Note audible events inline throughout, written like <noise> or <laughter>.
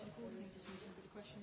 It's important to meeting, but the question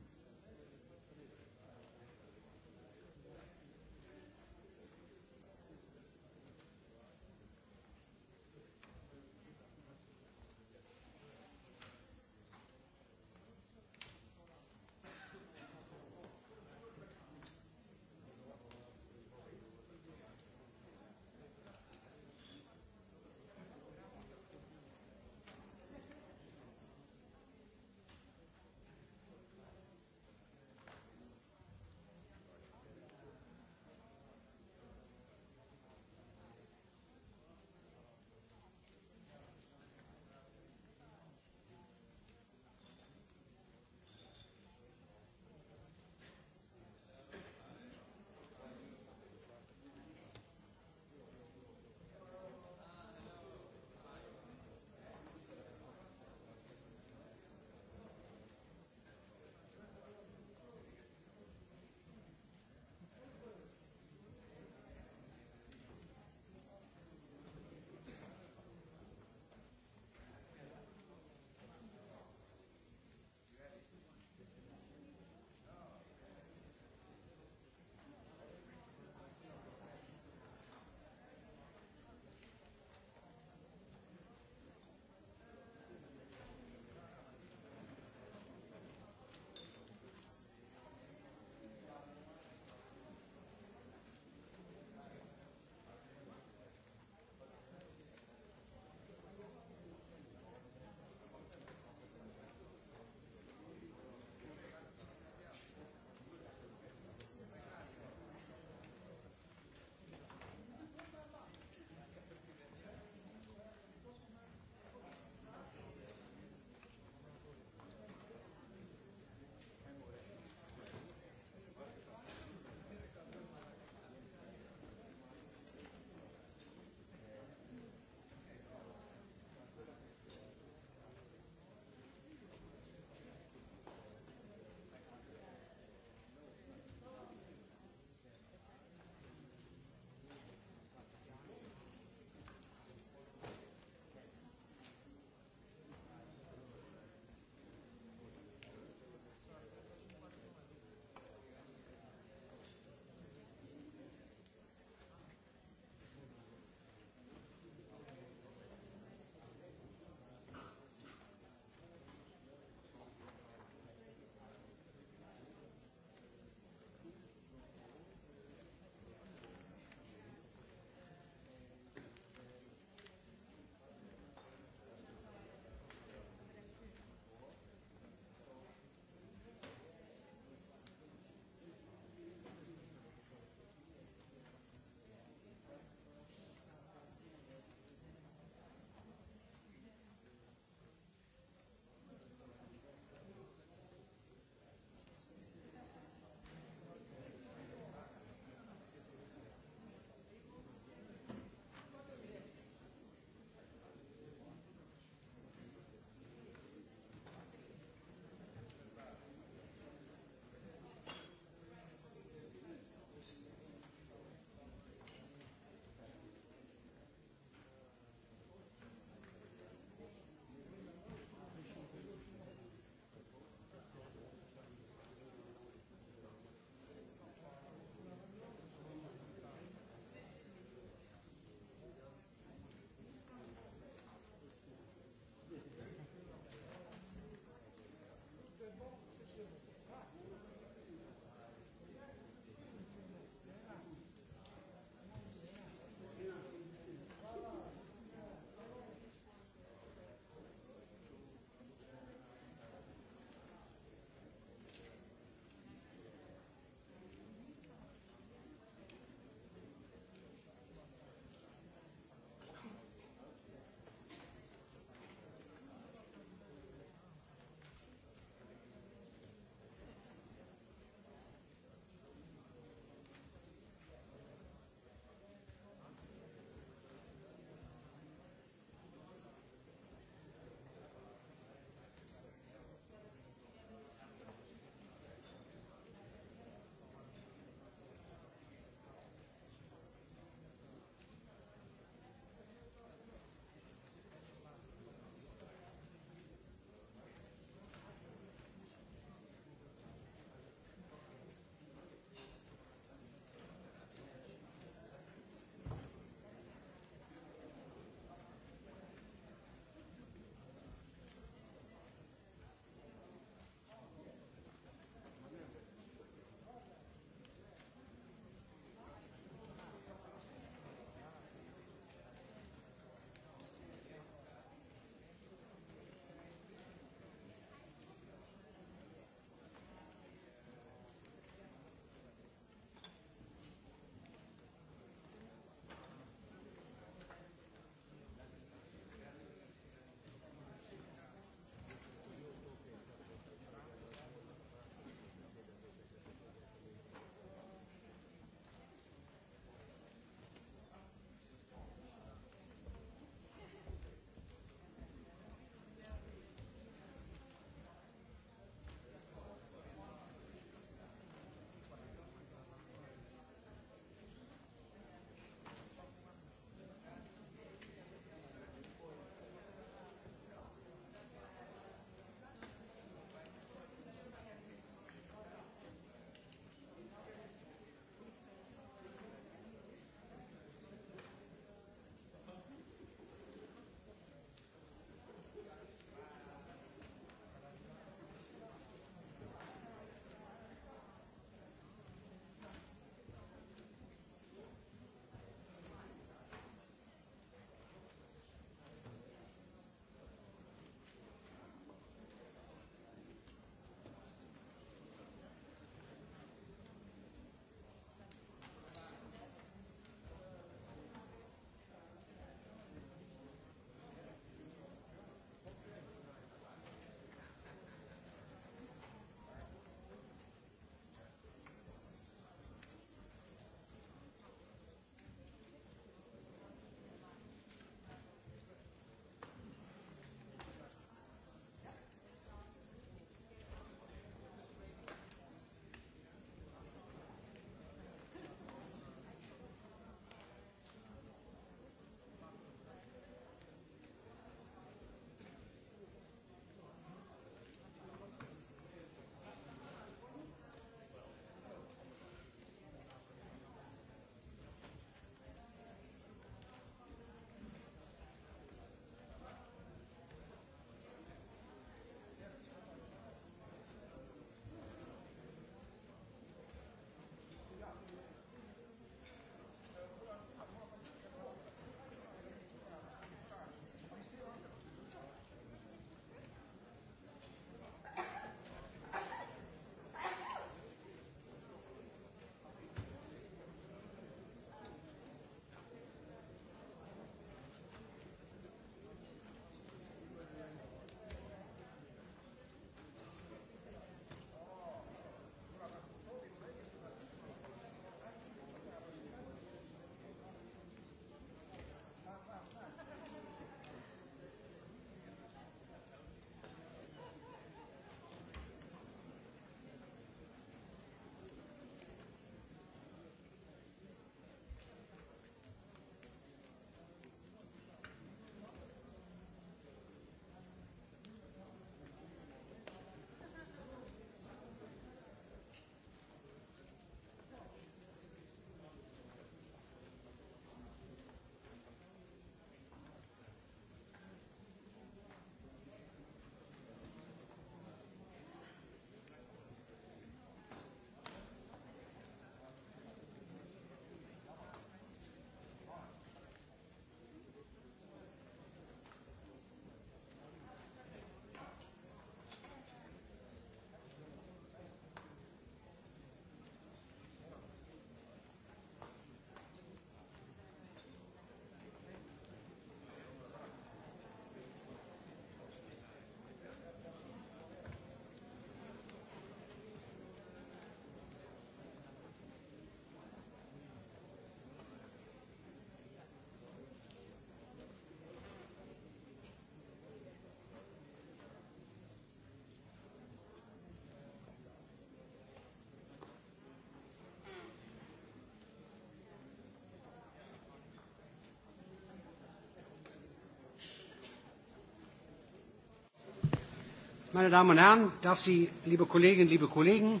Meine Damen und Herren, darf Sie, liebe Kolleginnen, liebe Kollegen,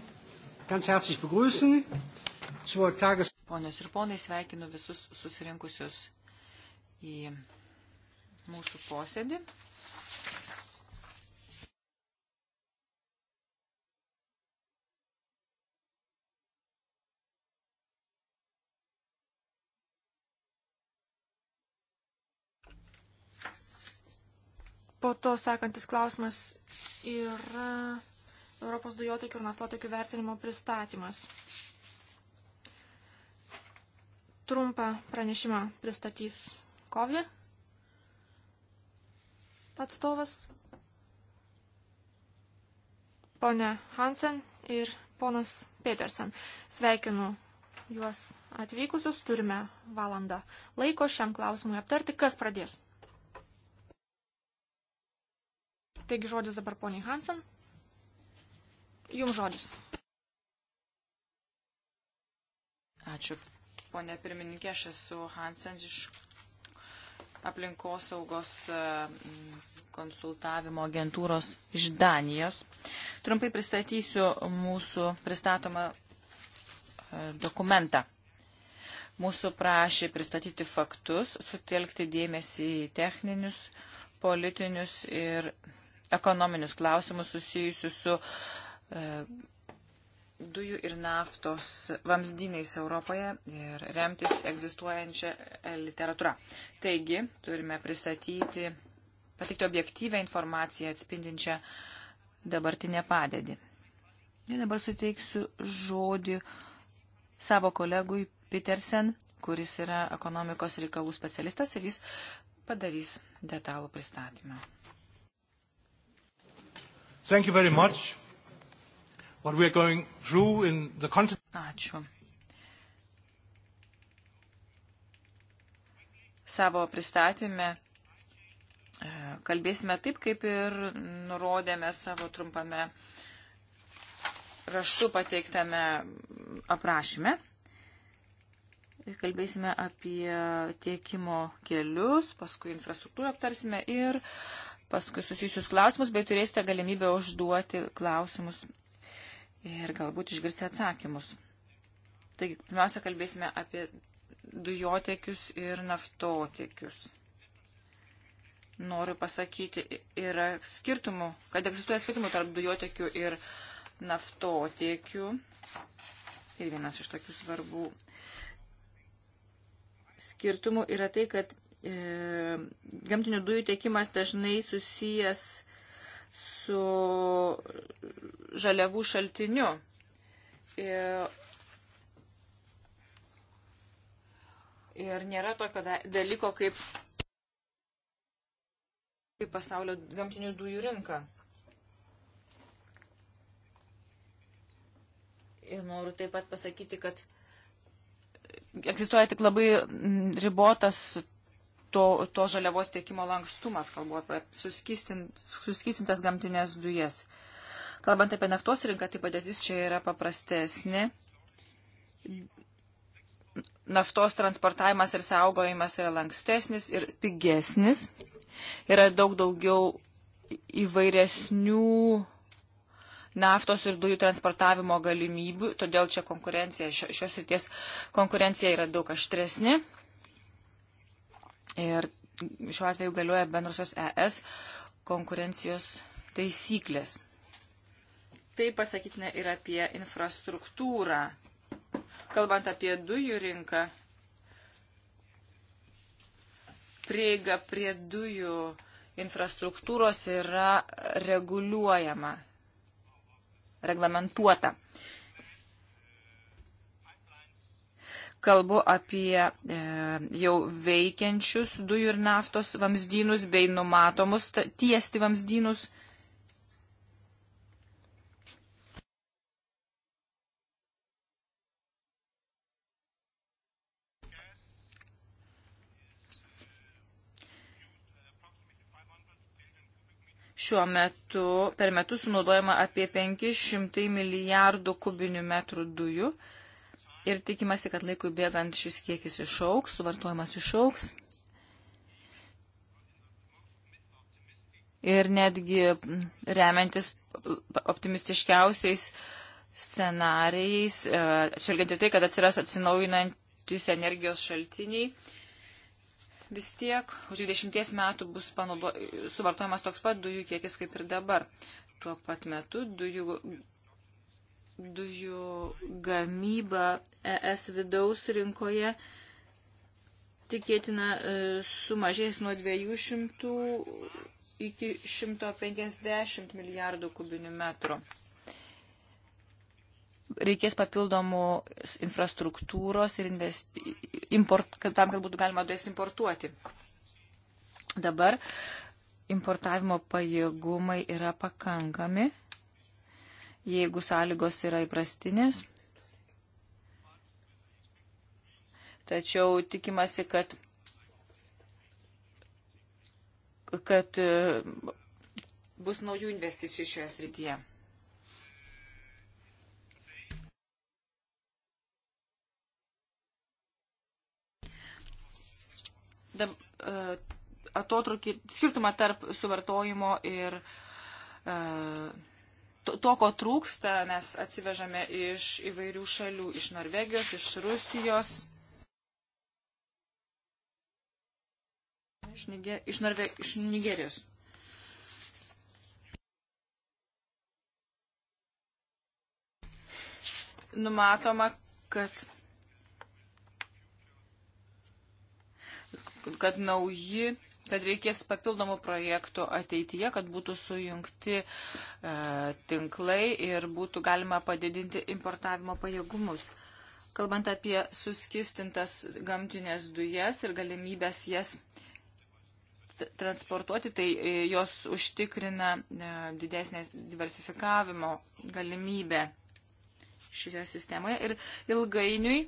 ganz herzlich begrüßen zur Tages... Ponios ir ponai, sveikinu visus susirinkusius į mūsų posėdį. Po to sekantis klausimas yra Europos dujotokių ir naftotokių vertinimo pristatymas. Trumpą pranešimą pristatys Kovli atstovas, ponė Hansen ir ponas Petersen. Sveikinu juos atvykusius, turime valandą laiko šiam klausimui aptarti, kas pradės. Taigi žodis dabar poniai Hansen. Jums žodis. Ačiū. Pone pirmininkė, aš esu Hansen iš aplinkosaugos e, konsultavimo agentūros iš Danijos. Trumpai pristatysiu mūsų pristatomą e, dokumentą. Mūsų prašė pristatyti faktus, sutelkti dėmesį į techninius, politinius ir ekonominius klausimus susijusius su e, dujų ir naftos vamzdynais Europoje ir remtis egzistuojančią e, literatūrą. Taigi, turime pristatyti, patikti objektyvę informaciją atspindinčią dabartinę padėdį. Ir dabar suteiksiu žodį savo kolegui Petersen, kuris yra ekonomikos reikalų specialistas ir jis padarys detalų pristatymą. Thank you very much. What we are going through in the content. Ačiū. Savo pristatymę e, kalbėsime taip, kaip ir nurodėme savo trumpame raštu pateiktame aprašyme. Kalbėsime apie tiekimo kelius, paskui infrastruktūrą aptarsime ir uh, paskui susijusius klausimus, bei turėsite galimybę užduoti klausimus ir galbūt išgirsti atsakymus. Taigi, pirmiausia, kalbėsime apie dujotekius ir naftotekius. Noriu pasakyti, yra skirtumų, kad egzistuoja skirtumų tarp dujotekių ir naftotiekių. Ir vienas iš tokių svarbų skirtumų yra tai, kad E, gamtinių dujų tiekimas dažnai susijęs su žaliavų šaltiniu. E, ir nėra tokio dalyko kaip, kaip pasaulio gamtinių dujų rinka. Ir noriu taip pat pasakyti, kad egzistuoja tik labai ribotas to, to žaliavos tiekimo lankstumas, kalbu apie suskistintas gamtinės dujas. Kalbant apie naftos rinką, tai padėtis čia yra paprastesnė. Naftos transportavimas ir saugojimas yra lankstesnis ir pigesnis. Yra daug daugiau įvairesnių naftos ir dujų transportavimo galimybių, todėl čia konkurencija, šios ryties konkurencija yra daug aštresnė. Ir šiuo atveju galioja bendrosios ES konkurencijos taisyklės. Tai pasakytina ir apie infrastruktūrą. Kalbant apie dujų rinką, prieiga prie dujų infrastruktūros yra reguliuojama, reglamentuota. Kalbu apie e, jau veikiančius dujų ir naftos vamzdynus bei numatomus tiesti vamzdynus. šiuo metu per metus sunaudojama apie 500 milijardų kubinių metrų dujų ir tikimasi, kad laikui bėgant šis kiekis išauks, suvartojimas išauks. Ir netgi remiantis optimistiškiausiais scenarijais, e, atšvelgiant į tai, kad atsiras atsinaujinantis energijos šaltiniai, vis tiek už 20 metų bus panaudo, suvartojamas toks pat dujų kiekis kaip ir dabar. Tuo pat metu dujų dujų gamyba ES vidaus rinkoje tikėtina e, sumažės nuo 200 iki 150 milijardų kubinių metrų. Reikės papildomų infrastruktūros ir investi... import... tam, kad būtų galima dujas importuoti. Dabar importavimo pajėgumai yra pakankami jeigu sąlygos yra įprastinės. Tačiau tikimasi, kad, kad e, bus naujų investicijų šioje srityje. E, atotrukį, skirtumą tarp suvartojimo ir uh, to, to, ko trūksta, mes atsivežame iš įvairių šalių, iš Norvegijos, iš Rusijos, iš, Niger, iš, Norve, iš Nigerijos. Numatoma, kad kad nauji kad reikės papildomų projektų ateityje, kad būtų sujungti e, tinklai ir būtų galima padidinti importavimo pajėgumus. Kalbant apie suskistintas gamtinės dujas ir galimybės jas transportuoti, tai e, jos užtikrina e, didesnės diversifikavimo galimybę šioje sistemoje. Ir ilgainiui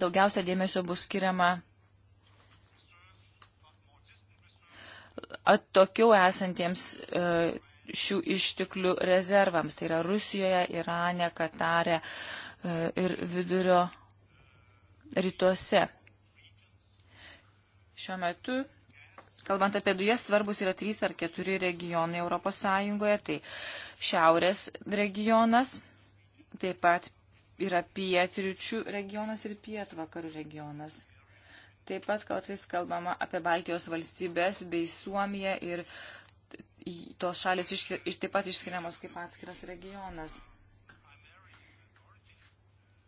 daugiausia dėmesio bus skiriama atokiau esantiems e, šių išteklių rezervams, tai yra Rusijoje, Irane, Katare e, ir vidurio rytuose. Šiuo metu, kalbant apie dujas, svarbus yra trys ar keturi regionai Europos Sąjungoje, tai šiaurės regionas, taip pat yra pietryčių regionas ir pietvakarų regionas. Taip pat kartais kalbama apie Baltijos valstybės bei Suomiją ir tos šalis išskir, iš, taip pat išskiriamos kaip atskiras regionas.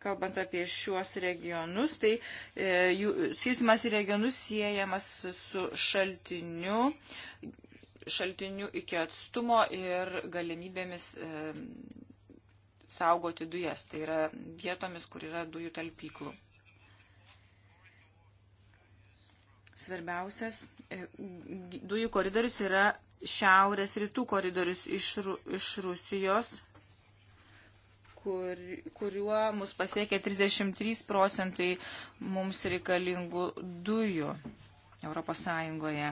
Kalbant apie šiuos regionus, tai e, jų skirstimas į regionus siejamas su šaltiniu, šaltiniu iki atstumo ir galimybėmis e, saugoti dujas. Tai yra vietomis, kur yra dujų talpyklų. Svarbiausias e, dujų koridorius yra šiaurės rytų koridorius iš, iš Rusijos, kur, kuriuo mus pasiekia 33 procentai mums reikalingų dujų Europos Sąjungoje.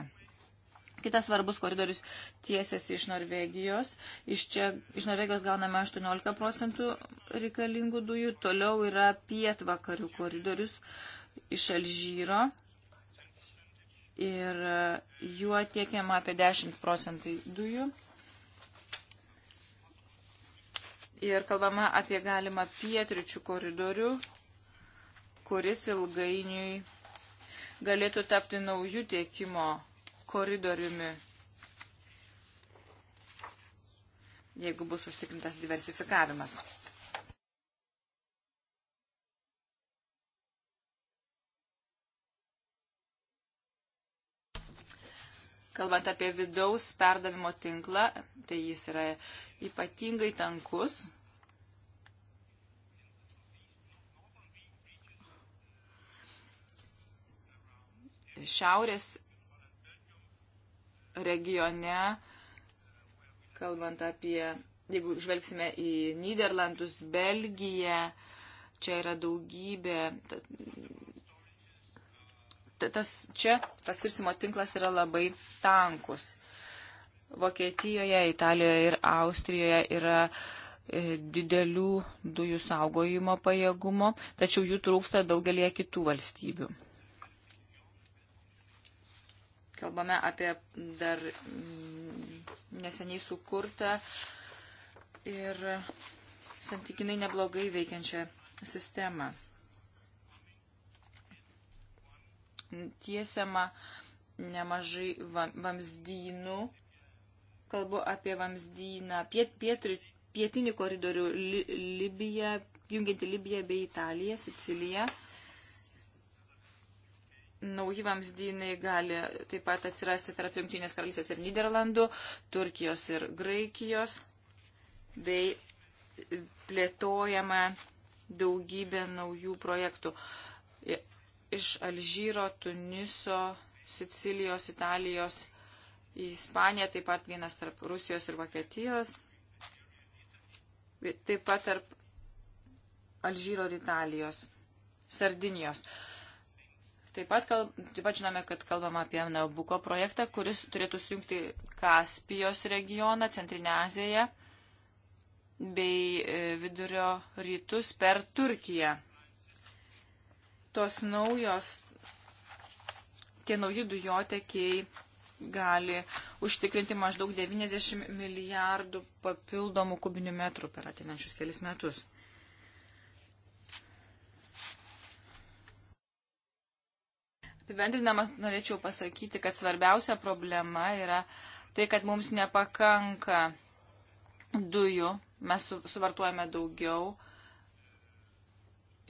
Kitas svarbus koridorius tiesiasi iš Norvegijos. Iš, čia, iš Norvegijos gauname 18 procentų reikalingų dujų. Toliau yra pietvakarių koridorius iš Alžyro ir e, juo tiekiama apie 10 procentai dujų. Ir kalbama apie galimą pietričių koridorių, kuris ilgainiui galėtų tapti naujų tiekimo koridoriumi, jeigu bus užtikrintas diversifikavimas. Kalbant apie vidaus perdavimo tinklą, tai jis yra ypatingai tankus. Šiaurės regione, kalbant apie, jeigu žvelgsime į Niderlandus, Belgiją, čia yra daugybė tas, čia paskirstimo tinklas yra labai tankus. Vokietijoje, Italijoje ir Austrijoje yra e, didelių dujų saugojimo pajėgumo, tačiau jų trūksta daugelie kitų valstybių. Kalbame apie dar mm, neseniai sukurtą ir santykinai neblogai veikiančią sistemą. tiesiama nemažai vamzdynų. Kalbu apie vamzdyną, piet, pietri, pietinį koridorių li, Libiją, jungianti Libiją bei Italiją, Siciliją. Nauji vamzdynai gali taip pat atsirasti tarp Junktinės karalystės ir Niderlandų, Turkijos ir Graikijos, bei plėtojama daugybė naujų projektų iš Alžyro, Tuniso, Sicilijos, Italijos į Ispaniją, taip pat vienas tarp Rusijos ir Vokietijos, taip pat tarp Alžyro ir Italijos, Sardinijos. Taip pat, kalb, taip pat žinome, kad kalbama apie Nabuko projektą, kuris turėtų sujungti Kaspijos regioną, Centrinę Aziją bei e, Vidurio rytus per Turkiją tos naujos, tie nauji dujotekiai gali užtikrinti maždaug 90 milijardų papildomų kubinių metrų per ateinančius kelis metus. Apibendrinamas norėčiau pasakyti, kad svarbiausia problema yra tai, kad mums nepakanka dujų, mes suvartuojame daugiau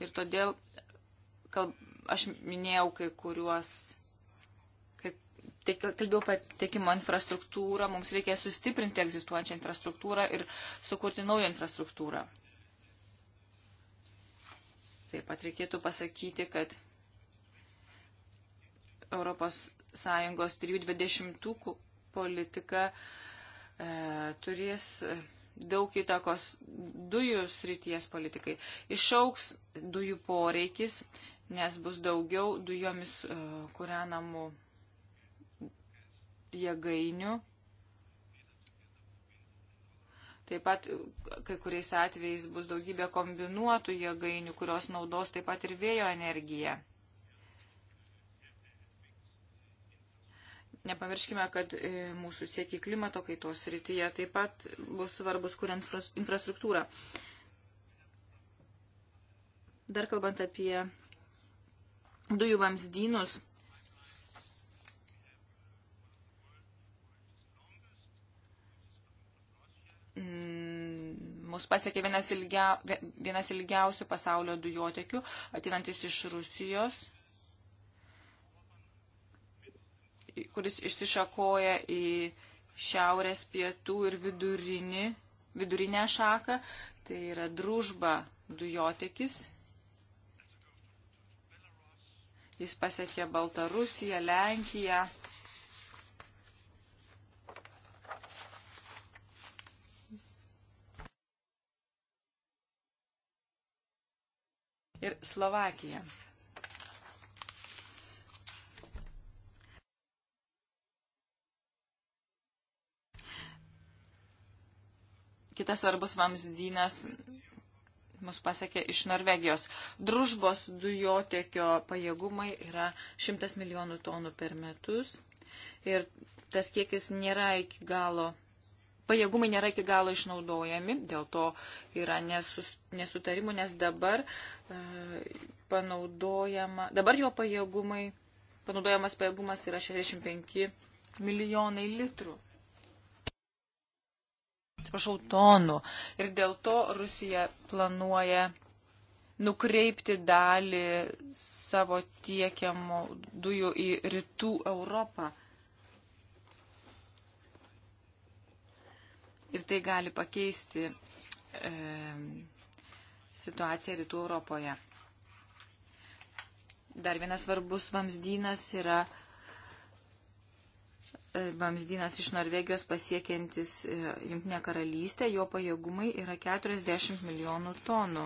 ir todėl Kalb, aš minėjau kai kuriuos, kai te, kalbėjau apie tiekimo infrastruktūrą, mums reikia sustiprinti egzistuojančią infrastruktūrą ir sukurti naują infrastruktūrą. Taip pat reikėtų pasakyti, kad Europos Sąjungos 320 politika e, turės daug įtakos dujų srities politikai. Išauks dujų poreikis nes bus daugiau dujomis e, kūrenamų jėgainių. Taip pat e, kai kuriais atvejais bus daugybė kombinuotų jėgainių, kurios naudos taip pat ir vėjo energiją. Nepamirškime, kad e, mūsų siekiai klimato kaitos rytyje taip pat bus svarbus kuriant infrastruktūrą. Dar kalbant apie dujų vamzdynus. Mm, mus pasiekė vienas, ilgia, vienas ilgiausių pasaulio dujotekių, atinantis iš Rusijos, kuris išsišakoja į šiaurės pietų ir vidurinį, vidurinę šaką, tai yra družba dujotekis Jis pasiekė Baltarusiją, Lenkiją. Ir Slovakija. Kitas svarbus vamzdynas mus pasiekė iš Norvegijos. Družbos dujotekio pajėgumai yra 100 milijonų tonų per metus ir tas kiekis nėra iki galo. Pajėgumai nėra iki galo išnaudojami, dėl to yra nesus, nesutarimų, nes dabar e, panaudojama, dabar jo pajėgumai, panaudojamas pajėgumas yra 65 milijonai litrų atsiprašau, tonų. Ir dėl to Rusija planuoja nukreipti dalį savo tiekiamų dujų į rytų Europą. Ir tai gali pakeisti e, situaciją rytų Europoje. Dar vienas svarbus vamzdynas yra E, vamzdynas iš Norvegijos pasiekiantis e, Junktinę karalystę, jo pajėgumai yra 40 milijonų tonų.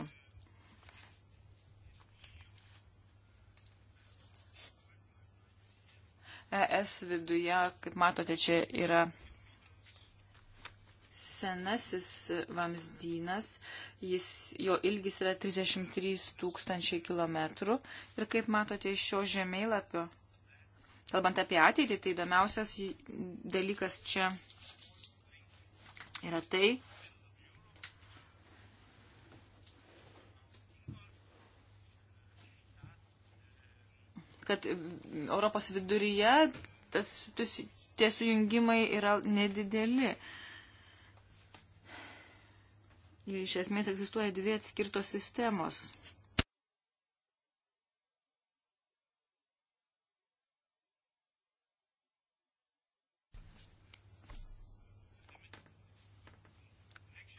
ES viduje, kaip matote, čia yra senasis vamzdynas, jis, jo ilgis yra 33 tūkstančiai kilometrų ir kaip matote iš šio žemėlapio, Kalbant apie ateitį, tai įdomiausias dalykas čia yra tai, kad Europos viduryje tas, tas, tie sujungimai yra nedideli. Ir iš esmės egzistuoja dvi atskirtos sistemos.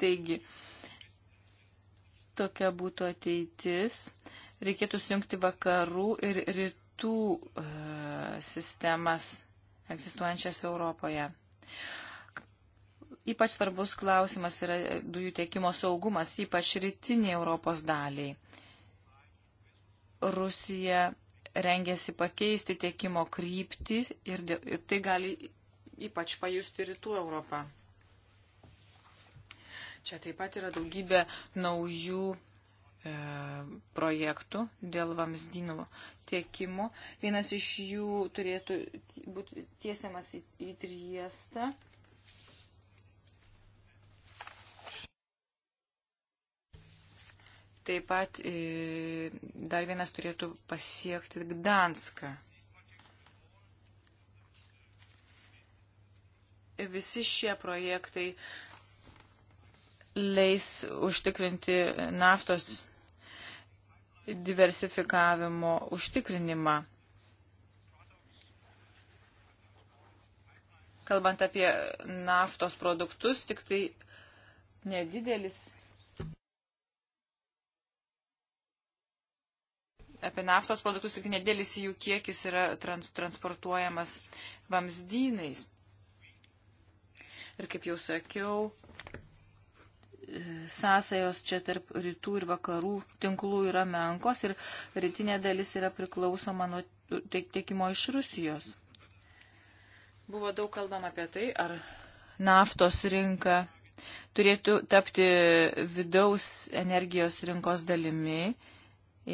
Taigi, tokia būtų ateitis. Reikėtų sujungti vakarų ir rytų e, sistemas egzistuojančias Europoje. Ypač svarbus klausimas yra dujų tiekimo saugumas, ypač rytiniai Europos daliai. Rusija rengiasi pakeisti tiekimo kryptį ir, ir tai gali ypač pajusti rytų Europą. Čia taip pat yra daugybė naujų e, projektų dėl vamzdynų tiekimo. Vienas iš jų turėtų būti tiesiamas į, į Triestą. Taip pat e, dar vienas turėtų pasiekti Gdanską. Visi šie projektai e, leis užtikrinti naftos diversifikavimo užtikrinimą. Kalbant apie naftos produktus, tik tai nedidelis. Apie naftos produktus tik tai nedėlis jų kiekis yra trans, transportuojamas vamzdynais. Ir kaip jau sakiau, sąsajos čia tarp rytų ir vakarų tinklų yra menkos ir rytinė dalis yra priklausoma nuo tiekimo iš Rusijos. Buvo daug kalbama apie tai, ar naftos rinka turėtų tapti vidaus energijos rinkos dalimi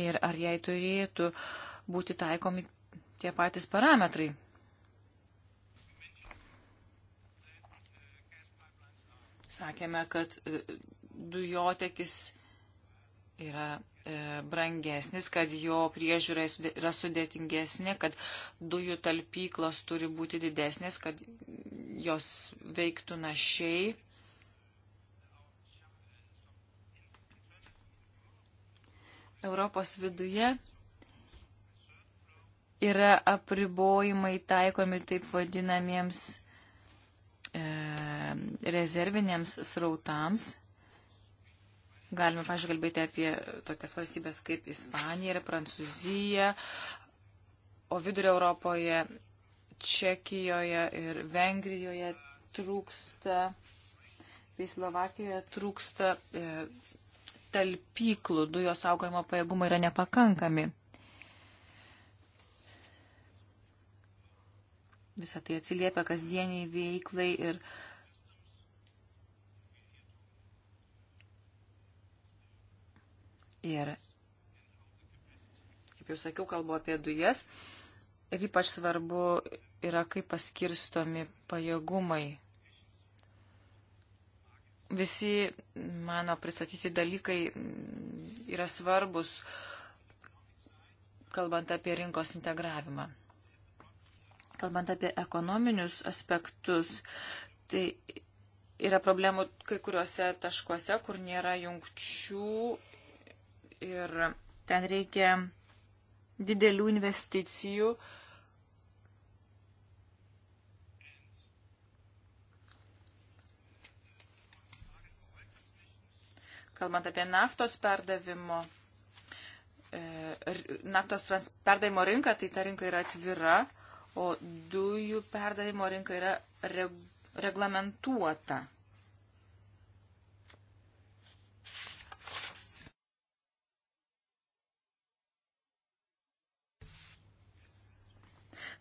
ir ar jai turėtų būti taikomi tie patys parametrai. sakėme, kad e, dujotekis yra e, brangesnis, kad jo priežiūra yra sudėtingesnė, kad dujų talpyklos turi būti didesnės, kad jos veiktų našiai. Europos viduje yra apribojimai taikomi taip vadinamiems E, rezerviniams srautams. Galime, pažiūrėjau, kalbėti apie tokias valstybės kaip Ispanija ir Prancūzija, o vidurio Europoje, Čekijoje ir Vengrijoje trūksta, bei Slovakijoje trūksta e, talpyklų, dujos saugojimo pajėgumai yra nepakankami. Visą tai atsiliepia kasdieniai veiklai ir Ir, kaip jau sakiau, kalbu apie dujas. Ir ypač svarbu yra, kaip paskirstomi pajėgumai. Visi mano pristatyti dalykai yra svarbus, kalbant apie rinkos integravimą. Kalbant apie ekonominius aspektus, tai yra problemų kai kuriuose taškuose, kur nėra jungčių ir ten reikia didelių investicijų. Kalbant apie naftos perdavimo, e, naftos perdavimo rinką, tai ta rinka yra atvira o dujų perdavimo rinka yra re, reglamentuota.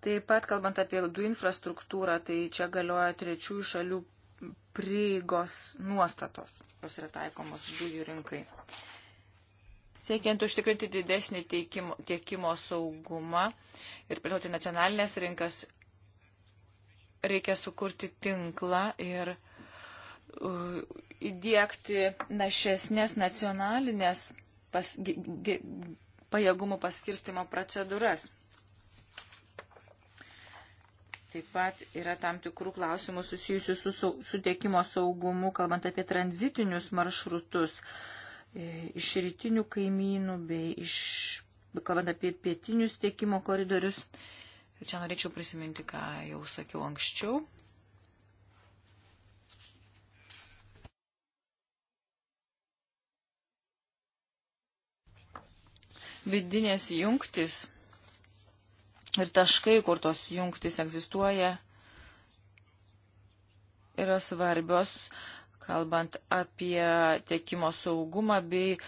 Taip pat, kalbant apie dujų infrastruktūrą, tai čia galioja trečiųjų šalių prieigos nuostatos, jos yra taikomos dujų rinkai. Siekiant užtikrinti didesnį teikimo, tiekimo saugumą ir plėtoti nacionalinės rinkas, reikia sukurti tinklą ir uh, įdėkti našesnės nacionalinės pas, g, g, pajėgumų paskirstimo procedūras. Taip pat yra tam tikrų klausimų susijusių su, su tiekimo saugumu, kalbant apie tranzitinius maršrutus. Uh, E, iš rytinių kaimynų bei iš, kalbant apie pietinius tiekimo koridorius. Ir čia norėčiau prisiminti, ką jau sakiau anksčiau. Vidinės jungtis ir taškai, kur tos jungtis egzistuoja, yra svarbios kalbant apie tiekimo saugumą bei uh,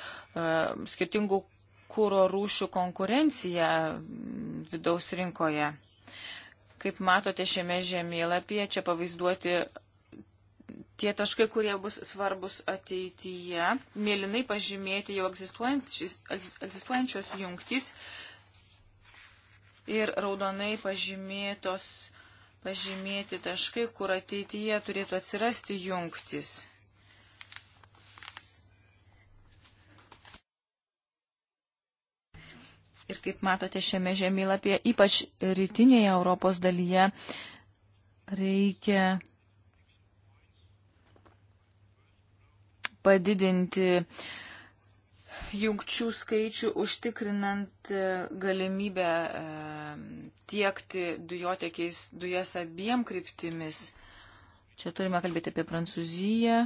skirtingų kūro rūšių konkurenciją vidaus rinkoje. Kaip matote šiame žemėlapyje, čia pavaizduoti tie taškai, kurie bus svarbus ateityje, mėlynai pažymėti jau egzistuojančios jungtys ir raudonai pažymėtos, pažymėti taškai, kur ateityje turėtų atsirasti jungtis. ir kaip matote šiame žemėlapyje, ypač rytinėje Europos dalyje reikia padidinti jungčių skaičių, užtikrinant e, galimybę e, tiekti dujotekiais dujas abiem kryptimis. Čia turime kalbėti apie Prancūziją,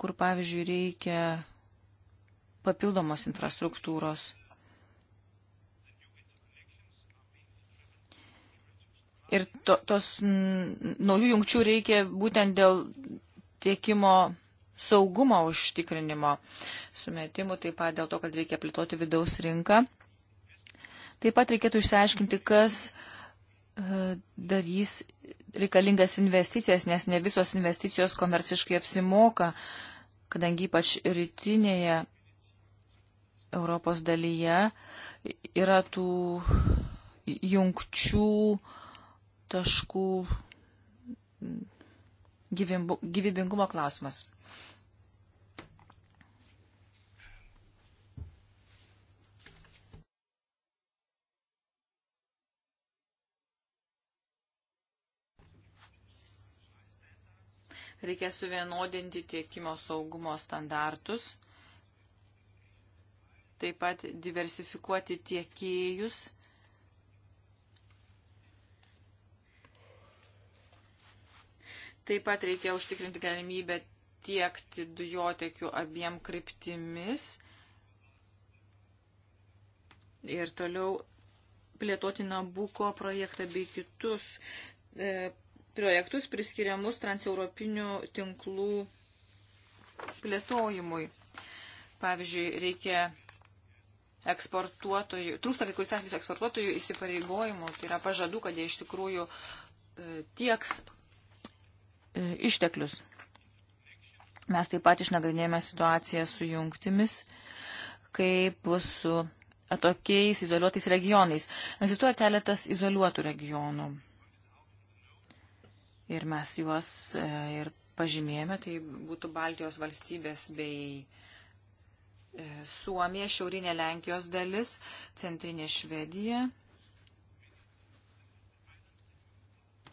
kur pavyzdžiui reikia papildomos infrastruktūros. Ir to, tos naujų jungčių reikia būtent dėl tiekimo saugumo užtikrinimo sumetimų, taip pat dėl to, kad reikia plėtoti vidaus rinką. Taip pat reikėtų išsiaiškinti, kas e, darys reikalingas investicijas, nes ne visos investicijos komerciškai apsimoka, kadangi ypač rytinėje Europos dalyje yra tų jungčių taškų gyvybingumo klausimas. reikia suvienodinti tiekimo saugumo standartus taip pat diversifikuoti tiekėjus. Taip pat reikia užtikrinti galimybę tiekti dujotekių abiem kryptimis ir toliau plėtoti Nabuko projektą bei kitus e, projektus priskiriamus transeuropinių tinklų plėtojimui. Pavyzdžiui, reikia eksportuotojų, trūksta kai kuris atvejus eksportuotojų įsipareigojimų, tai yra pažadų, kad jie iš tikrųjų e, tieks e, išteklius. Mes taip pat išnagrinėjome situaciją su jungtimis, kaip bus su tokiais izoliuotais regionais. Egzistuoja keletas izoliuotų regionų. Ir mes juos e, ir pažymėjome, tai būtų Baltijos valstybės bei E, Suomija, šiaurinė Lenkijos dalis, centrinė Švedija.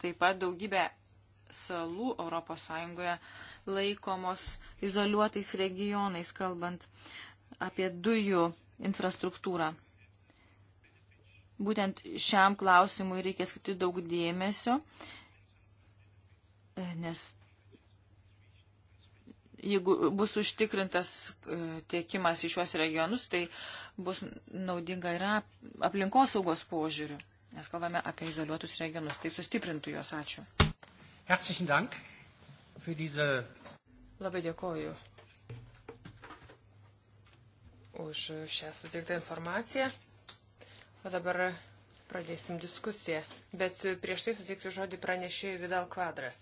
Taip pat daugybė salų ES laikomos izoliuotais regionais, kalbant apie dujų infrastruktūrą. Būtent šiam klausimui reikia skirti daug dėmesio, e, nes jeigu bus užtikrintas e, tiekimas į šiuos regionus, tai bus naudinga ir aplinkosaugos požiūriu, nes kalbame apie izoliuotus regionus, tai sustiprintų juos. Ačiū. Herzlichen Dank für diese. Labai dėkoju už šią suteiktą informaciją. O dabar pradėsim diskusiją. Bet prieš tai suteiksiu žodį pranešėjui Vidal Kvadras.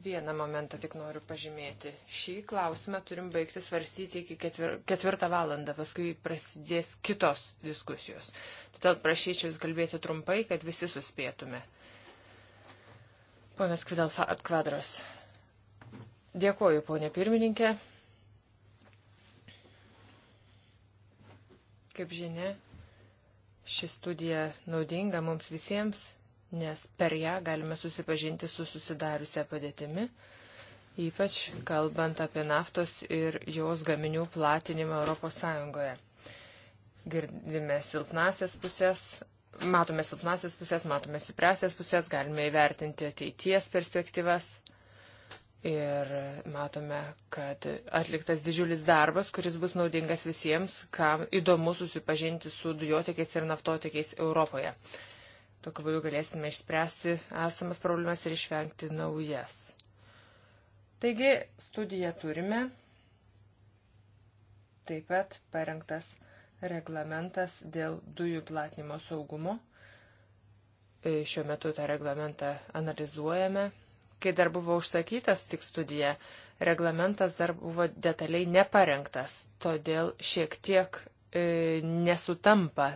Vieną momentą tik noriu pažymėti. Šį klausimą turim baigti svarstyti iki ketvir, ketvirtą valandą, paskui prasidės kitos diskusijos. Todėl prašyčiau jūs kalbėti trumpai, kad visi suspėtume. Ponas Kvidalfa atkvadras. Dėkoju, ponė pirmininkė. Kaip žinia, ši studija naudinga mums visiems nes per ją galime susipažinti su susidariusią padėtimi, ypač kalbant apie naftos ir jos gaminių platinimą ES. Girdime silpnasias pusės, matome silpnasias pusės, matome stipresias pusės, galime įvertinti ateities perspektyvas. Ir matome, kad atliktas didžiulis darbas, kuris bus naudingas visiems, kam įdomu susipažinti su dujotekiais ir naftotekiais Europoje. Tokiu būdu galėsime išspręsti esamas problemas ir išvengti naujas. Taigi, studiją turime. Taip pat parengtas reglamentas dėl dujų platinimo saugumo. E, šiuo metu tą reglamentą analizuojame. Kai dar buvo užsakytas tik studija, reglamentas dar buvo detaliai neparengtas, todėl šiek tiek e, nesutampa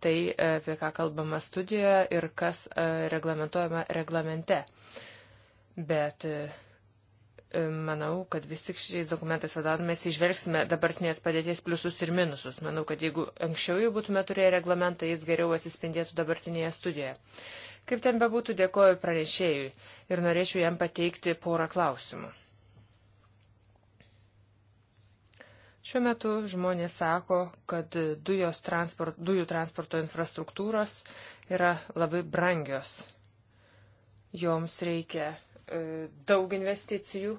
tai, e, apie ką kalbama studijoje ir kas e, reglamentuojama reglamente. Bet e, manau, kad vis tik šiais dokumentais vadovomės išvelgsime dabartinės padėties pliusus ir minusus. Manau, kad jeigu anksčiau jau būtume turėję reglamentą, jis geriau atsispindėtų dabartinėje studijoje. Kaip ten bebūtų, dėkoju pranešėjui ir norėčiau jam pateikti porą klausimų. Šiuo metu žmonės sako, kad dujos transport, dujų transporto infrastruktūros yra labai brangios. Joms reikia e, daug investicijų,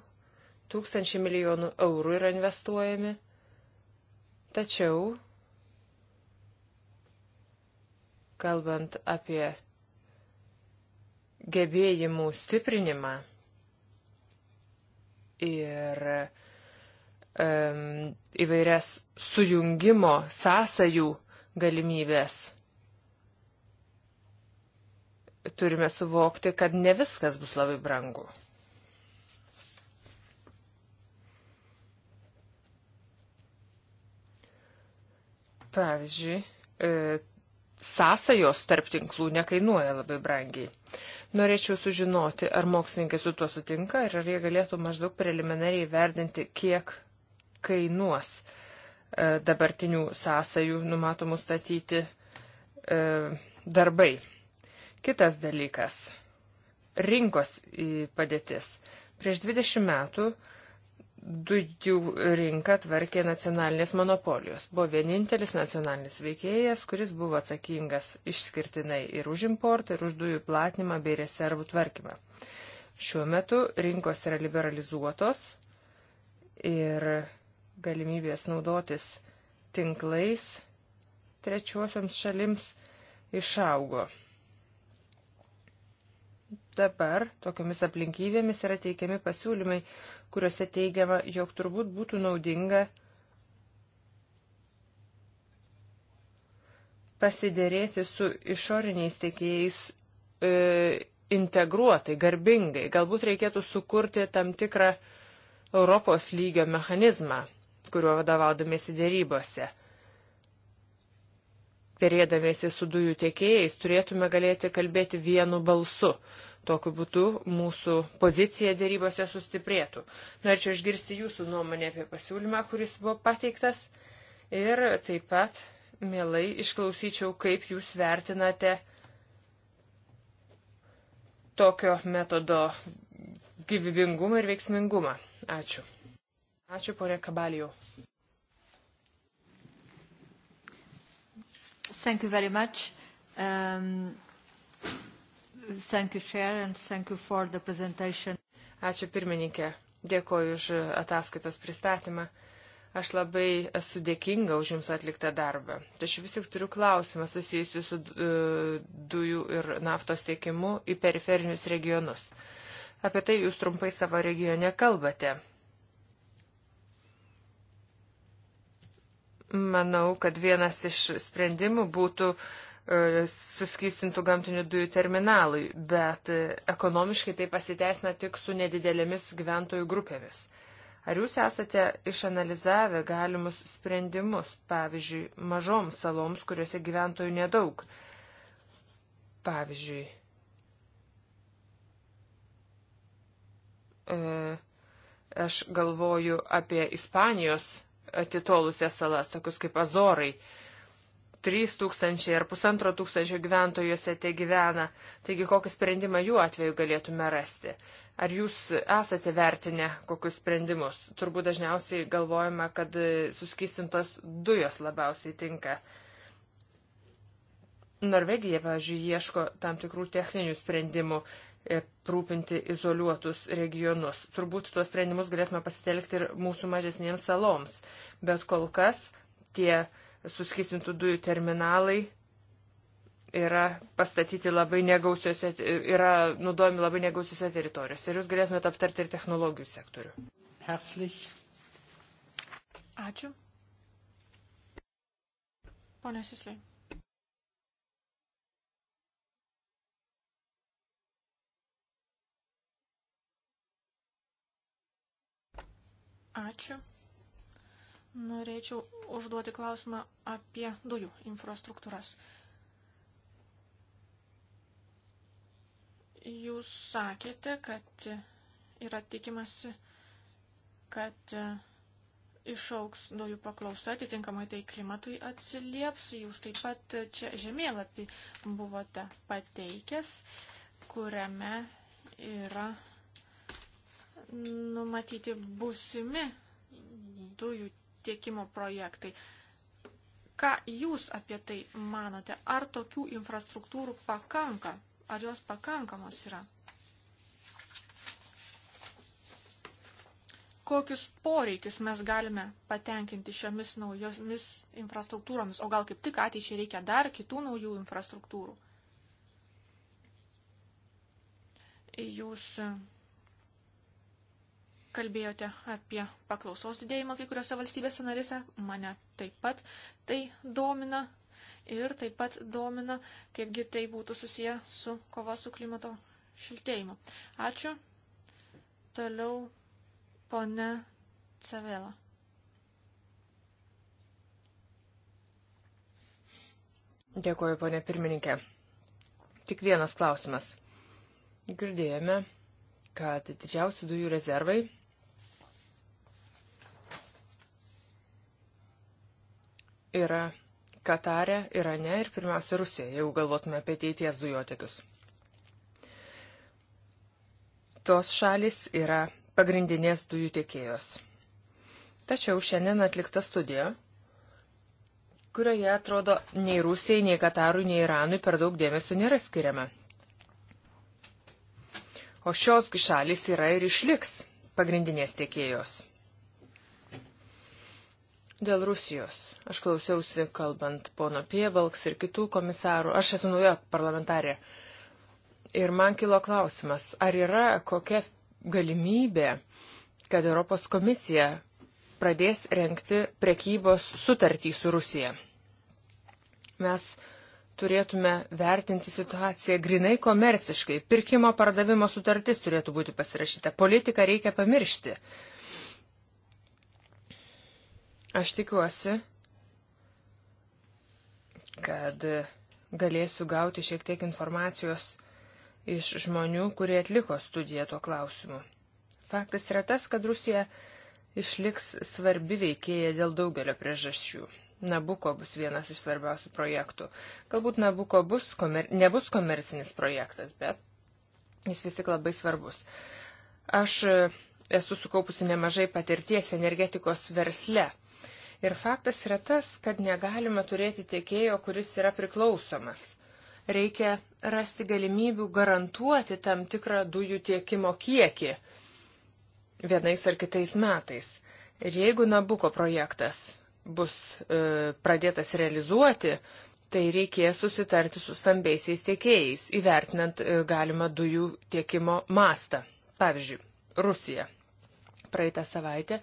tūkstančiai milijonų eurų yra investuojami. Tačiau, kalbant apie gebėjimų stiprinimą ir e, įvairias sujungimo sąsajų galimybės. Turime suvokti, kad ne viskas bus labai brangu. Pavyzdžiui, e, sąsajos tarp tinklų nekainuoja labai brangiai. Norėčiau sužinoti, ar mokslininkai su tuo sutinka ir ar jie galėtų maždaug preliminariai verdinti, kiek kainuos e, dabartinių sąsajų numatomų statyti e, darbai. Kitas dalykas - rinkos padėtis. Prieš 20 metų dujų rinką tvarkė nacionalinės monopolijos. Buvo vienintelis nacionalinis veikėjas, kuris buvo atsakingas išskirtinai ir už importą, ir už dujų platinimą bei reservų tvarkymą. Šiuo metu rinkos yra liberalizuotos ir galimybės naudotis tinklais trečiosioms šalims išaugo. Dabar tokiomis aplinkybėmis yra teikiami pasiūlymai, kuriuose teigiama, jog turbūt būtų naudinga pasidėrėti su išoriniais tiekėjais e, integruotai, garbingai. Galbūt reikėtų sukurti tam tikrą Europos lygio mechanizmą kuriuo vadovaudomėsi dėrybose. Dėrėdamėsi su dujų tiekėjais turėtume galėti kalbėti vienu balsu. Tokiu būdu mūsų pozicija dėrybose sustiprėtų. Norėčiau nu, išgirsti jūsų nuomonę apie pasiūlymą, kuris buvo pateiktas. Ir taip pat, mielai, išklausyčiau, kaip jūs vertinate tokio metodo gyvybingumą ir veiksmingumą. Ačiū. Ačiū, ponė Kabalijų. Thank you very much. Um, thank you, Chair, and thank you for the presentation. Ačiū pirmininkė. Dėkoju už ataskaitos pristatymą. Aš labai esu dėkinga už Jums atliktą darbą. Tačiau vis tik turiu klausimą susijusiu su e, dujų ir naftos tiekimu į periferinius regionus. Apie tai Jūs trumpai savo regione kalbate. Manau, kad vienas iš sprendimų būtų e, suskystintų gamtinių dujų terminalui, bet e, ekonomiškai tai pasiteisina tik su nedidelėmis gyventojų grupėmis. Ar jūs esate išanalizavę galimus sprendimus, pavyzdžiui, mažoms saloms, kuriuose gyventojų nedaug? Pavyzdžiui, e, aš galvoju apie Ispanijos atitolusias salas, tokius kaip Azorai. 3000 ar 1500 gyventojų juose te gyvena. Taigi kokį sprendimą jų atveju galėtume rasti? Ar jūs esate vertinę kokius sprendimus? Turbūt dažniausiai galvojama, kad suskistintos dujos labiausiai tinka. Norvegija, pavyzdžiui, ieško tam tikrų techninių sprendimų prūpinti izoliuotus regionus. Turbūt tuos sprendimus galėtume pasitelkti ir mūsų mažesniems saloms, bet kol kas tie suskistintų dujų terminalai yra pastatyti labai negausiose, yra naudojami labai negausiose teritorijose. Ir jūs galėtumėte aptarti ir technologijų sektorių. Herzlich. Ačiū. Pone Sislai. Ačiū. Norėčiau užduoti klausimą apie dujų infrastruktūras. Jūs sakėte, kad yra tikimasi, kad išauks dujų paklausa, atitinkamai tai klimatui atsilieps. Jūs taip pat čia žemėlapį buvote pateikęs, kuriame yra numatyti busimi dujų tiekimo projektai. Ką jūs apie tai manote? Ar tokių infrastruktūrų pakanka? Ar jos pakankamos yra? Kokius poreikius mes galime patenkinti šiomis naujomis infrastruktūromis, o gal kaip tik ateičiai reikia dar kitų naujų infrastruktūrų? Jūs kalbėjote apie paklausos didėjimą kai kuriuose valstybėse narise, mane taip pat tai domina ir taip pat domina, kaipgi tai būtų susiję su kova su klimato šiltėjimu. Ačiū. Toliau pone Cavela. Dėkuoju, ponė pirmininkė. Tik vienas klausimas. Girdėjome, kad didžiausi dujų rezervai yra Katare, Irane ir pirmiausia Rusija, jeigu galvotume apie ateities dujotekius. Tos šalis yra pagrindinės dujų tiekėjos. Tačiau šiandien atlikta studija, kurioje atrodo nei Rusijai, nei Katarui, nei Iranui per daug dėmesio nėra skiriama. O šios šalis yra ir išliks pagrindinės tiekėjos. Dėl Rusijos. Aš klausiausi, kalbant pono Piebalks ir kitų komisarų. Aš esu nauja parlamentarė. Ir man kilo klausimas, ar yra kokia galimybė, kad Europos komisija pradės renkti prekybos sutartį su Rusija. Mes turėtume vertinti situaciją grinai komerciškai. Pirkimo pardavimo sutartis turėtų būti pasirašyta. Politiką reikia pamiršti. Aš tikiuosi, kad galėsiu gauti šiek tiek informacijos iš žmonių, kurie atliko studiją tuo klausimu. Faktas yra tas, kad Rusija išliks svarbi veikėja dėl daugelio priežasčių. Nabuko bus vienas iš svarbiausių projektų. Galbūt Nabuko bus komer nebus komercinis projektas, bet jis vis tik labai svarbus. Aš e, esu sukaupusi nemažai patirties energetikos versle Ir faktas yra tas, kad negalime turėti tiekėjo, kuris yra priklausomas. Reikia rasti galimybių garantuoti tam tikrą dujų tiekimo kiekį vienais ar kitais metais. Ir jeigu Nabuko projektas bus e, pradėtas realizuoti, tai reikės susitarti su stambiaisiais tiekėjais, įvertinant e, galimą dujų tiekimo mastą. Pavyzdžiui, Rusija praeitą savaitę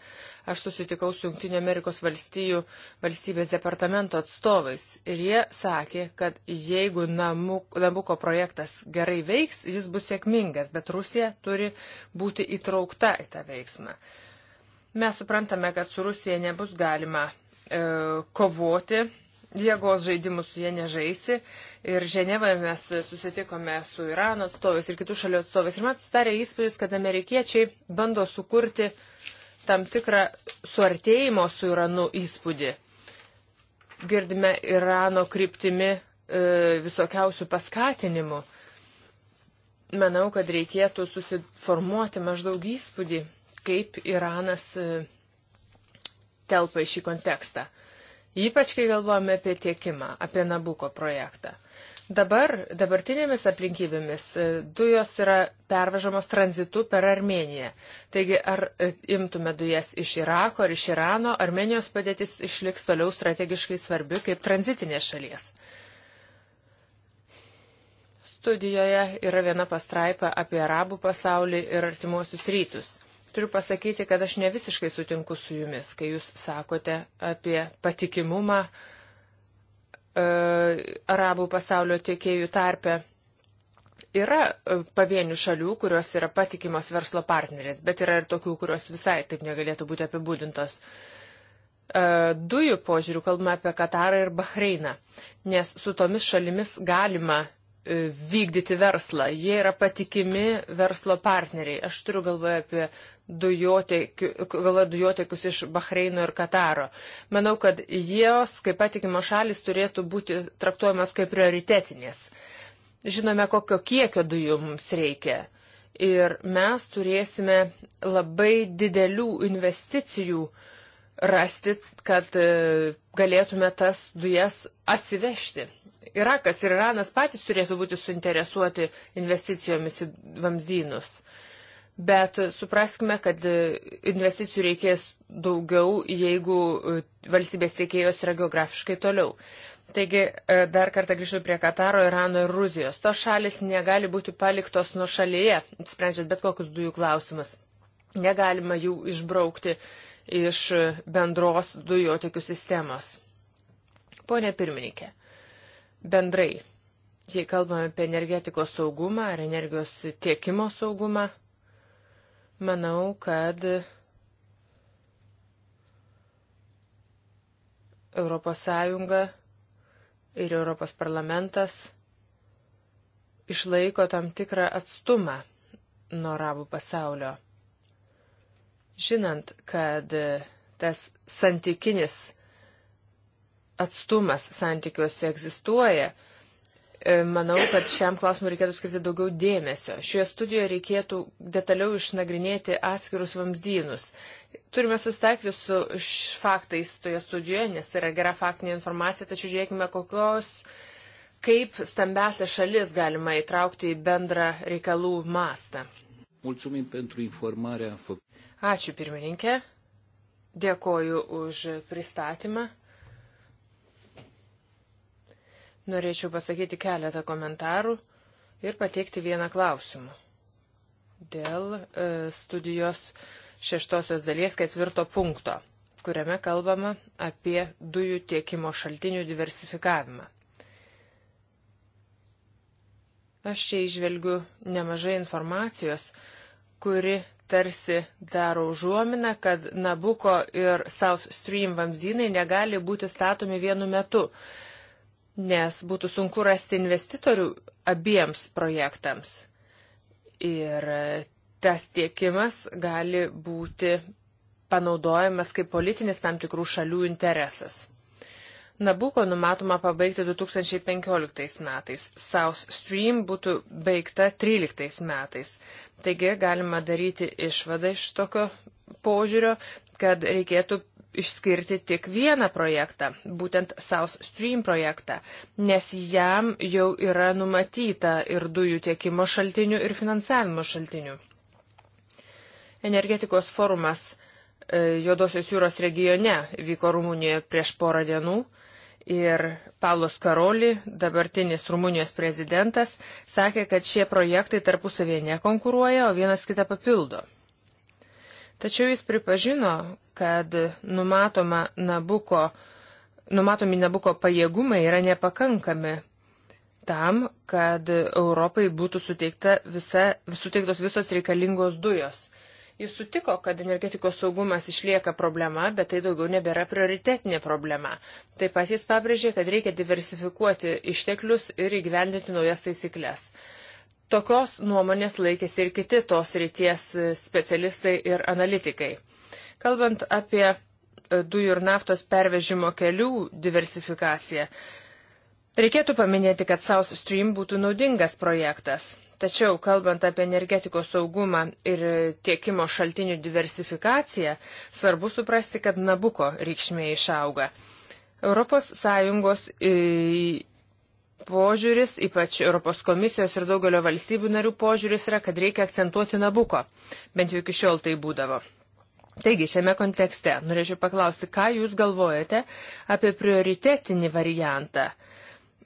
aš susitikau su Junktinio Amerikos valstijų valstybės departamento atstovais ir jie sakė, kad jeigu Nabuko projektas gerai veiks, jis bus sėkmingas, bet Rusija turi būti įtraukta į tą veiksmą. Mes suprantame, kad su Rusija nebus galima e, kovoti jėgos žaidimus su jie nežaisi. Ir Ženevoje mes susitikome su Irano atstovais ir kitų šalių atstovais. Ir man susidarė įspūdis, kad amerikiečiai bando sukurti tam tikrą suartėjimo su Iranu įspūdį. Girdime Irano kryptimi e, visokiausių paskatinimų. Manau, kad reikėtų susiformuoti maždaug įspūdį, kaip Iranas e, telpa į šį kontekstą. Ypač, kai galvojame apie tiekimą, apie Nabuko projektą. Dabar, dabartinėmis aplinkybėmis, e, dujos yra pervežamos tranzitu per Armeniją. Taigi, ar e, imtume dujas iš Irako ar iš Irano, Armenijos padėtis išliks toliau strategiškai svarbi kaip tranzitinė šalies. Studijoje yra viena pastraipa apie arabų pasaulį ir artimuosius rytus. Turiu pasakyti, kad aš ne visiškai sutinku su jumis, kai jūs sakote apie patikimumą e, arabų pasaulio tiekėjų tarpe. Yra e, pavienių šalių, kurios yra patikimos verslo partnerės, bet yra ir tokių, kurios visai taip negalėtų būti apibūdintos. E, dujų požiūrių kalbame apie Katarą ir Bahreiną, nes su tomis šalimis galima E, vykdyti verslą. Jie yra patikimi verslo partneriai. Aš turiu galvoje apie dujotekius iš Bahreino ir Kataro. Manau, kad jos, kaip patikimo šalis, turėtų būti traktuojamas kaip prioritetinės. Žinome, kokio kiekio dujų mums reikia. Ir mes turėsime labai didelių investicijų uh, rasti, kad e, galėtume tas dujas atsivežti. Irakas ir Iranas patys turėtų būti suinteresuoti investicijomis į vamzdynus. Bet supraskime, kad e, investicijų reikės daugiau, jeigu e, valstybės teikėjos yra geografiškai toliau. Taigi, dar kartą grįžtu prie Kataro, Irano ir Rusijos. To šalis negali būti paliktos nuo šalyje, sprendžiant bet kokius dujų klausimus. Negalima jų išbraukti iš bendros dujotekių sistemos. Pone pirmininkė, bendrai, jei kalbame apie energetikos saugumą ar energijos tiekimo saugumą, manau, kad ES ir ES parlamentas išlaiko tam tikrą atstumą nuo arabų pasaulio. Žinant, kad e, tas santykinis atstumas santykiuose egzistuoja, e, manau, kad šiam klausimui reikėtų skirti daugiau dėmesio. Šioje studijoje reikėtų detaliau išnagrinėti atskirus vamzdynus. Turime sustaikyti su faktais toje studijoje, nes tai yra gera faktinė informacija, tačiau žiūrėkime, kokios, kaip stambesią šalis galima įtraukti į bendrą reikalų mastą. Mulțumim pentru informarea făcută. Ačiū pirmininkė. Dėkoju už pristatymą. Norėčiau pasakyti keletą komentarų ir pateikti vieną klausimą dėl e, studijos šeštosios dalies ketvirto punkto, kuriame kalbama apie dujų tiekimo šaltinių diversifikavimą. Aš čia išvelgiu nemažai informacijos, kuri tarsi daro užuominą, kad Nabuko ir South Stream vamzdynai negali būti statomi vienu metu, nes būtų sunku rasti investitorių abiems projektams. Ir tas tiekimas gali būti panaudojamas kaip politinis tam tikrų šalių interesas. Nabuko numatoma pabaigti 2015 metais, South Stream būtų baigta 2013 metais. Taigi galima daryti išvadą iš tokio požiūrio, kad reikėtų išskirti tik vieną projektą, būtent South Stream projektą, nes jam jau yra numatyta ir dujų tiekimo šaltinių, ir finansavimo šaltinių. Energetikos forumas e, Jodosios jūros regione vyko Rumunijoje prieš porą dienų ir Paulus Karoli, dabartinis Rumunijos prezidentas, sakė, kad šie projektai tarpusavėje nekonkuruoja, o vienas kitą papildo. Tačiau jis pripažino, kad numatoma Nabuko, numatomi Nabuko pajėgumai yra nepakankami tam, kad Europai būtų suteikta visa, suteiktos visos reikalingos dujos. Jis sutiko, kad energetikos saugumas išlieka problema, bet tai daugiau nebėra prioritetinė problema. Taip pat jis pabrėžė, kad reikia diversifikuoti išteklius ir įgyvendinti naujas taisyklės. Tokios nuomonės laikėsi ir kiti tos ryties specialistai ir analitikai. Kalbant apie e, dujų ir naftos pervežimo kelių diversifikaciją, reikėtų paminėti, kad South Stream būtų naudingas projektas Tačiau, kalbant apie energetikos saugumą ir tiekimo šaltinių diversifikaciją, svarbu suprasti, kad Nabuko reikšmė išauga. ES e, požiūris, ypač Europos komisijos ir daugelio valstybių narių požiūris yra, kad reikia akcentuoti Nabuko. Bent jau iki šiol tai būdavo. Taigi, šiame kontekste norėčiau paklausti, ką Jūs galvojate apie prioritetinį variantą? Uh,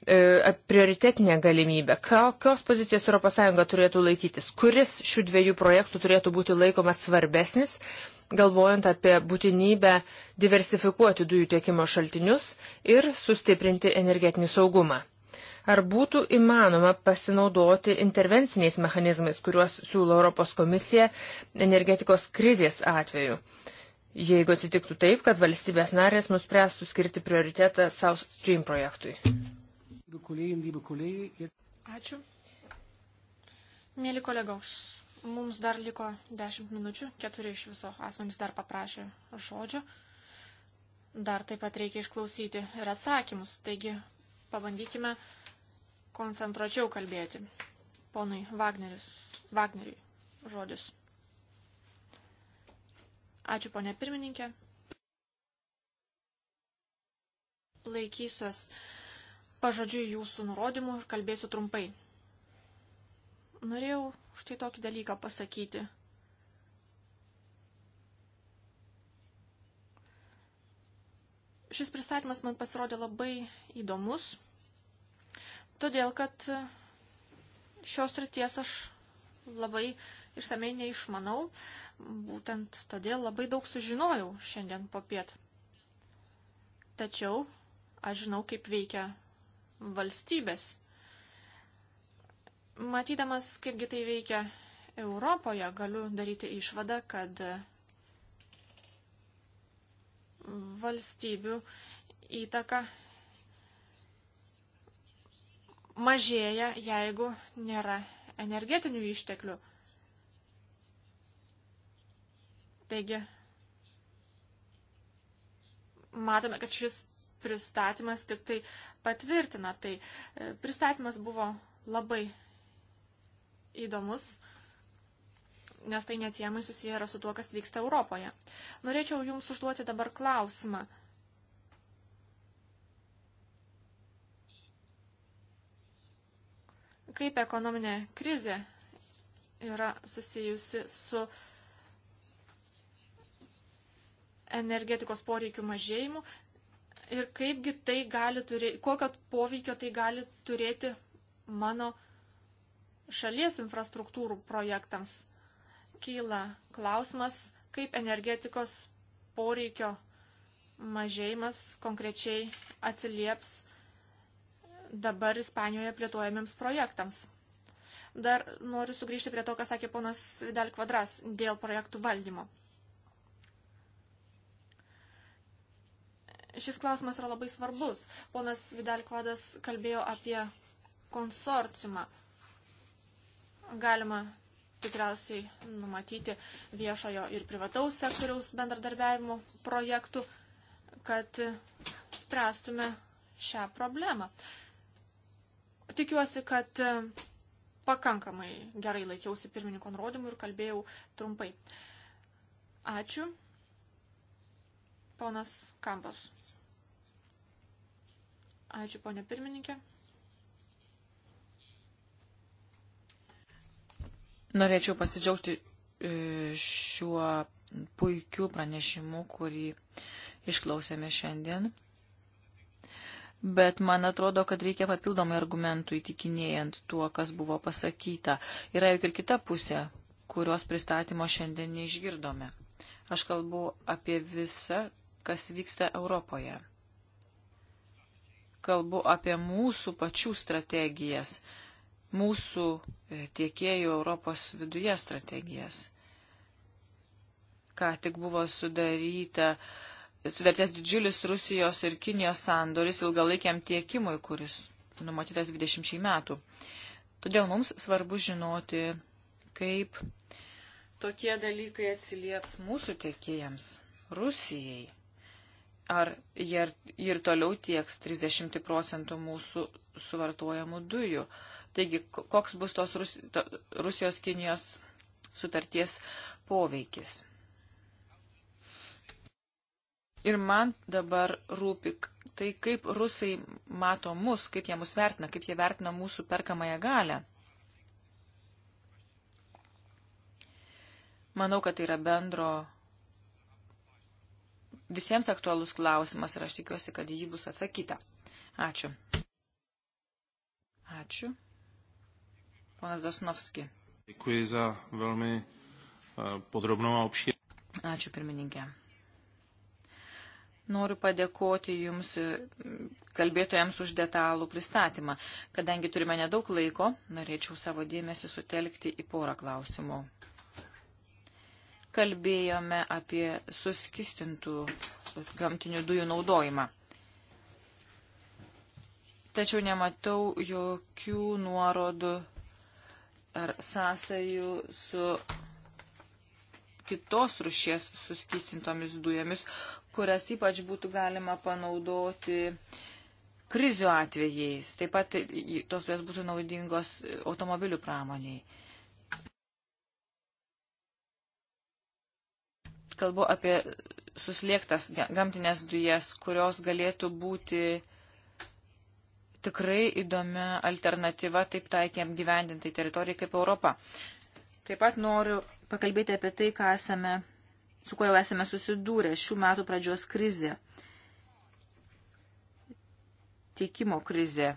E, prioritetinė galimybė. Kokios pozicijos ES turėtų laikytis? Kuris šių dviejų projektų turėtų būti laikomas svarbesnis, galvojant apie būtinybę diversifikuoti dujų tiekimo šaltinius ir sustiprinti energetinį saugumą? Ar būtų įmanoma pasinaudoti intervenciniais mechanizmais, kuriuos siūlo Europos komisija energetikos krizės atveju? Jeigu atsitiktų taip, kad valstybės narės nuspręstų skirti prioritetą South Stream projektui. Ačiū. Mėly kolegos, mums dar liko 10 minučių, keturi iš viso asmenys dar paprašė žodžio. Dar taip pat reikia išklausyti ir atsakymus, taigi pabandykime koncentruočiau kalbėti. Ponai Wagneris, Wagneriui žodis. Ačiū, ponė pirmininkė. Laikysiuos pažodžiu jūsų nurodymų ir kalbėsiu trumpai. Norėjau štai tokį dalyką pasakyti. Šis pristatymas man pasirodė labai įdomus, todėl kad šios ryties aš labai išsamei neišmanau, būtent todėl labai daug sužinojau šiandien po piet. Tačiau aš žinau, kaip veikia valstybės. Matydamas, kaipgi tai veikia Europoje, galiu daryti išvadą, kad valstybių įtaka mažėja, jeigu nėra energetinių išteklių. Taigi, matome, kad šis pristatymas tik tai patvirtina. Tai e, pristatymas buvo labai įdomus, nes tai neatsiemai susiję yra su tuo, kas vyksta Europoje. Norėčiau Jums užduoti dabar klausimą. Kaip ekonominė krizė yra susijusi su energetikos poreikių mažėjimu ir kaipgi tai gali turėti, kokio poveikio tai gali turėti mano šalies infrastruktūrų projektams. Kyla klausimas, kaip energetikos poreikio mažėjimas konkrečiai atsilieps dabar Ispanijoje plėtojamiems projektams. Dar noriu sugrįžti prie to, ką sakė ponas Vidal Kvadras dėl projektų valdymo. Šis klausimas yra labai svarbus. Ponas Vidalkvadas kalbėjo apie konsorciumą. Galima tikriausiai numatyti viešojo ir privataus sektoriaus bendradarbiavimo projektų, kad spręstume šią problemą. Tikiuosi, kad pakankamai gerai laikiausi pirmininko nurodymų ir kalbėjau trumpai. Ačiū. Ponas Kampas. Ačiū, ponė pirmininkė. Norėčiau pasidžiaugti e, šiuo puikiu pranešimu, kurį išklausėme šiandien. Bet man atrodo, kad reikia papildomai argumentų įtikinėjant tuo, kas buvo pasakyta. Yra juk ir kita pusė, kurios pristatymo šiandien neišgirdome. Aš kalbu apie visą, kas vyksta Europoje kalbu apie mūsų pačių strategijas, mūsų e, tiekėjų Europos viduje strategijas. Ką tik buvo sudaryta, sudarytas didžiulis Rusijos ir Kinijos sandoris ilgalaikiam tiekimui, kuris numatytas 20 metų. Todėl mums svarbu žinoti, kaip tokie dalykai atsilieps mūsų tiekėjams, Rusijai ar jie ir toliau tieks 30 procentų mūsų suvartojamų dujų. Taigi, koks bus tos Rus, to, Rusijos Kinijos sutarties poveikis. Ir man dabar rūpi tai, kaip rusai mato mus, kaip jie mus vertina, kaip jie vertina mūsų perkamąją galę. Manau, kad tai yra bendro visiems aktualus klausimas ir aš tikiuosi, kad jį bus atsakyta. Ačiū. Ačiū. Ponas Dosnovski. Děkuji za velmi eh, podrobnou a obšírnou. Ačiū pirmininkė. Noriu padėkoti Jums e, kalbėtojams už detalų pristatymą. Kadangi turime nedaug laiko, norėčiau savo dėmesį sutelkti į porą klausimų kalbėjome apie suskistintų gamtinių dujų naudojimą. Tačiau nematau jokių nuorodų ar sąsajų su kitos rušies suskistintomis dujomis, kurias ypač būtų galima panaudoti krizių atvejais. Taip pat tos dujas būtų naudingos automobilių pramoniai. kalbu apie susliektas gamtinės dujas, kurios galėtų būti tikrai įdomia alternatyva taip taikiam gyvendintai teritorijai kaip Europa. Taip pat noriu pakalbėti apie tai, esame, su kuo jau esame susidūrę šių metų pradžios krizė. Tiekimo krizė.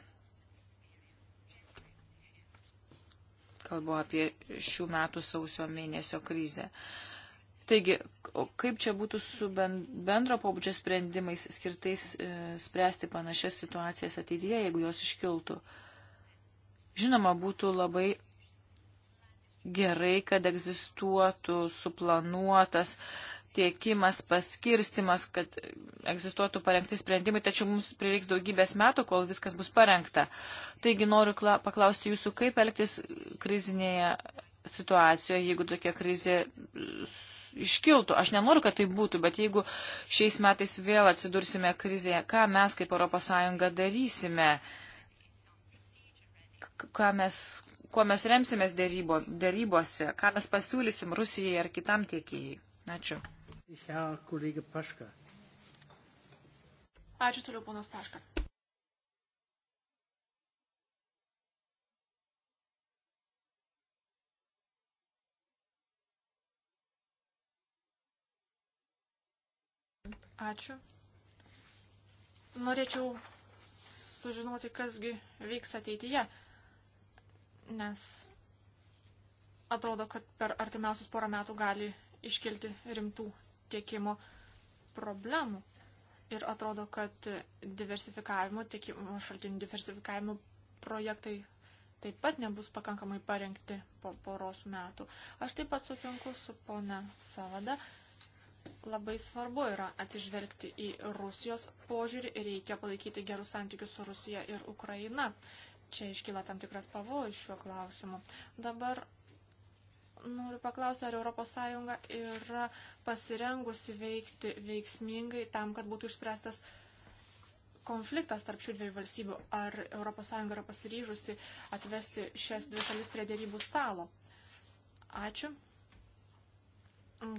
Kalbu apie šių metų sausio mėnesio krizę. Uh, Taigi, kaip čia būtų su bendro pobūdžio sprendimais skirtais e, spręsti panašias situacijas ateityje, jeigu jos iškiltų? Žinoma, būtų labai gerai, kad egzistuotų suplanuotas tiekimas, paskirstimas, kad egzistuotų parengti sprendimai, tačiau mums prireiks daugybės metų, kol viskas bus parengta. Taigi noriu paklausti jūsų, kaip elgtis krizinėje situacijoje, jeigu tokia krizė iškiltų. Aš nenoriu, kad tai būtų, bet jeigu šiais metais vėl atsidursime krizėje, ką mes kaip ES darysime, ką mes, kuo mes remsimės dėrybo, dėrybose, ką mes pasiūlysim Rusijai ar kitam tiekėjai. Ačiū. Ačiū toliau, ponas Paška. Ačiū. Norėčiau sužinoti, kasgi vyks ateityje, nes atrodo, kad per artimiausius porą metų gali iškilti rimtų tiekimo problemų. Ir atrodo, kad diversifikavimo, tiekimo šaltinių diversifikavimo projektai taip pat nebus pakankamai parengti po poros metų. Aš taip pat sutinku su pone Savada, labai svarbu yra atsižvelgti į Rusijos požiūrį ir reikia palaikyti gerus santykius su Rusija ir Ukraina. Čia iškyla tam tikras pavojus šiuo klausimu. Dabar noriu paklausti, ar ES yra pasirengusi veikti veiksmingai tam, kad būtų išspręstas konfliktas tarp šių dviejų valstybių. Ar ES yra pasiryžusi atvesti šias dvi šalis prie dėrybų stalo? Ačiū.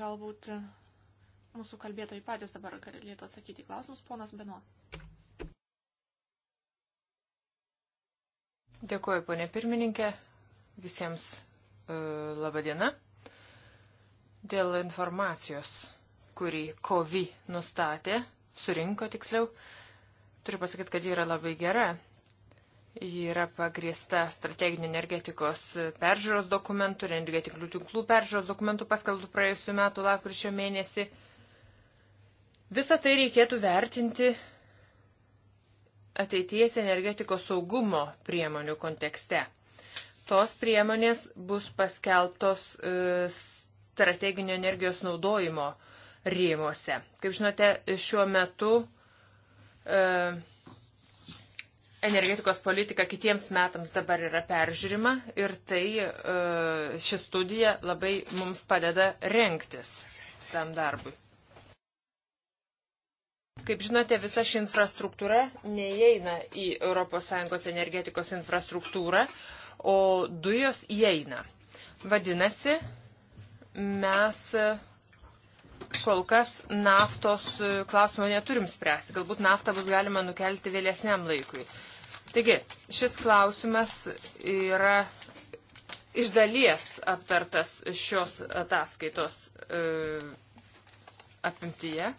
Galbūt Mūsų kalbėtojai patys dabar galėtų atsakyti klausimus. Ponas Beno. Dėkuoju, ponė pirmininkė. Visiems e, laba diena. Dėl informacijos, kurį COVI nustatė, surinko tiksliau, turiu pasakyti, kad ji yra labai gera. Ji yra pagrįsta strateginių energetikos peržiūros dokumentų ir energetiklių tinklų peržiūros dokumentų paskalbų praėjusiu metu lakryčio mėnesį. Visą tai reikėtų vertinti ateities energetikos saugumo priemonių kontekste. Tos priemonės bus paskelbtos e, strateginio energijos naudojimo rėmose. Kaip žinote, šiuo metu e, energetikos politika kitiems metams dabar yra peržiūrima ir tai e, ši studija labai mums padeda renktis tam darbui. Kaip žinote, visa ši infrastruktūra neįeina į ES energetikos infrastruktūrą, o dujos įeina. Vadinasi, mes kol kas naftos klausimo neturim spręsti. Galbūt naftą bus galima nukelti vėlesniam laikui. Taigi, šis klausimas yra iš dalies aptartas šios ataskaitos e, apimtyje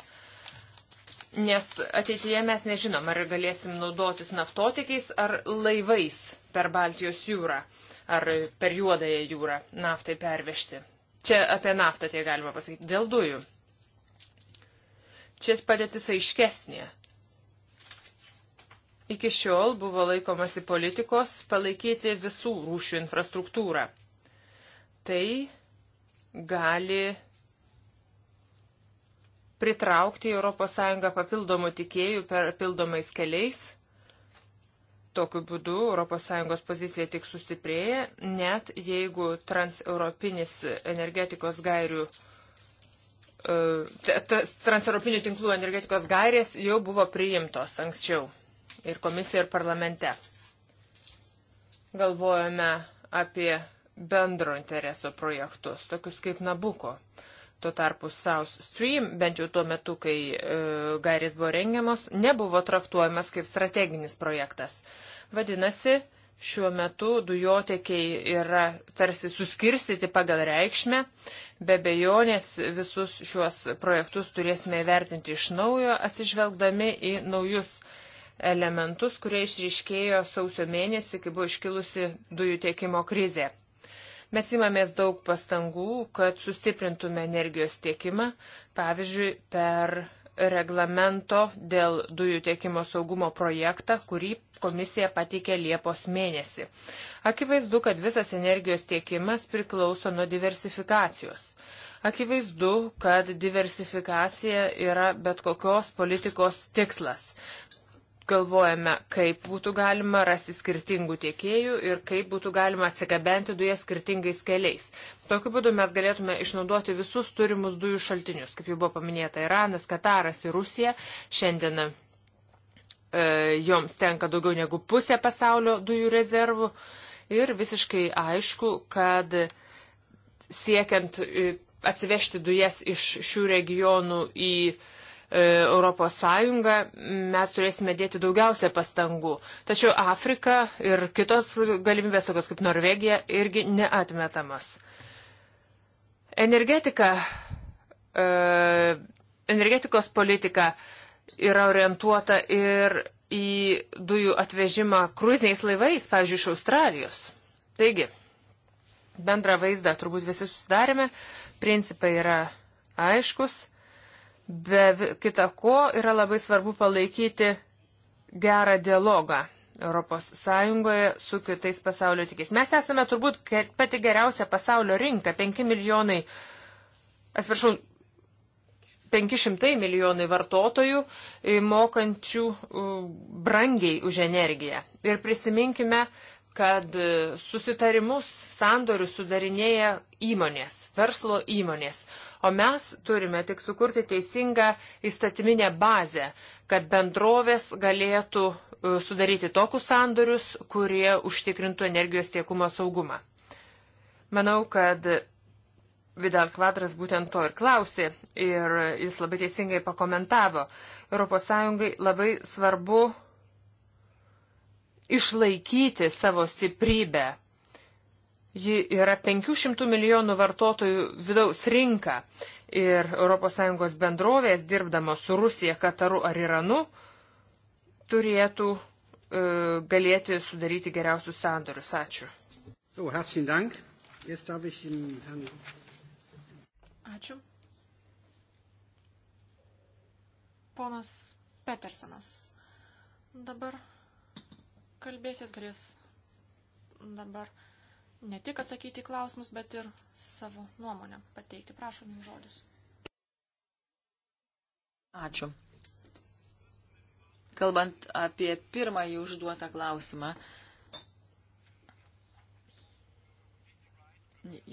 nes ateityje mes nežinom, ar galėsim naudotis naftotikiais ar laivais per Baltijos jūrą ar per Juodąją jūrą naftai pervežti. Čia apie naftą tie galima pasakyti, dėl dujų. Čia padėtis aiškesnė. Iki šiol buvo laikomasi politikos palaikyti visų rūšių infrastruktūrą. Tai gali pritraukti ES papildomų tikėjų per pildomais keliais. Tokiu būdu ES pozicija tik sustiprėja, net jeigu transeuropinis energetikos gairių e, transeuropinių tinklų energetikos gairės jau buvo priimtos anksčiau ir komisijoje, ir parlamente. Galvojame apie bendro intereso projektus, tokius kaip Nabuko. Tuo tarpu South Stream, bent jau tuo metu, kai e, gairės buvo rengiamos, nebuvo traktuojamas kaip strateginis projektas. Vadinasi, šiuo metu dujotiekiai yra tarsi suskirstyti pagal reikšmę. Be bejonės visus šiuos projektus turėsime vertinti iš naujo, atsižvelgdami į naujus elementus, kurie išryškėjo sausio mėnesį, kai buvo iškilusi dujų tiekimo krizė. Mes imamės daug pastangų, kad sustiprintume energijos tiekimą, pavyzdžiui, per reglamento dėl dujų tiekimo saugumo projektą, kurį komisija pateikė Liepos mėnesį. Akivaizdu, kad visas energijos tiekimas priklauso nuo diversifikacijos. Akivaizdu, kad diversifikacija yra bet kokios politikos tikslas galvojame, kaip būtų galima rasti skirtingų tiekėjų ir kaip būtų galima atsigabenti dujas skirtingais keliais. Tokiu būdu mes galėtume išnaudoti visus turimus dujų šaltinius, kaip jau buvo paminėta, Iranas, Kataras ir Rusija. Šiandien e, joms tenka daugiau negu pusė pasaulio dujų rezervų ir visiškai aišku, kad siekiant e, atsivežti dujas iš šių regionų į e, E, Europos Sąjungą, mes turėsime dėti daugiausia pastangų. Tačiau Afrika ir kitos galimybės, tokios kaip Norvegija, irgi neatmetamos. Energetika, e, energetikos politika yra orientuota ir į dujų atvežimą kruiziniais laivais, pavyzdžiui, iš Australijos. Taigi, bendrą vaizdą turbūt visi susidarėme, principai yra aiškus Be kita ko yra labai svarbu palaikyti gerą dialogą ES su kitais pasaulio tikiais. Mes esame turbūt pati geriausia pasaulio rinka. 5 milijonai, atsiprašau, 500 milijonai vartotojų e, mokančių brangiai už energiją. Ir prisiminkime, kad susitarimus sandorius sudarinėja įmonės, verslo įmonės, o mes turime tik sukurti teisingą įstatyminę bazę, kad bendrovės galėtų e, sudaryti tokius sandorius, kurie užtikrintų energijos tiekumo saugumą. Manau, kad Vidal Kvadras būtent to ir klausė ir jis labai teisingai pakomentavo. ES labai svarbu išlaikyti savo stiprybę. Ji yra 500 milijonų vartotojų vidaus rinka ir ES bendrovės dirbdamos su Rusija, Kataru ar Iranu turėtų e, galėti sudaryti geriausius sandorius. Ačiū. So, herzlichen Dank. Jetzt darf ich Ihnen Herrn. Ačiū. Ponas Petersonas dabar kalbėsės, galės dabar ne tik atsakyti į klausimus, bet ir savo nuomonę pateikti. Prašom jums žodis. Ačiū. Kalbant apie pirmąjį užduotą klausimą,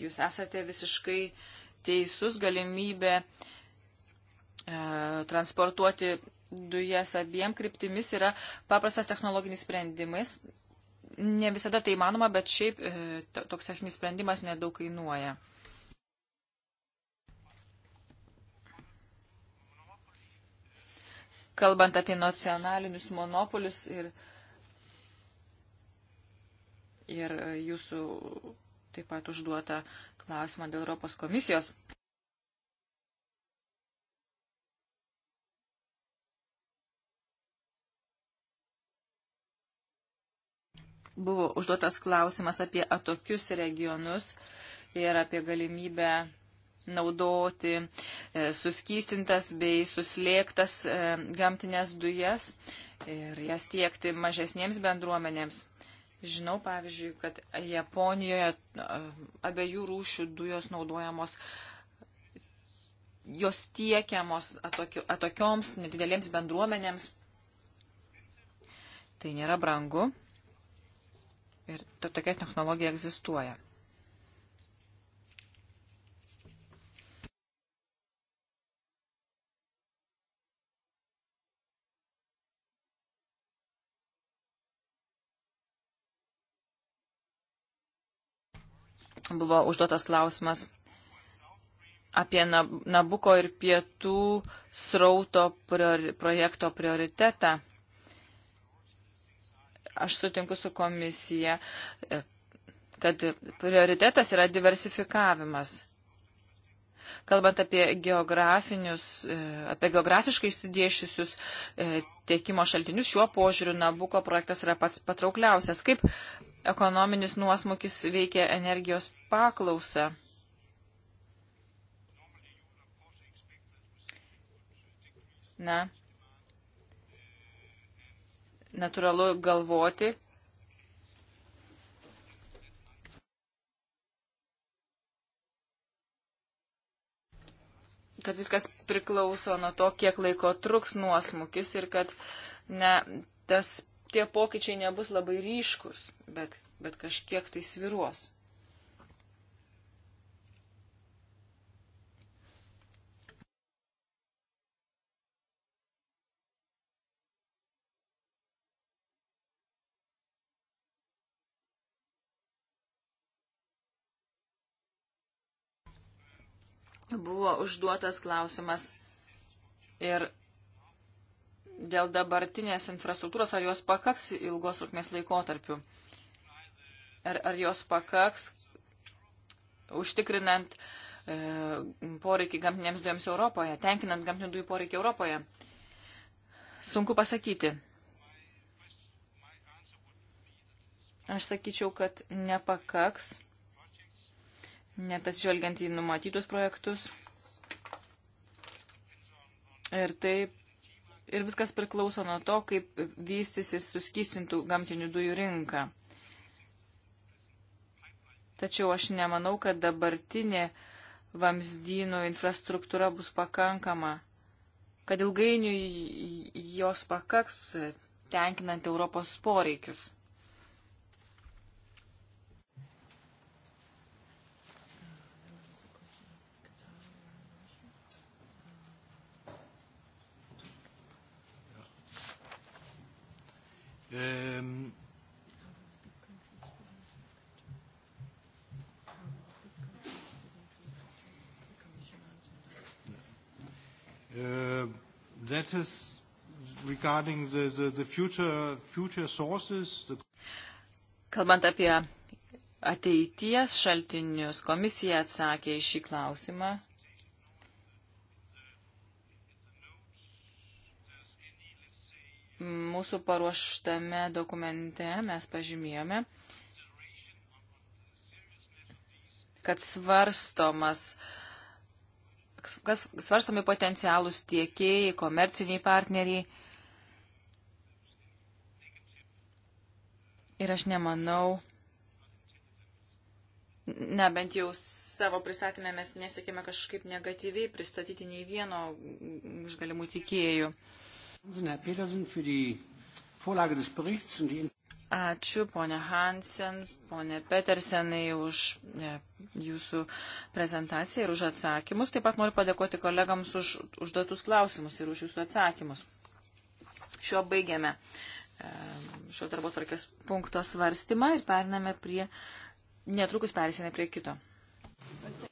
jūs esate visiškai teisus galimybė e, transportuoti dujas abiem kryptimis yra paprastas technologinis sprendimas. Ne visada tai manoma, bet šiaip e, toks techninis sprendimas nedaug kainuoja. Kalbant apie nacionalinius monopolius ir, ir jūsų taip pat užduotą klausimą dėl Europos komisijos. buvo užduotas klausimas apie atokius regionus ir apie galimybę naudoti e, suskystintas bei suslėgtas e, gamtinės dujas ir jas tiekti mažesniems bendruomenėms. Žinau, pavyzdžiui, kad Japonijoje e, abiejų rūšių dujos naudojamos, jos tiekiamos atokio, atokioms nedidelėms bendruomenėms. Tai nėra brangu, ir to, tokia technologija egzistuoja. Buvo užduotas klausimas apie Nabuko ir pietų srauto priori, projekto prioritetą. Aš sutinku su komisija, e, kad prioritetas yra diversifikavimas. Kalbant apie geografinius, e, apie geografiškai įsidėšysius e, tiekimo šaltinius, šiuo požiūriu Nabuko projektas yra pats patraukliausias. Kaip ekonominis nuosmukis veikia energijos paklausą? Na, natūralu galvoti, kad viskas priklauso nuo to, kiek laiko truks nuosmukis ir kad ne, tas, tie pokyčiai nebus labai ryškus, bet, bet kažkiek tai sviruos. buvo užduotas klausimas ir dėl dabartinės infrastruktūros, ar jos pakaks ilgos trukmės laikotarpių. Ar, ar jos pakaks užtikrinant e, poreikį gamtinėms dujoms Europoje, tenkinant gamtinių dujų poreikį Europoje. Sunku pasakyti. Aš sakyčiau, kad nepakaks net atsižvelgiant į numatytus projektus. Ir taip, ir viskas priklauso nuo to, kaip vystysis suskystintų gamtinių dujų rinka. Tačiau aš nemanau, kad dabartinė vamzdynų infrastruktūra bus pakankama, kad ilgainiui jos pakaks tenkinant Europos poreikius. Um, Uh, that is regarding the, the, the future, future sources. The... Kalbant apie ateities šaltinius, komisija atsakė į šį klausimą. Mūsų paruoštame dokumente mes pažymėjome, kad svarstomas kas svarstomi potencialūs tiekėjai, komerciniai partneriai. Ir aš nemanau, ne bent jau savo pristatymę mes nesiekime kažkaip negatyviai pristatyti nei vieno iš galimų tikėjų. Uh, Ačiū, ponė Hansen, ponė Petersenai, už ne, jūsų prezentaciją ir už atsakymus. Taip pat noriu padėkoti kolegams už užduotus klausimus ir už jūsų atsakymus. Šiuo baigėme e, šio darbo tvarkės punkto svarstymą ir periname prie, netrukus persime prie kito. Okay.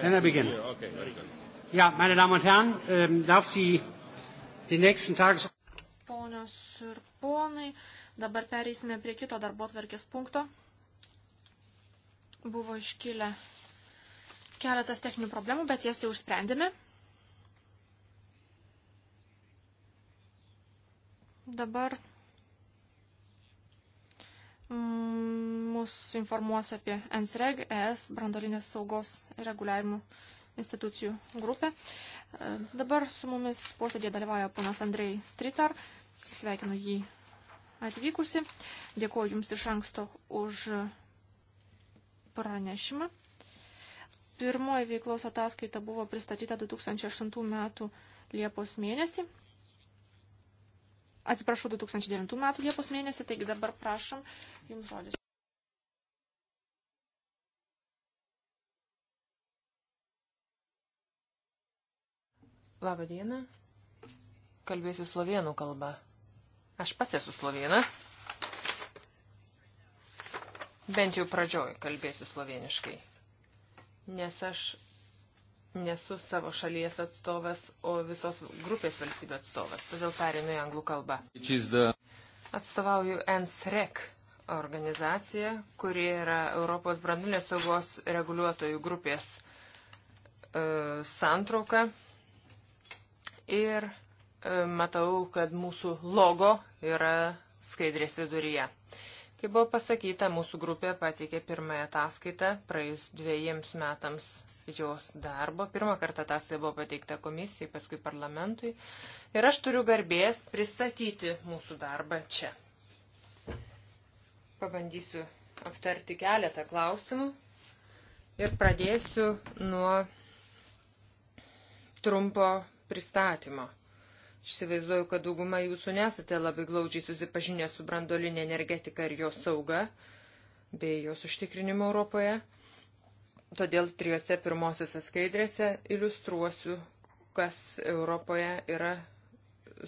Can I begin? Okay, very good. Ja, meine Damen und Herren, ähm, darf Sie den nächsten Tages... Ponios ir ponai, dabar pereisime prie kito darbo tvarkės punkto. Buvo iškilę keletas techninių problemų, bet jas jau išsprendėme. Dabar mus informuos apie ENSREG, ES brandolinės saugos reguliavimo institucijų grupė. E, dabar su mumis posėdėje dalyvauja ponas Andrei Stritar. Sveikinu jį atvykusi. Dėkuoju Jums iš anksto už pranešimą. Pirmoji veiklos ataskaita buvo pristatyta 2008 metų Liepos mėnesį. Atsiprašau, 2009 metų Liepos mėnesį, taigi dabar prašom Jums žodis. Labą dieną. Kalbėsiu slovėnų kalbą. Aš pats esu slovėnas. Bent jau pradžioj kalbėsiu slovėniškai. Nes aš nesu savo šalies atstovas, o visos grupės valstybė atstovas. Todėl perinu į anglų kalbą. The... Atstovauju NSREC organizaciją, kuri yra Europos brandulės saugos reguliuotojų grupės e, santrauka ir e, matau, kad mūsų logo yra skaidrės viduryje. Kaip buvo pasakyta, mūsų grupė pateikė pirmąją ataskaitą praėjus dviejiems metams jos darbo. Pirmą kartą ataskaita buvo pateikta komisijai, paskui parlamentui. Ir aš turiu garbės pristatyti mūsų darbą čia. Pabandysiu aptarti keletą klausimų ir pradėsiu nuo trumpo pristatymo. Išsivaizduoju, kad dauguma jūsų nesate labai glaudžiai susipažinę su brandolinė energetika ir jos sauga bei jos užtikrinimu Europoje. Todėl trijose pirmosiose skaidrėse iliustruosiu, kas Europoje yra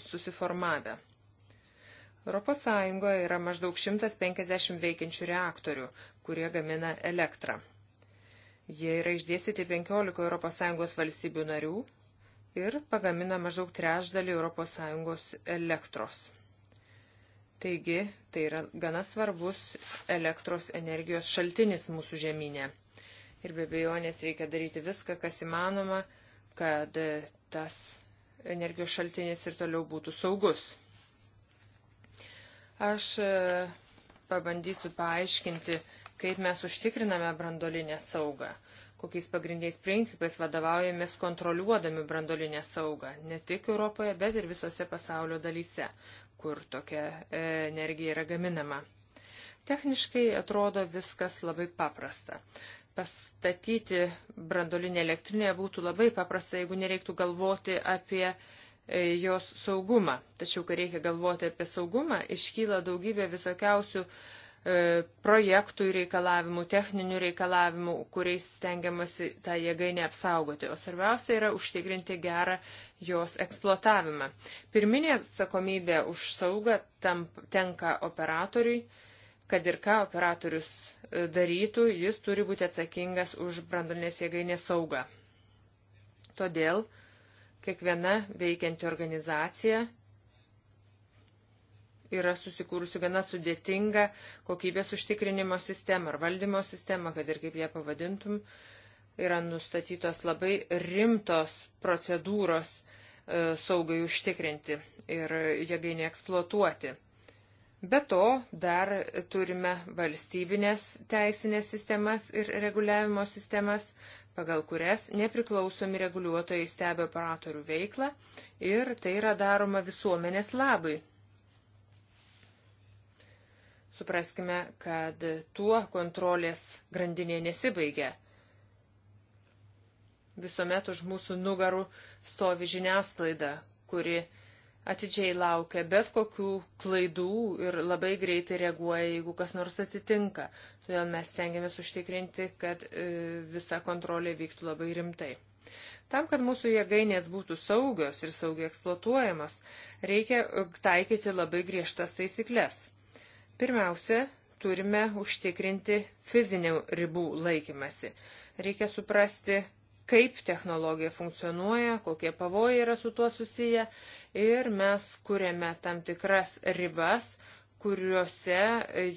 susiformavę. Europos Sąjungoje yra maždaug 150 veikiančių reaktorių, kurie gamina elektrą. Jie yra išdėstyti 15 ES valstybių narių ir pagamina maždaug trešdalį ES elektros. Taigi, tai yra gana svarbus elektros energijos šaltinis mūsų žemynė. Ir be bejonės reikia daryti viską, kas įmanoma, kad tas energijos šaltinis ir toliau būtų saugus. Aš e, pabandysiu paaiškinti, kaip mes užtikriname brandolinę saugą kokiais pagrindiniais principais vadovaujamės kontroliuodami brandolinę saugą, ne tik Europoje, bet ir visose pasaulio dalyse, kur tokia e, energija yra gaminama. Techniškai atrodo viskas labai paprasta. Pastatyti brandolinę elektrinę būtų labai paprasta, jeigu nereiktų galvoti apie e, jos saugumą. Tačiau, kai reikia galvoti apie saugumą, iškyla daugybė visokiausių uh, E, projektų reikalavimų, techninių reikalavimų, kuriais stengiamasi tą jėgainę apsaugoti, o svarbiausia yra užtikrinti gerą jos eksploatavimą. Pirminė atsakomybė už saugą tam tenka operatoriui, kad ir ką operatorius e, darytų, jis turi būti atsakingas už brandolinės jėgainės saugą. Todėl kiekviena veikianti organizacija yra susikūrusi gana sudėtinga kokybės užtikrinimo sistema ar valdymo sistema, kad ir kaip ją pavadintum, yra nustatytos labai rimtos procedūros e, saugai užtikrinti ir jėgainį eksploatuoti. Be to, dar turime valstybinės teisinės sistemas ir reguliavimo sistemas, pagal kurias nepriklausomi reguliuotojai stebi operatorių veiklą ir tai yra daroma visuomenės labai. Supraskime, kad tuo kontrolės grandinė nesibaigia. Visuomet už mūsų nugarų stovi žiniasklaida, kuri atidžiai laukia bet kokių klaidų ir labai greitai reaguoja, jeigu kas nors atsitinka. Todėl mes stengiamės užtikrinti, kad e, visa kontrolė vyktų labai rimtai. Tam, kad mūsų jėgainės būtų saugios ir saugiai eksploatuojamos, reikia e, taikyti labai griežtas taisyklės. Pirmiausia, turime užtikrinti fizinių ribų laikymasi. Reikia suprasti, kaip technologija funkcionuoja, kokie pavojai yra su tuo susiję ir mes kuriame tam tikras ribas, kuriuose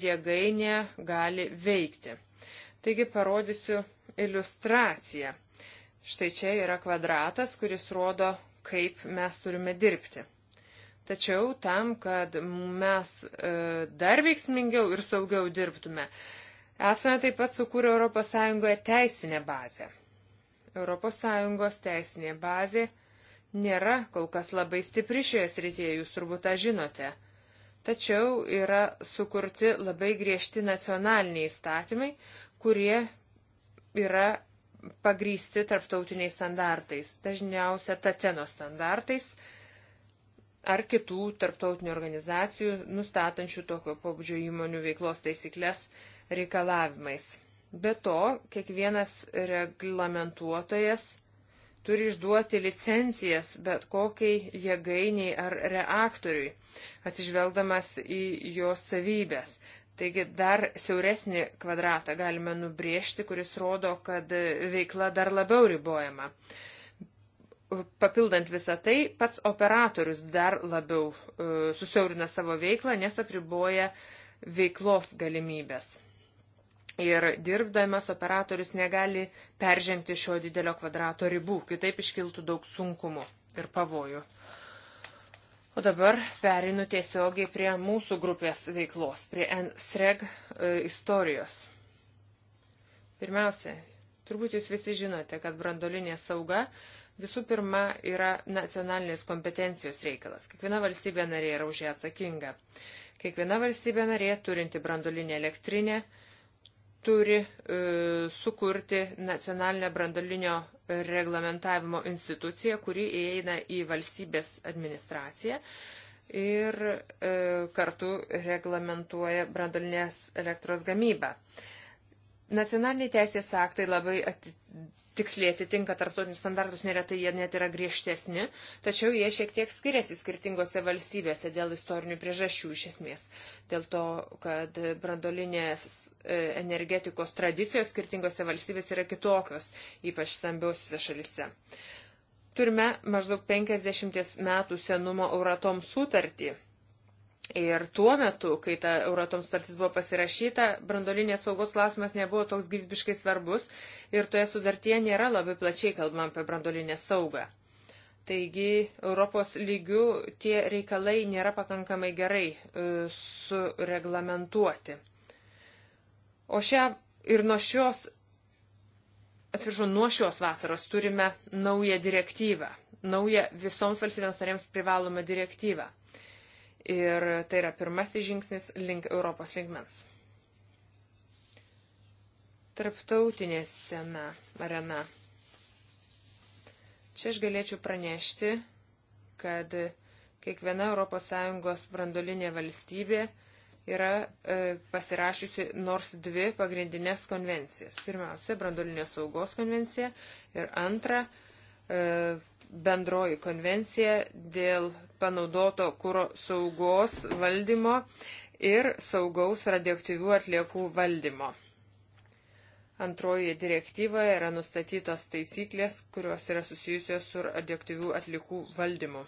jėgainė gali veikti. Taigi parodysiu iliustraciją. Štai čia yra kvadratas, kuris rodo, kaip mes turime dirbti. Tačiau tam, kad mes e, dar veiksmingiau ir saugiau dirbtume, esame taip pat sukūrę ES teisinę bazę. ES teisinė bazė nėra kol kas labai stipri šioje srityje, jūs turbūt tą žinote. Tačiau yra sukurti labai griežti nacionaliniai įstatymai, kurie yra pagrysti tarptautiniais standartais, dažniausia Tateno standartais – ar kitų tarptautinių organizacijų nustatančių tokio pobūdžio įmonių veiklos taisyklės reikalavimais. Be to, kiekvienas reglamentuotojas turi išduoti licencijas bet kokiai jėgainiai ar reaktoriui, atsižvelgdamas į jos savybės. Taigi dar siauresnį kvadratą galime nubriežti, kuris rodo, kad veikla dar labiau ribojama papildant visą tai, pats operatorius dar labiau e, susiaurina savo veiklą, nes apriboja veiklos galimybės. Ir dirbdamas operatorius negali peržengti šio didelio kvadrato ribų, kitaip iškiltų daug sunkumų ir pavojų. O dabar perinu tiesiogiai prie mūsų grupės veiklos, prie NSREG e, istorijos. Pirmiausia, turbūt jūs visi žinote, kad brandolinė sauga visų pirma yra nacionalinės kompetencijos reikalas. Kiekviena valstybė narė yra už ją atsakinga. Kiekviena valstybė narė turinti brandolinę elektrinę turi e, sukurti nacionalinę brandolinio reglamentavimo instituciją, kuri įeina į valstybės administraciją ir e, kartu reglamentuoja brandolinės elektros gamybą. Nacionaliniai teisės aktai labai ati, tiksliai atitinka tarptautinius standartus, neretai jie net yra griežtesni, tačiau jie šiek tiek skiriasi skirtingose valstybėse dėl istorinių priežasčių iš esmės. Dėl to, kad brandolinės e, energetikos tradicijos skirtingose valstybėse yra kitokios, ypač stambiausiose šalise. Turime maždaug 50 metų senumo Euratom sutartį Ir tuo metu, kai ta Euratom sutartis buvo pasirašyta, brandolinės saugos klausimas nebuvo toks gyvybiškai svarbus ir toje sudartyje nėra labai plačiai kalbama apie brandolinę saugą. Taigi Europos lygių tie reikalai nėra pakankamai gerai e, sureglamentuoti. O šią ir nuo šios, atsiprašau, nuo šios vasaros turime naują direktyvą, naują visoms valstybėms narėms privalomą direktyvą. Ir tai yra pirmasis žingsnis link Europos linkmens. Tarptautinė sena arena. Čia aš galėčiau pranešti, kad kiekviena ES brandolinė valstybė yra e, pasirašiusi nors dvi pagrindinės konvencijas. Pirmiausia, brandolinės saugos konvencija ir antra, e, bendroji konvencija dėl panaudoto kūro saugos valdymo ir saugaus radioaktyvių atliekų valdymo. Antrojoje direktyvoje yra nustatytos taisyklės, kurios yra susijusios su radioaktyvių atliekų valdymu.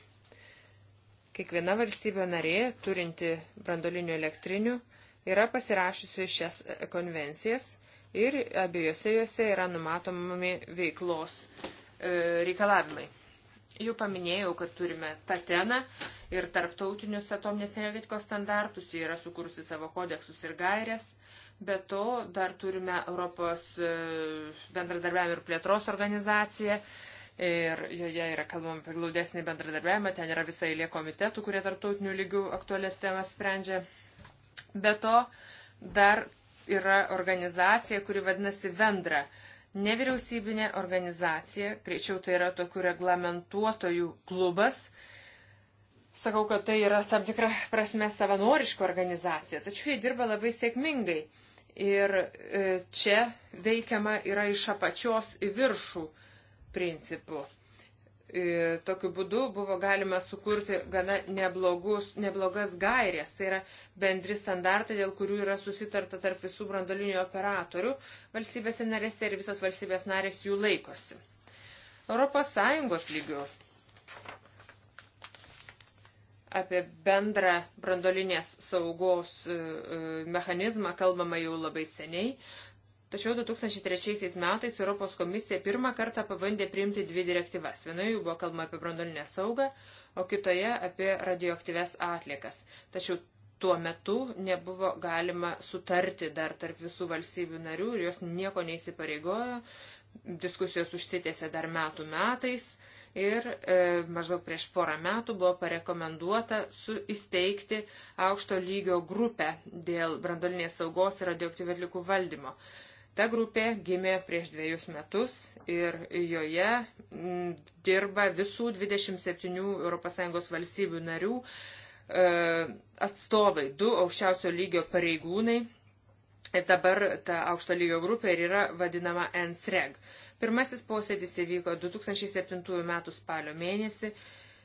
Kiekviena valstybė narė, turinti brandolinių elektrinių, yra pasirašusi šias konvencijas ir abiejose juose yra numatomi veiklos e, reikalavimai. Jau paminėjau, kad turime Tateną ir tarptautinius atominės energetikos standartus, jie yra sukursi savo kodeksus ir gairias. Be to dar turime Europos e, bendradarbiavimo ir plėtros organizaciją. Ir joje yra kalbama apie glaudesnį bendradarbiavimą, ten yra visa eilė komitetų, kurie tarptautinių lygių aktualias temas sprendžia. Be to, dar yra organizacija, kuri vadinasi Vendra. Uh, nevyriausybinė organizacija, greičiau tai yra tokių reglamentuotojų klubas. Sakau, kad tai yra tam tikra prasme savanoriška organizacija, tačiau jie dirba labai sėkmingai. Ir e, čia veikiama yra iš apačios į viršų principų. E, tokiu būdu buvo galima sukurti gana neblogus, neblogas gairės, tai yra bendri standartai, dėl kurių yra susitarta tarp visų brandolinių operatorių valstybėse narėse ir visos valstybės narės jų laikosi. Europos Sąjungos lygių apie bendrą brandolinės saugos e, e, mechanizmą kalbama jau labai seniai. Tačiau 2003 metais Europos komisija pirmą kartą pabandė priimti dvi direktyvas. Vienoje jų buvo kalbama apie brandolinę saugą, o kitoje apie radioaktyves atliekas. Tačiau tuo metu nebuvo galima sutarti dar tarp visų valstybių narių ir jos nieko neįsipareigojo. Diskusijos užsitėsi dar metų metais ir e, maždaug prieš porą metų buvo parekomenduota su, įsteigti aukšto lygio grupę dėl brandolinės saugos ir radioaktyvių atlikų valdymo. E, Ta grupė gimė prieš dviejus metus ir joje dirba visų 27 ES valstybių narių e, atstovai, du aukščiausio lygio pareigūnai. Ir dabar ta aukšto lygio grupė ir yra vadinama NSREG. Pirmasis posėdis įvyko 2007 m. spalio mėnesį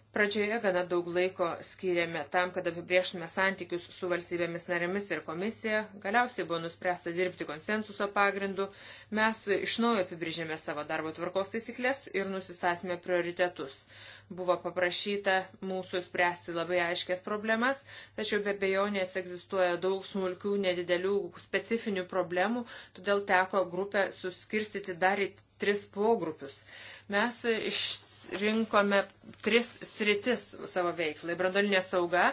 Pradžioje gana daug laiko skiriame tam, kad apibrieštume santykius su valstybėmis narėmis ir komisija. Galiausiai buvo nuspręsta dirbti konsensuso pagrindu. Mes iš naujo apibrėžėme savo darbo tvarkos taisyklės ir nusistatėme prioritetus. Buvo paprašyta mūsų spręsti labai aiškės problemas, tačiau be bejonės egzistuoja daug smulkių, nedidelių, specifinių problemų, todėl teko grupę suskirstyti dar į tris pogrupius. Mes iš pasirinkome tris sritis savo veiklai. Brandolinė sauga,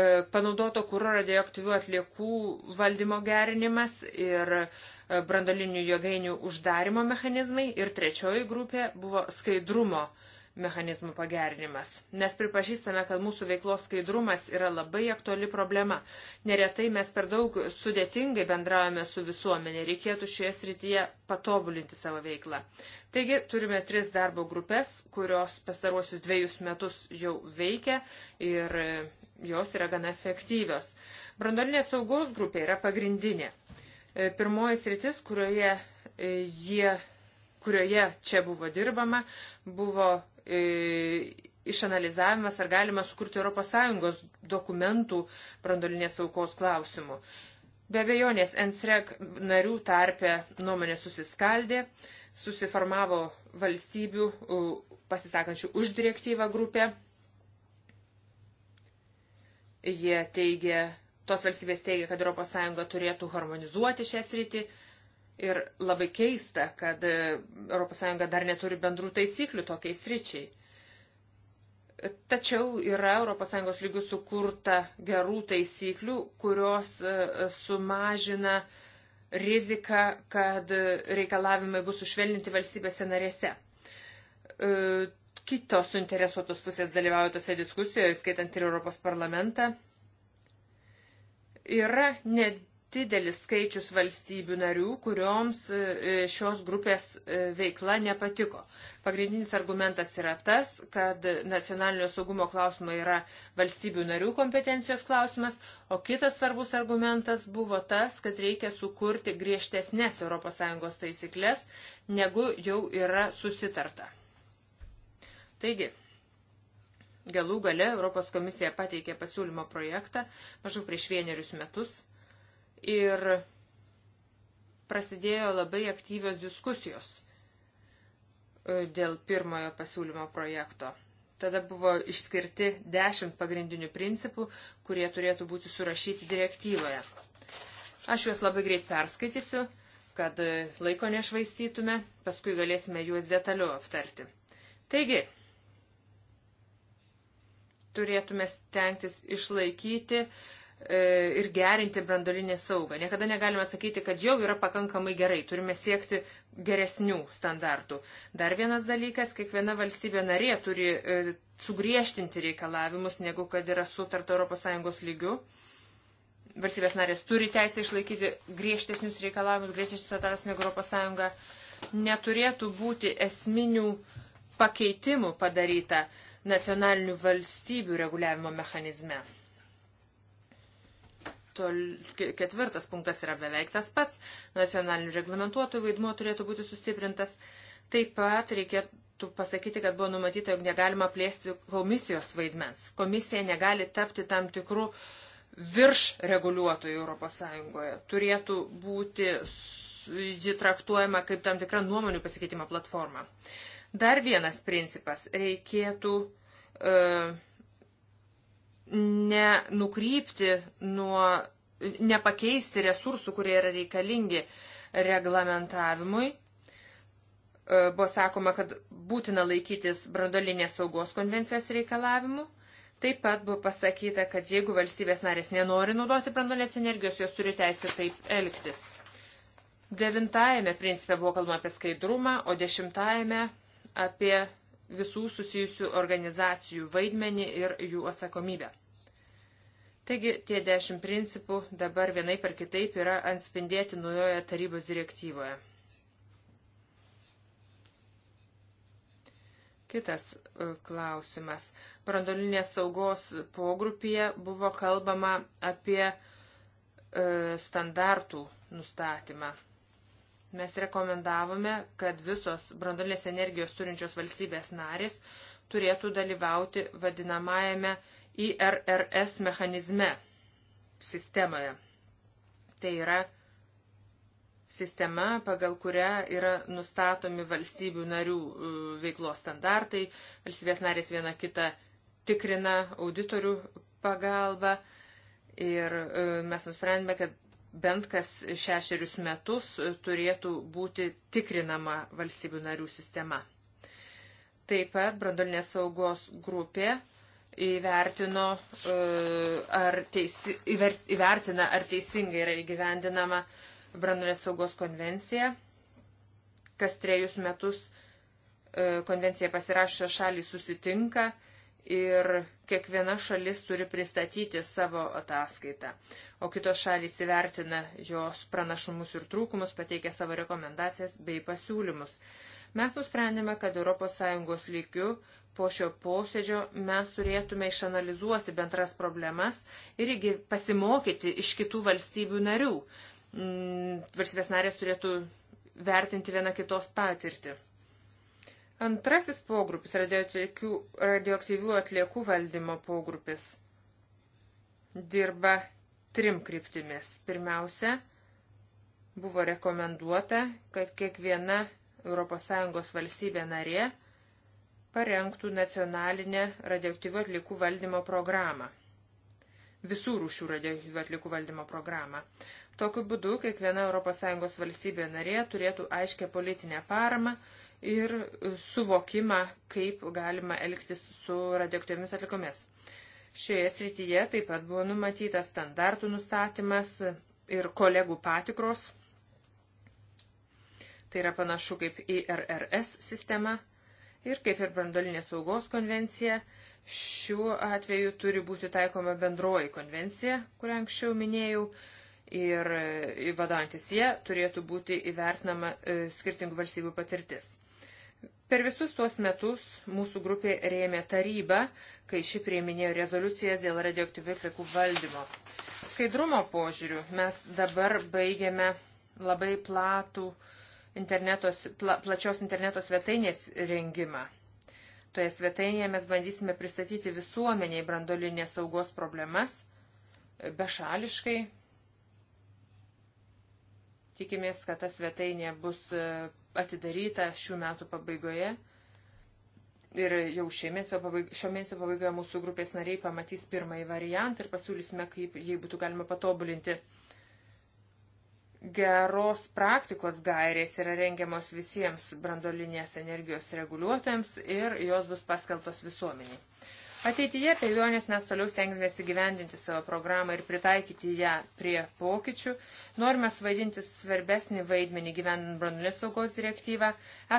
e, panaudoto kūro radioaktyvių atliekų valdymo gerinimas ir e, brandolinių jėgainių uždarimo mechanizmai. Ir trečioji grupė buvo skaidrumo uh, mechanizmų pagerinimas. Nes pripažįstame, kad mūsų veiklos skaidrumas yra labai aktuali problema. Neretai mes per daug sudėtingai bendravome su visuomenė, reikėtų šioje srityje patobulinti savo veiklą. Taigi turime tris darbo grupės, kurios pastaruosius dviejus metus jau veikia ir jos yra gana efektyvios. Brandolinės saugos grupė yra pagrindinė. E, pirmoji sritis, kurioje e, jie kurioje čia buvo dirbama, buvo E, išanalizavimas, ar galima sukurti ES dokumentų brandolinės aukos klausimų. Be abejonės, NSREG narių tarpe nuomonė susiskaldė, susiformavo valstybių pasisakančių už direktyvą grupė. Jie teigia, tos valstybės teigia, kad ES turėtų harmonizuoti šią sritį. Ir labai keista, kad ES dar neturi bendrų taisyklių tokiais ryčiai. Tačiau yra ES lygių sukurta gerų taisyklių, kurios e, sumažina riziką, kad e, reikalavimai bus sušvelninti valstybėse narėse. E, kitos suinteresuotos pusės dalyvauja tose diskusijoje, skaitant ir Europos parlamentą. Yra net didelis skaičius valstybių narių, kurioms e, e, šios grupės e, veikla nepatiko. Pagrindinis argumentas yra tas, kad nacionalinio saugumo klausimai yra valstybių narių kompetencijos klausimas, o kitas svarbus argumentas buvo tas, kad reikia sukurti griežtesnės ES taisyklės, negu jau yra susitarta. Taigi, Galų gale Europos komisija pateikė pasiūlymo projektą maždaug prieš vienerius metus ir prasidėjo labai aktyvios diskusijos e, dėl pirmojo pasiūlymo projekto. Tada buvo išskirti dešimt pagrindinių principų, kurie turėtų būti surašyti direktyvoje. Aš juos labai greit perskaitysiu, kad e, laiko nešvaistytume, paskui galėsime juos detaliau aptarti. Taigi, turėtume stengtis išlaikyti uh, E, ir gerinti brandolinę saugą. Niekada negalime sakyti, kad jau yra pakankamai gerai, turime siekti geresnių standartų. Dar vienas dalykas, kiekviena valstybė narė turi e, sugriežtinti reikalavimus, negu kad yra sutarta ES lygių. Valstybės narės turi teisę išlaikyti griežtesnius reikalavimus, griežtesnius standartus negu ES. Neturėtų būti esminių pakeitimų padaryta nacionalinių valstybių reguliavimo mechanizme. Tol, ketvirtas punktas yra beveik tas pats. Nacionalinių reglamentuotojų vaidmuo turėtų būti sustiprintas. Taip pat reikėtų pasakyti, kad buvo numatyta, jog negalima plėsti komisijos vaidmens. Komisija negali tapti tam tikrų virš reguliuotojų ES. Turėtų būti ji traktuojama kaip tam tikra nuomonių pasikeitimo platforma. Dar vienas principas. Reikėtų. Uh, nenukrypti nuo, nepakeisti resursų, kurie yra reikalingi reglamentavimui. E, buvo sakoma, kad būtina laikytis brandolinės saugos konvencijos reikalavimų. Taip pat buvo pasakyta, kad jeigu valstybės narės nenori naudoti branduolės energijos, jos turi teisę taip elgtis. Devintajame principe buvo kalbama apie skaidrumą, o dešimtajame apie visų susijusių organizacijų vaidmenį ir jų atsakomybę. Taigi tie dešimt principų dabar vienai per kitaip yra atspindėti naujoje tarybos direktyvoje. Kitas e, klausimas. Brandolinės saugos pogrupyje buvo kalbama apie e, standartų nustatymą. Mes rekomendavome, kad visos brandolės energijos turinčios valstybės narės turėtų dalyvauti vadinamajame IRRS mechanizme sistemoje. Tai yra sistema, pagal kurią yra nustatomi valstybių narių e, veiklos standartai, valstybės narės viena kitą tikrina auditorių pagalba. Ir e, mes nusprendėme, kad bent kas šešerius metus turėtų būti tikrinama valstybių narių sistema. Taip pat brandolinės saugos grupė įvertino, e, ar teisi, įvertina, ar teisingai yra įgyvendinama brandolinės saugos konvencija. Kas trejus metus e, konvencija pasirašę šalį susitinka ir kiekviena šalis turi pristatyti savo ataskaitą, o kitos šalys įvertina jos pranašumus ir trūkumus, pateikia savo rekomendacijas bei pasiūlymus. Mes nusprendėme, kad ES lygių po šio posėdžio mes turėtume išanalizuoti bendras problemas ir pasimokyti iš kitų valstybių narių. Mm, valstybės narės turėtų vertinti vieną kitos patirtį. Antrasis pogrupis - radioaktyvių atliekų valdymo pogrupis - dirba trim kryptimis. Pirmiausia, buvo rekomenduota, kad kiekviena ES valstybė narė parengtų nacionalinę radioaktyvių atliekų valdymo programą. Visų rūšių radioaktyvių atliekų valdymo programą. Tokiu būdu kiekviena ES valstybė narė turėtų aiškę politinę paramą, ir suvokimą, kaip galima elgtis su radioaktyviomis atlikomis. Šioje srityje taip pat buvo numatytas standartų nustatymas ir kolegų patikros. Tai yra panašu kaip IRRS sistema ir kaip ir brandolinės saugos konvencija. Šiuo atveju turi būti taikoma bendroji konvencija, kurią anksčiau minėjau, ir vadantis jie turėtų būti įvertinama e, skirtingų valstybių patirtis. Per visus tuos metus mūsų grupė rėmė tarybą, kai ši prieiminėjo rezoliucijas dėl radioaktyvių atliekų valdymo. Skaidrumo požiūrių mes dabar baigiame labai platų internetos, pla, plačios interneto svetainės rengimą. Toje svetainėje mes bandysime pristatyti visuomeniai brandolinės saugos problemas bešališkai Tikimės, kad ta svetainė bus e, atidaryta šių metų pabaigoje. Ir jau šio mėnesio pabaigoje, pabaigoje mūsų grupės nariai pamatys pirmąjį variantą ir pasiūlysime, kaip jį būtų galima patobulinti. Geros praktikos gairės yra rengiamos visiems brandolinės energijos reguliuotojams ir jos bus paskeltos visuomeniai. Ateityje pėvionės mes toliau stengsimės įgyvendinti savo programą ir pritaikyti ją prie pokyčių. Norime suvaidinti svarbesnį vaidmenį gyvendant branulės saugos direktyvą.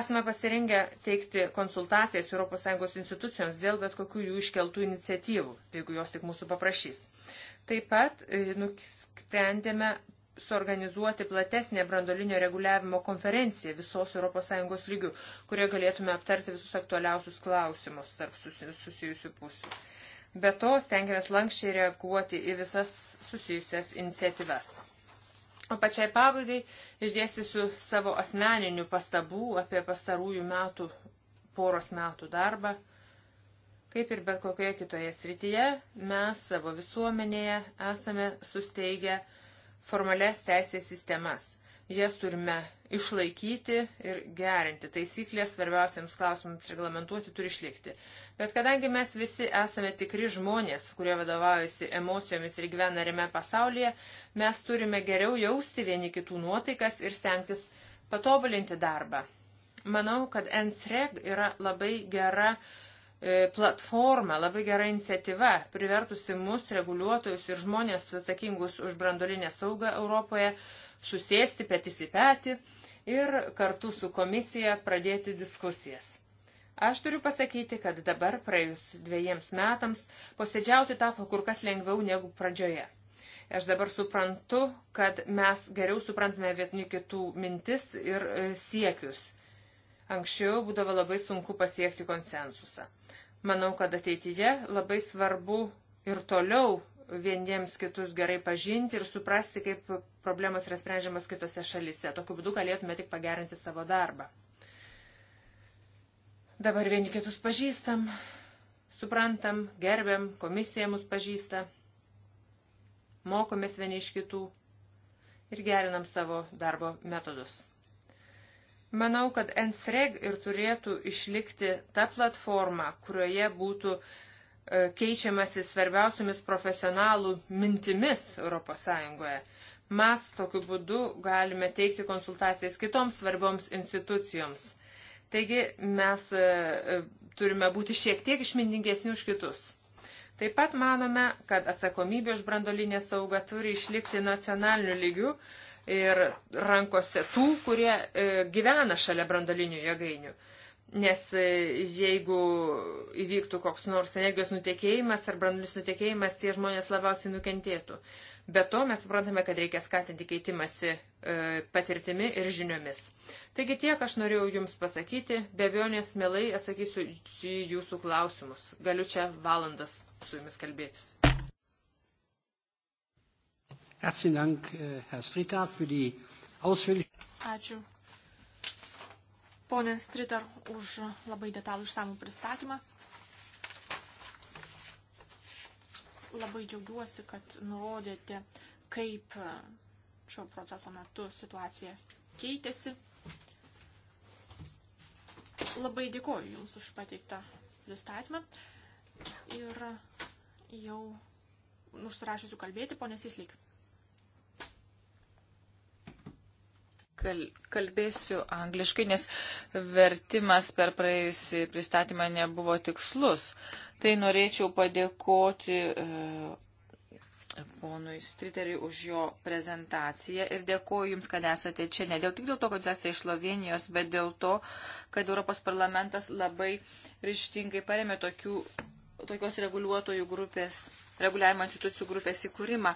Esame pasirengę teikti konsultacijas ES institucijoms dėl bet kokių jų iškeltų iniciatyvų, jeigu jos tik mūsų paprašys. Taip pat e, nusprendėme suorganizuoti platesnę brandolinio reguliavimo konferenciją visos ES lygių, kurioje galėtume aptarti visus aktualiausius klausimus tarp susijusių pusių. Be to, stengiamės lankščiai reaguoti į visas susijusias iniciatyvas. O pačiai pabaigai išdėstysiu savo asmeninių pastabų apie pastarųjų metų, poros metų darbą. Kaip ir bet kokioje kitoje srityje, mes savo visuomenėje esame susteigę uh, formalias teisės sistemas. Jas turime išlaikyti ir gerinti. Taisyklės svarbiausiams klausimams reglamentuoti turi išlikti. Bet kadangi mes visi esame tikri žmonės, kurie vadovaujasi emocijomis ir gyvena rime pasaulyje, mes turime geriau jausti vieni kitų nuotaikas ir stengtis patobulinti darbą. Manau, kad NSREG yra labai gera uh, E, platforma, labai gera iniciatyva, privertusi mus, reguliuotojus ir žmonės atsakingus už brandolinę saugą Europoje, susėsti petis į petį ir kartu su komisija pradėti diskusijas. Aš turiu pasakyti, kad dabar, praėjus dviejiems metams, posėdžiauti tapo kur kas lengviau negu pradžioje. Aš dabar suprantu, kad mes geriau suprantame vietinių kitų mintis ir e, siekius Anksčiau būdavo labai sunku pasiekti konsensusą. Manau, kad ateityje labai svarbu ir toliau vieniems kitus gerai pažinti ir suprasti, kaip problemos yra sprendžiamas kitose šalise. Tokiu būdu galėtume tik pagerinti savo darbą. Dabar vieni kitus pažįstam, suprantam, gerbiam, komisija mus pažįsta, mokomės vieni iš kitų ir gerinam savo darbo metodus. Manau, kad NSREG ir turėtų išlikti ta platforma, kurioje būtų e, keičiamasi svarbiausiamis profesionalų mintimis ES. Mes tokiu būdu galime teikti konsultacijas kitoms svarbioms institucijoms. Taigi mes e, e, turime būti šiek tiek išmintingesni už kitus. Taip pat manome, kad atsakomybė už brandolinę saugą turi išlikti nacionaliniu lygiu, ir rankose tų, kurie e, gyvena šalia brandolinių jėgainių. Nes e, jeigu įvyktų koks nors energijos nutekėjimas ar brandulis nutekėjimas, tie žmonės labiausiai nukentėtų. Be to mes suprantame, kad reikia skatinti keitimąsi e, patirtimi ir žiniomis. Taigi tiek aš norėjau Jums pasakyti. Be abejonės mielai atsakysiu į Jūsų klausimus. Galiu čia valandas su Jumis kalbėtis. Herzlichen Dank, äh, Herr Strita, für die ausführliche. Ačiū. Pone Stritar, už labai detalų išsamų pristatymą. Labai džiaugiuosi, kad nurodėte, kaip e, šio proceso metu situacija keitėsi. Labai dėkoju Jums už pateiktą pristatymą. Ir jau užsirašysiu kalbėti, ponės Įslyk. kalbėsiu angliškai, nes vertimas per praėjusį pristatymą nebuvo tikslus. Tai norėčiau padėkoti e, ponui Striteriui už jo prezentaciją ir dėkoju Jums, kad esate čia. Ne dėl tik dėl to, kad esate iš Slovenijos, bet dėl to, kad Europos parlamentas labai ryštingai paremė tokių, tokios reguliuotojų grupės reguliavimo institucijų grupės įkūrimą,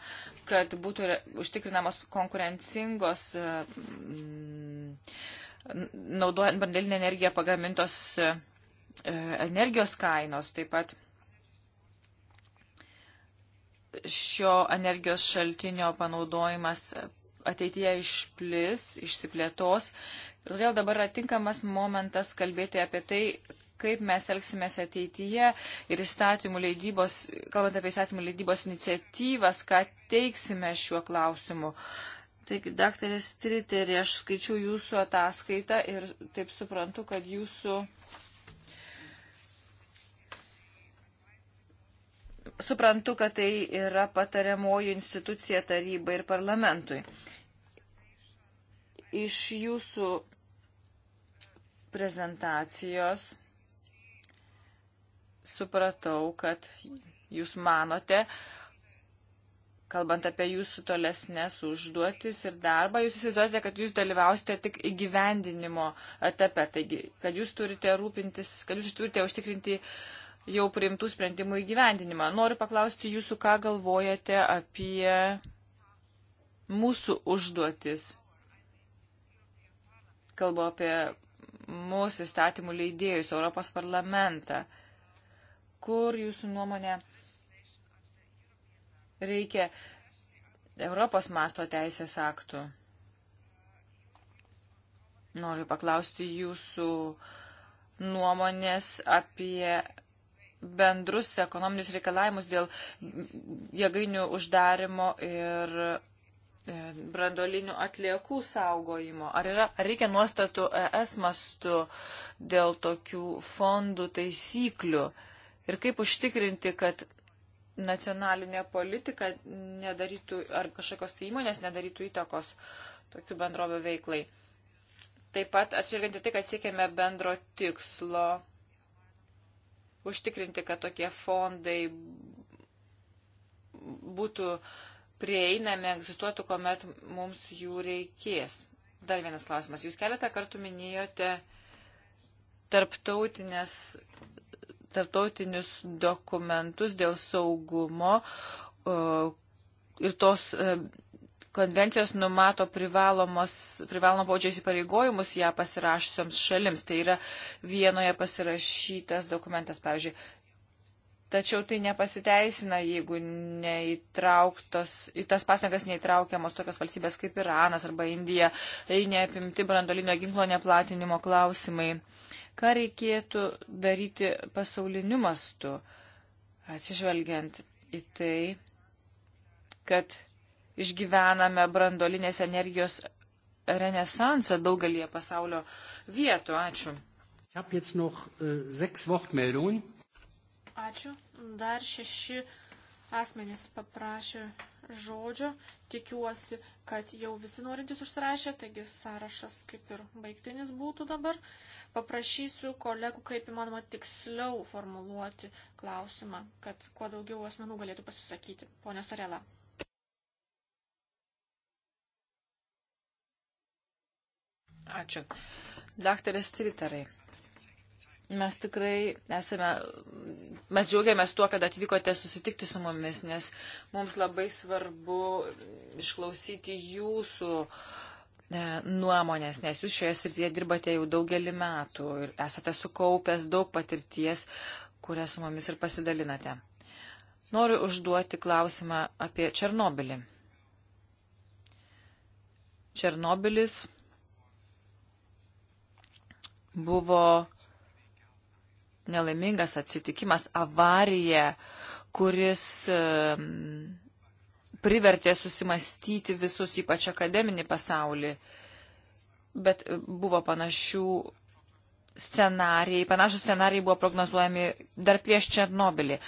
kad būtų užtikrinamos konkurencingos e, naudojant brandelinę energiją pagamintos e, energijos kainos, taip pat šio energijos šaltinio panaudojimas ateityje išplis, išsiplėtos. Todėl dabar yra tinkamas momentas kalbėti apie tai, kaip mes elgsimės ateityje ir įstatymų leidybos, kalbant apie įstatymų leidybos iniciatyvas, ką teiksime šiuo klausimu. Taigi, daktaris Triterį, aš skaičiu jūsų ataskaitą ir taip suprantu, kad jūsų. Suprantu, kad tai yra patariamoji institucija tarybai ir parlamentui. Iš jūsų prezentacijos supratau, kad jūs manote, kalbant apie jūsų tolesnės užduotis ir darbą, jūs įsivaizduojate, kad jūs dalyvausite tik įgyvendinimo etape, taigi, kad jūs turite rūpintis, kad jūs turite užtikrinti jau priimtų sprendimų įgyvendinimą. Noriu paklausti jūsų, ką galvojate apie mūsų užduotis. Kalbu apie mūsų įstatymų leidėjus, Europos parlamentą kur jūsų nuomonė reikia Europos masto teisės aktų. Noriu paklausti jūsų nuomonės apie bendrus ekonominius reikalavimus dėl jėgainių uždarimo ir e, brandolinių atliekų saugojimo. Ar, yra, ar reikia nuostatų ES mastu dėl tokių fondų taisyklių? Uh, Ir kaip užtikrinti, kad nacionalinė politika nedarytų, ar kažkokios tai įmonės nedarytų įtakos tokių bendrovio veiklai. Taip pat atsižvelgiant į tai, kad siekėme bendro tikslo, užtikrinti, kad tokie fondai būtų prieinami, egzistuotų, kuomet mums jų reikės. Dar vienas klausimas. Jūs keletą kartų minėjote tarptautinės tarptautinius dokumentus dėl saugumo e, ir tos e, konvencijos numato privalomą baudžio įsipareigojimus ją pasirašusioms šalims. Tai yra vienoje pasirašytas dokumentas, pavyzdžiui. Tačiau tai nepasiteisina, jeigu į tas pasangas neįtraukiamos tokios valstybės kaip Iranas arba Indija, tai neapimti brandolinio ginklo neplatinimo klausimai. Uh, ką reikėtų daryti pasauliniu mastu, atsižvelgiant į tai, kad išgyvename brandolinės energijos renesansą daugelie pasaulio vietų. Ačiū. Äh, Ačiū. Dar šeši asmenys paprašė žodžio. Tikiuosi, kad jau visi norintys užsirašė, taigi sąrašas kaip ir baigtinis būtų dabar. Paprašysiu kolegų kaip įmanoma tiksliau formuluoti klausimą, kad kuo daugiau asmenų galėtų pasisakyti. Pone Sarela. Ačiū. Daktaras Tritarai. Mes tikrai esame, mes džiaugiamės tuo, kad atvykote susitikti su mumis, nes mums labai svarbu išklausyti jūsų e, nuomonės, nes jūs šioje srityje dirbate jau daugelį metų ir esate sukaupęs daug patirties, kurią su mumis ir pasidalinate. Noriu užduoti klausimą apie Černobilį. Černobilis buvo nelaimingas atsitikimas, avarija, kuris privertė susimastyti visus, ypač akademinį pasaulį. Bet e, buvo panašių scenarijai, panašus scenarijai buvo prognozuojami dar prieš Černobilį.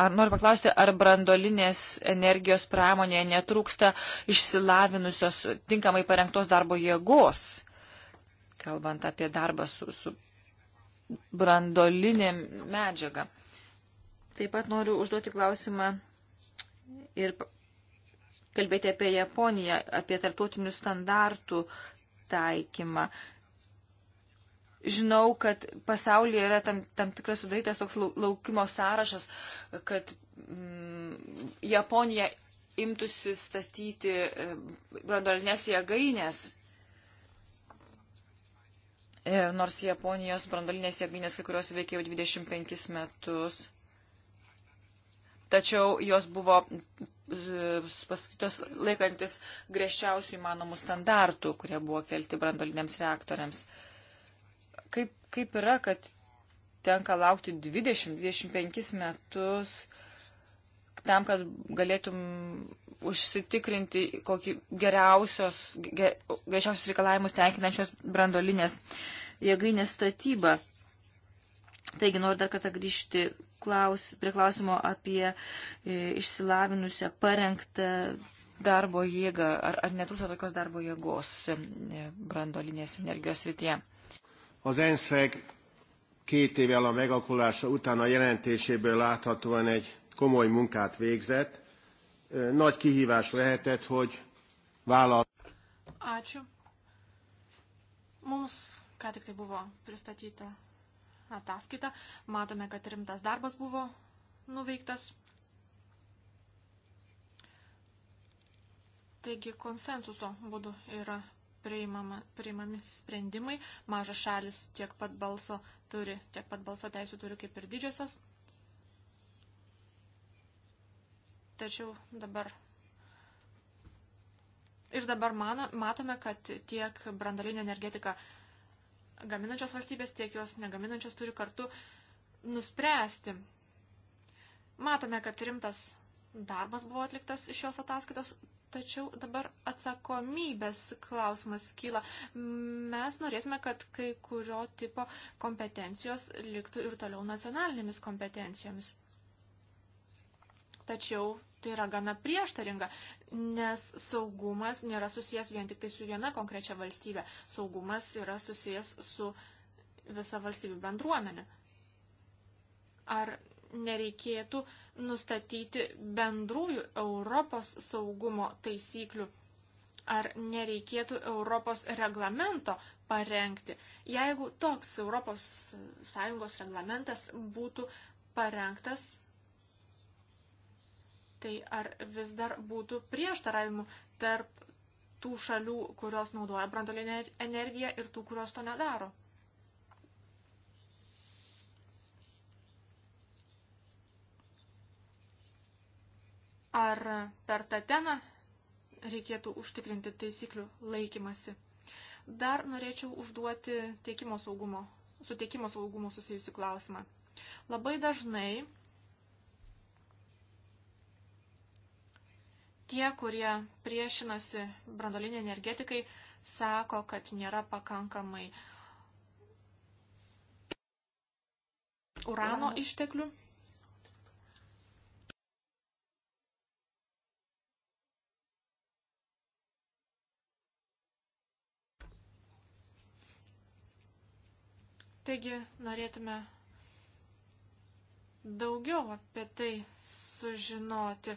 Ar noriu paklausti, ar brandolinės energijos pramonėje netrūksta išsilavinusios, tinkamai parengtos darbo jėgos? kalbant apie darbą su, su brandolinė medžiaga. Taip pat noriu užduoti klausimą ir kalbėti apie Japoniją, apie tarptautinių standartų taikymą. Žinau, kad pasaulyje yra tam, tam tikras sudarytas toks laukimo sąrašas, kad mm, Japonija imtųsi statyti e, brandolinės jėgainės E, nors Japonijos brandolinės jėgainės kai kurios veikė jau 25 metus, tačiau jos buvo e, pastatytos laikantis griežčiausių įmanomų standartų, kurie buvo kelti brandoliniams reaktoriams. Kaip, kaip yra, kad tenka laukti 20-25 metus, tam, kad galėtum užsitikrinti kokį geriausios, ge, geriausios reikalavimus tenkinančios brandolinės jėgainės statybą. Taigi noriu dar kartą grįžti klaus, prie klausimo apie e, išsilavinusią parengtą darbo jėgą, ar, ar netrūksta tokios darbo jėgos e, brandolinės energijos rytyje. Az ENSZ két évvel a megakulása után a jelentéséből láthatóan egy komoly munkát végzett. Nagy kihívás lehetett, hogy vállal. Ačiū. Mums ką tik tai buvo pristatyta ataskaita. Matome, kad rimtas darbas buvo nuveiktas. Taigi konsensuso būdu yra priimama, priimami sprendimai. Mažas šalis tiek pat balso turi, tiek pat balso teisų turi kaip ir didžiosios Tačiau dabar. Ir dabar mano, matome, kad tiek brandalinė energetika gaminančios valstybės, tiek jos negaminančios turi kartu nuspręsti. Matome, kad rimtas darbas buvo atliktas iš šios ataskaitos, tačiau dabar atsakomybės klausimas kyla. Mes norėtume, kad kai kurio tipo kompetencijos liktų ir toliau nacionalinėmis kompetencijomis. Tačiau tai yra gana prieštaringa, nes saugumas nėra susijęs vien tik tai su viena konkrečia valstybė. Saugumas yra susijęs su visa valstybių bendruomenė. Ar nereikėtų nustatyti bendrųjų Europos saugumo taisyklių? Ar nereikėtų Europos reglamento parengti? Jeigu toks ES reglamentas būtų parengtas tai ar vis dar būtų prieštaravimų tarp tų šalių, kurios naudoja brandolinę energiją ir tų, kurios to nedaro? Ar per tateną reikėtų užtikrinti taisyklių laikymasi? Dar norėčiau užduoti tiekimo saugumo, su tiekimo saugumu susijusi klausimą. Labai dažnai Tie, kurie priešinasi brandolinė energetikai, sako, kad nėra pakankamai urano išteklių. Taigi norėtume daugiau apie tai sužinoti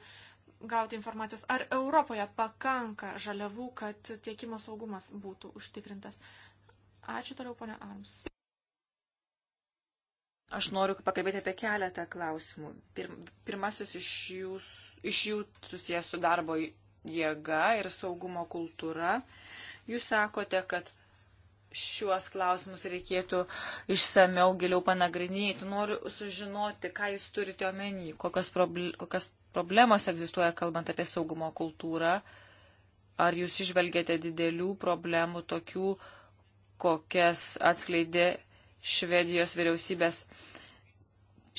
gauti informacijos, ar Europoje pakanka žaliavų, kad tiekimo saugumas būtų užtikrintas. Ačiū toliau, ponia Arms. Aš noriu pakalbėti apie keletą klausimų. Pirm, pirmasis iš jų, iš jų susijęs su darbo jėga ir saugumo kultūra. Jūs sakote, kad šiuos klausimus reikėtų išsameu, giliau panagrinėti. Noriu sužinoti, ką jūs turite omeny, kokias, proble kokias problemos egzistuoja, kalbant apie saugumo kultūrą? Ar jūs išvelgėte didelių problemų tokių, kokias atskleidė Švedijos vyriausybės,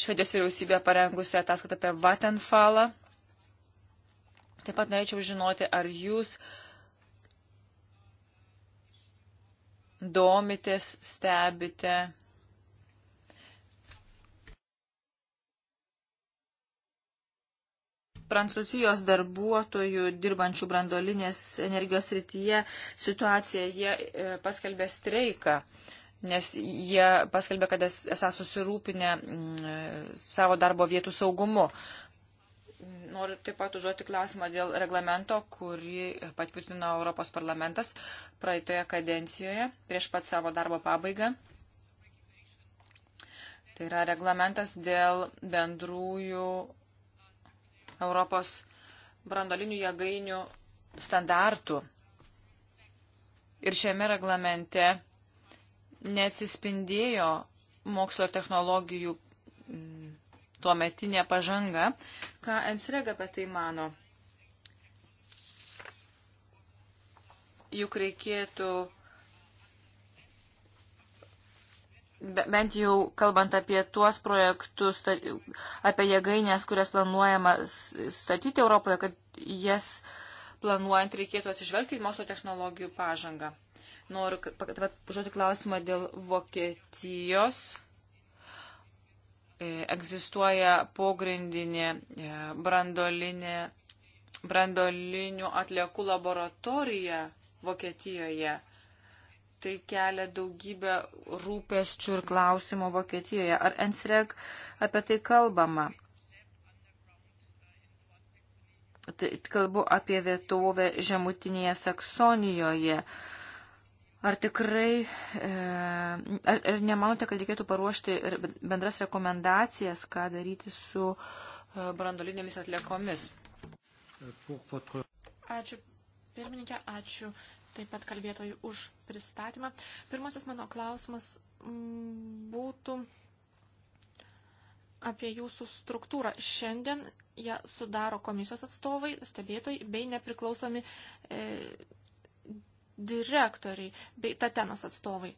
Švedijos vyriausybė parengusi ataskaitą apie Vattenfallą? Taip pat norėčiau žinoti, ar jūs domitės, stebite Prancūzijos darbuotojų dirbančių brandolinės energijos rytyje situaciją, jie e, paskelbė streiką, nes jie paskelbė, kad esą susirūpinę mm, e, savo darbo vietų saugumu. Noriu taip pat užduoti klausimą dėl reglamento, kurį patvirtino Europos parlamentas praeitoje kadencijoje prieš pat savo darbo pabaigą. Tai yra reglamentas dėl bendrųjų Europos brandolinių jėgainių standartų. Ir šiame reglamente neatsispindėjo mokslo ir technologijų mm, tuo metinė pažanga. Ką Ensreg apie tai mano? Juk reikėtų bent jau kalbant apie tuos projektus, apie jėgainės, kurias planuojama statyti Europoje, kad jas planuojant reikėtų atsižvelgti į mokslo technologijų pažangą. Noriu pažuoti klausimą dėl Vokietijos. E, egzistuoja pogrindinė e, brandolinė, brandolinių atliekų laboratorija Vokietijoje tai kelia daugybę rūpesčių ir klausimų Vokietijoje. Ar NSREG apie tai kalbama? Tai kalbu apie vietovę žemutinėje Saksonijoje. Ar tikrai, e, ar, ar nemanote, kad reikėtų paruošti bendras rekomendacijas, ką daryti su e, brandolinėmis atliekomis? Ačiū pirmininkė, ačiū taip pat kalbėtojų už pristatymą. Pirmasis mano klausimas mm, būtų apie jūsų struktūrą. Šiandien ją sudaro komisijos atstovai, stebėtojai bei nepriklausomi e, direktoriai bei Tatenos atstovai.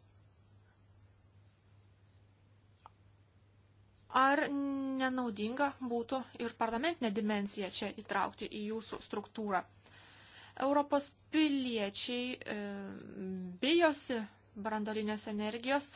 Ar nenaudinga būtų ir parlamentinė dimensija čia įtraukti į jūsų struktūrą? Europos piliečiai e, bijosi brandolinės energijos,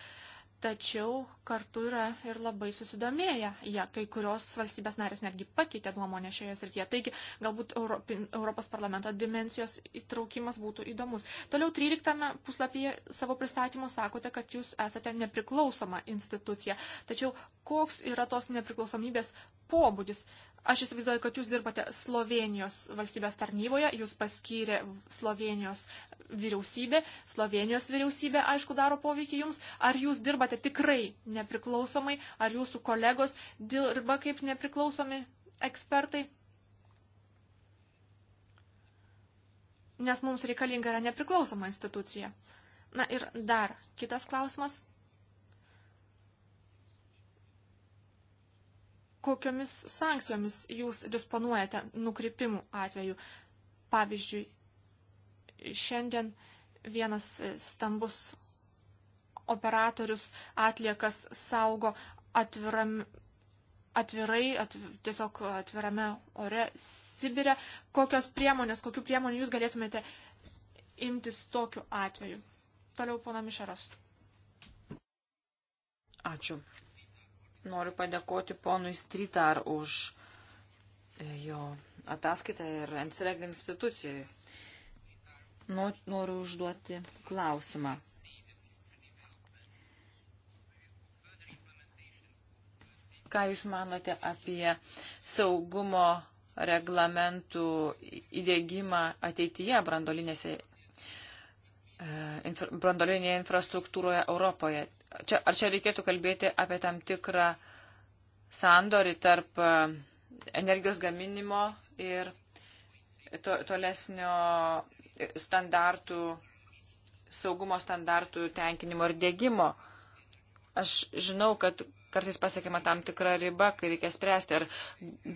tačiau kartu yra ir labai susidomėję. Ja, kai kurios valstybės narės netgi pakeitė nuomonę šioje srityje. Taigi galbūt Europi, Europos parlamento dimensijos įtraukimas būtų įdomus. Toliau 13 puslapyje savo pristatymo sakote, kad jūs esate nepriklausoma institucija. Tačiau koks yra tos nepriklausomybės pobūdis? Aš įsivaizduoju, kad jūs dirbate Slovenijos valstybės tarnyboje, jūs paskyrė Slovenijos vyriausybė, Slovenijos vyriausybė, aišku, daro poveikį jums. Ar jūs dirbate tikrai nepriklausomai, ar jūsų kolegos dirba kaip nepriklausomi ekspertai? Nes mums reikalinga yra nepriklausoma institucija. Na ir dar kitas klausimas kokiomis sankcijomis jūs disponuojate nukrypimų atveju. Pavyzdžiui, šiandien vienas stambus operatorius atliekas saugo atviram, atvirai, atv, tiesiog atvirame ore Sibirė. Kokios priemonės, kokių priemonių jūs galėtumėte imtis tokiu atveju? Toliau, pona Mišaras. Ačiū. Noriu padėkoti ponui Strytar už e, jo ataskaitą ir NCREG institucijai. Noriu užduoti klausimą. Ką Jūs manote apie saugumo reglamentų įdėgymą ateityje brandolinėse e, brandolinėje infrastruktūroje Europoje čia, ar čia reikėtų kalbėti apie tam tikrą sandorį tarp e, energijos gaminimo ir to, tolesnio standartų, saugumo standartų tenkinimo ir dėgymo. Aš žinau, kad kartais pasiekima tam tikra riba, kai reikia spręsti, ar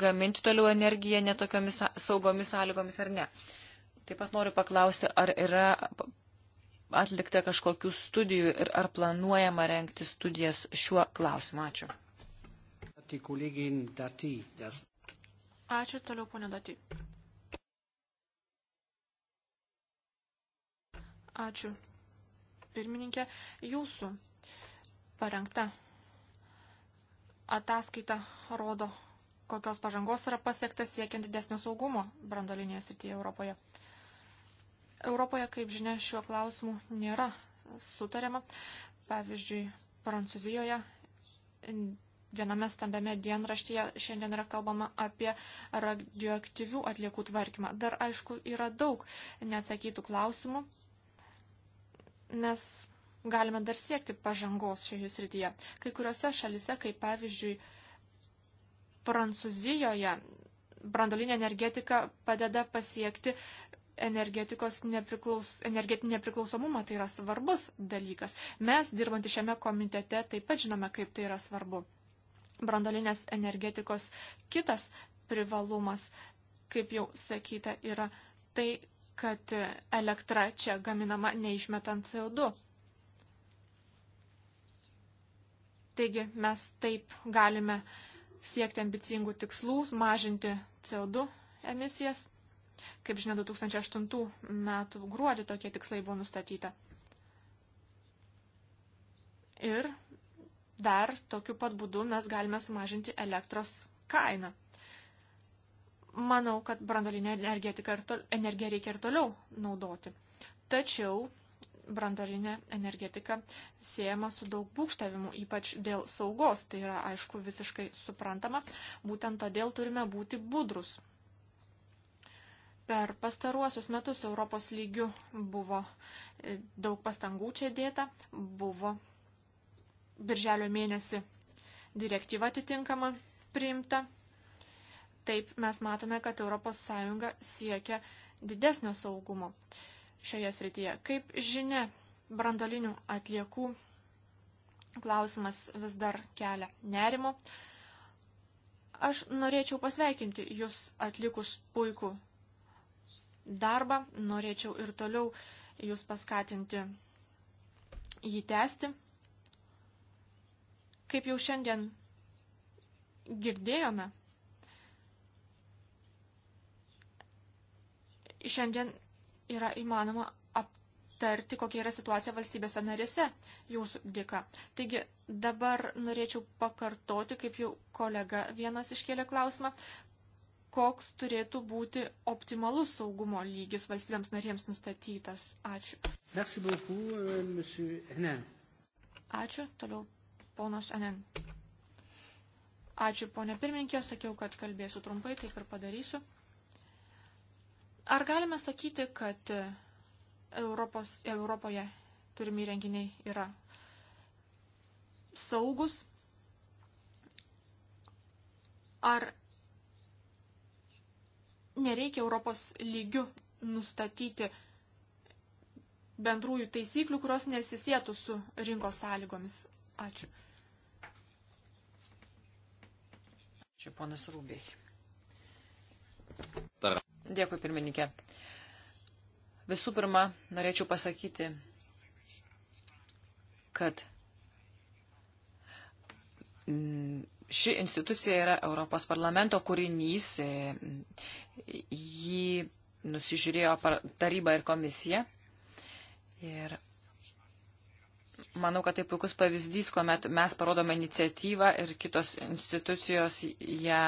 gaminti toliau energiją netokiomis saugomis sąlygomis ar ne. Taip pat noriu paklausti, ar yra atlikta kažkokių studijų ir ar planuojama renkti studijas šiuo klausimu? Ačiū. Ačiū toliau, ponė Dati. Ačiū. Pirmininkė, jūsų parengta ataskaita rodo, kokios pažangos yra pasiektas siekiant didesnio saugumo brandolinėje srityje Europoje. Europoje, kaip žinia, šiuo klausimu nėra sutariama. Pavyzdžiui, Prancūzijoje viename stambiame dienraštyje šiandien yra kalbama apie radioaktyvių atliekų tvarkymą. Dar aišku, yra daug neatsakytų klausimų. Mes galime dar siekti pažangos šioje srityje. Kai kuriuose šalise, kaip pavyzdžiui, Prancūzijoje brandolinė energetika padeda pasiekti energetikos nepriklaus, energetinį nepriklausomumą tai yra svarbus dalykas. Mes, dirbantys šiame komitete, taip pat žinome, kaip tai yra svarbu. Brandolinės energetikos kitas privalumas, kaip jau sakyta, yra tai, kad elektra čia gaminama neišmetant CO2. Taigi mes taip galime siekti ambicingų tikslų, mažinti CO2 emisijas, Kaip žinia, 2008 metų gruodį tokie tikslai buvo nustatyta. Ir dar tokiu pat būdu mes galime sumažinti elektros kainą. Manau, kad brandolinę energetiką ir tol, energiją reikia ir toliau naudoti. Tačiau brandolinė energetika siejama su daug būkštavimų, ypač dėl saugos. Tai yra, aišku, visiškai suprantama. Būtent todėl turime būti budrus. Per pastaruosius metus Europos lygių buvo e, daug pastangų čia dėta, buvo birželio mėnesį direktyva atitinkama priimta. Taip mes matome, kad ES siekia didesnio saugumo šioje srityje. Kaip žinia, brandolinių atliekų klausimas vis dar kelia nerimo. Aš norėčiau pasveikinti Jūs atlikus puikų darbą. Norėčiau ir toliau jūs paskatinti jį tęsti. Kaip jau šiandien girdėjome, šiandien yra įmanoma aptarti, kokia yra situacija valstybėse narėse jūsų dėka. Taigi dabar norėčiau pakartoti, kaip jau kolega vienas iškėlė klausimą, koks turėtų būti optimalus saugumo lygis valstybėms narėms nustatytas. Ačiū. Euh, Ačiū. Toliau ponas Anen. Ačiū, ponė pirmininkė, sakiau, kad kalbėsiu trumpai, taip ir padarysiu. Ar galime sakyti, kad e, Europos, Europoje turimi įrenginiai yra saugus? Ar nereikia Europos lygių nustatyti bendrųjų taisyklių, kurios nesisėtų su rinkos sąlygomis. Ačiū. Ačiū, ponas Rūbėj. Dėkui, pirmininkė. Visų pirma, norėčiau pasakyti, kad ši institucija yra Europos parlamento kūrinys, jį nusižiūrėjo taryba ir komisija. Ir manau, kad tai puikus pavyzdys, kuomet mes parodome iniciatyvą ir kitos institucijos ją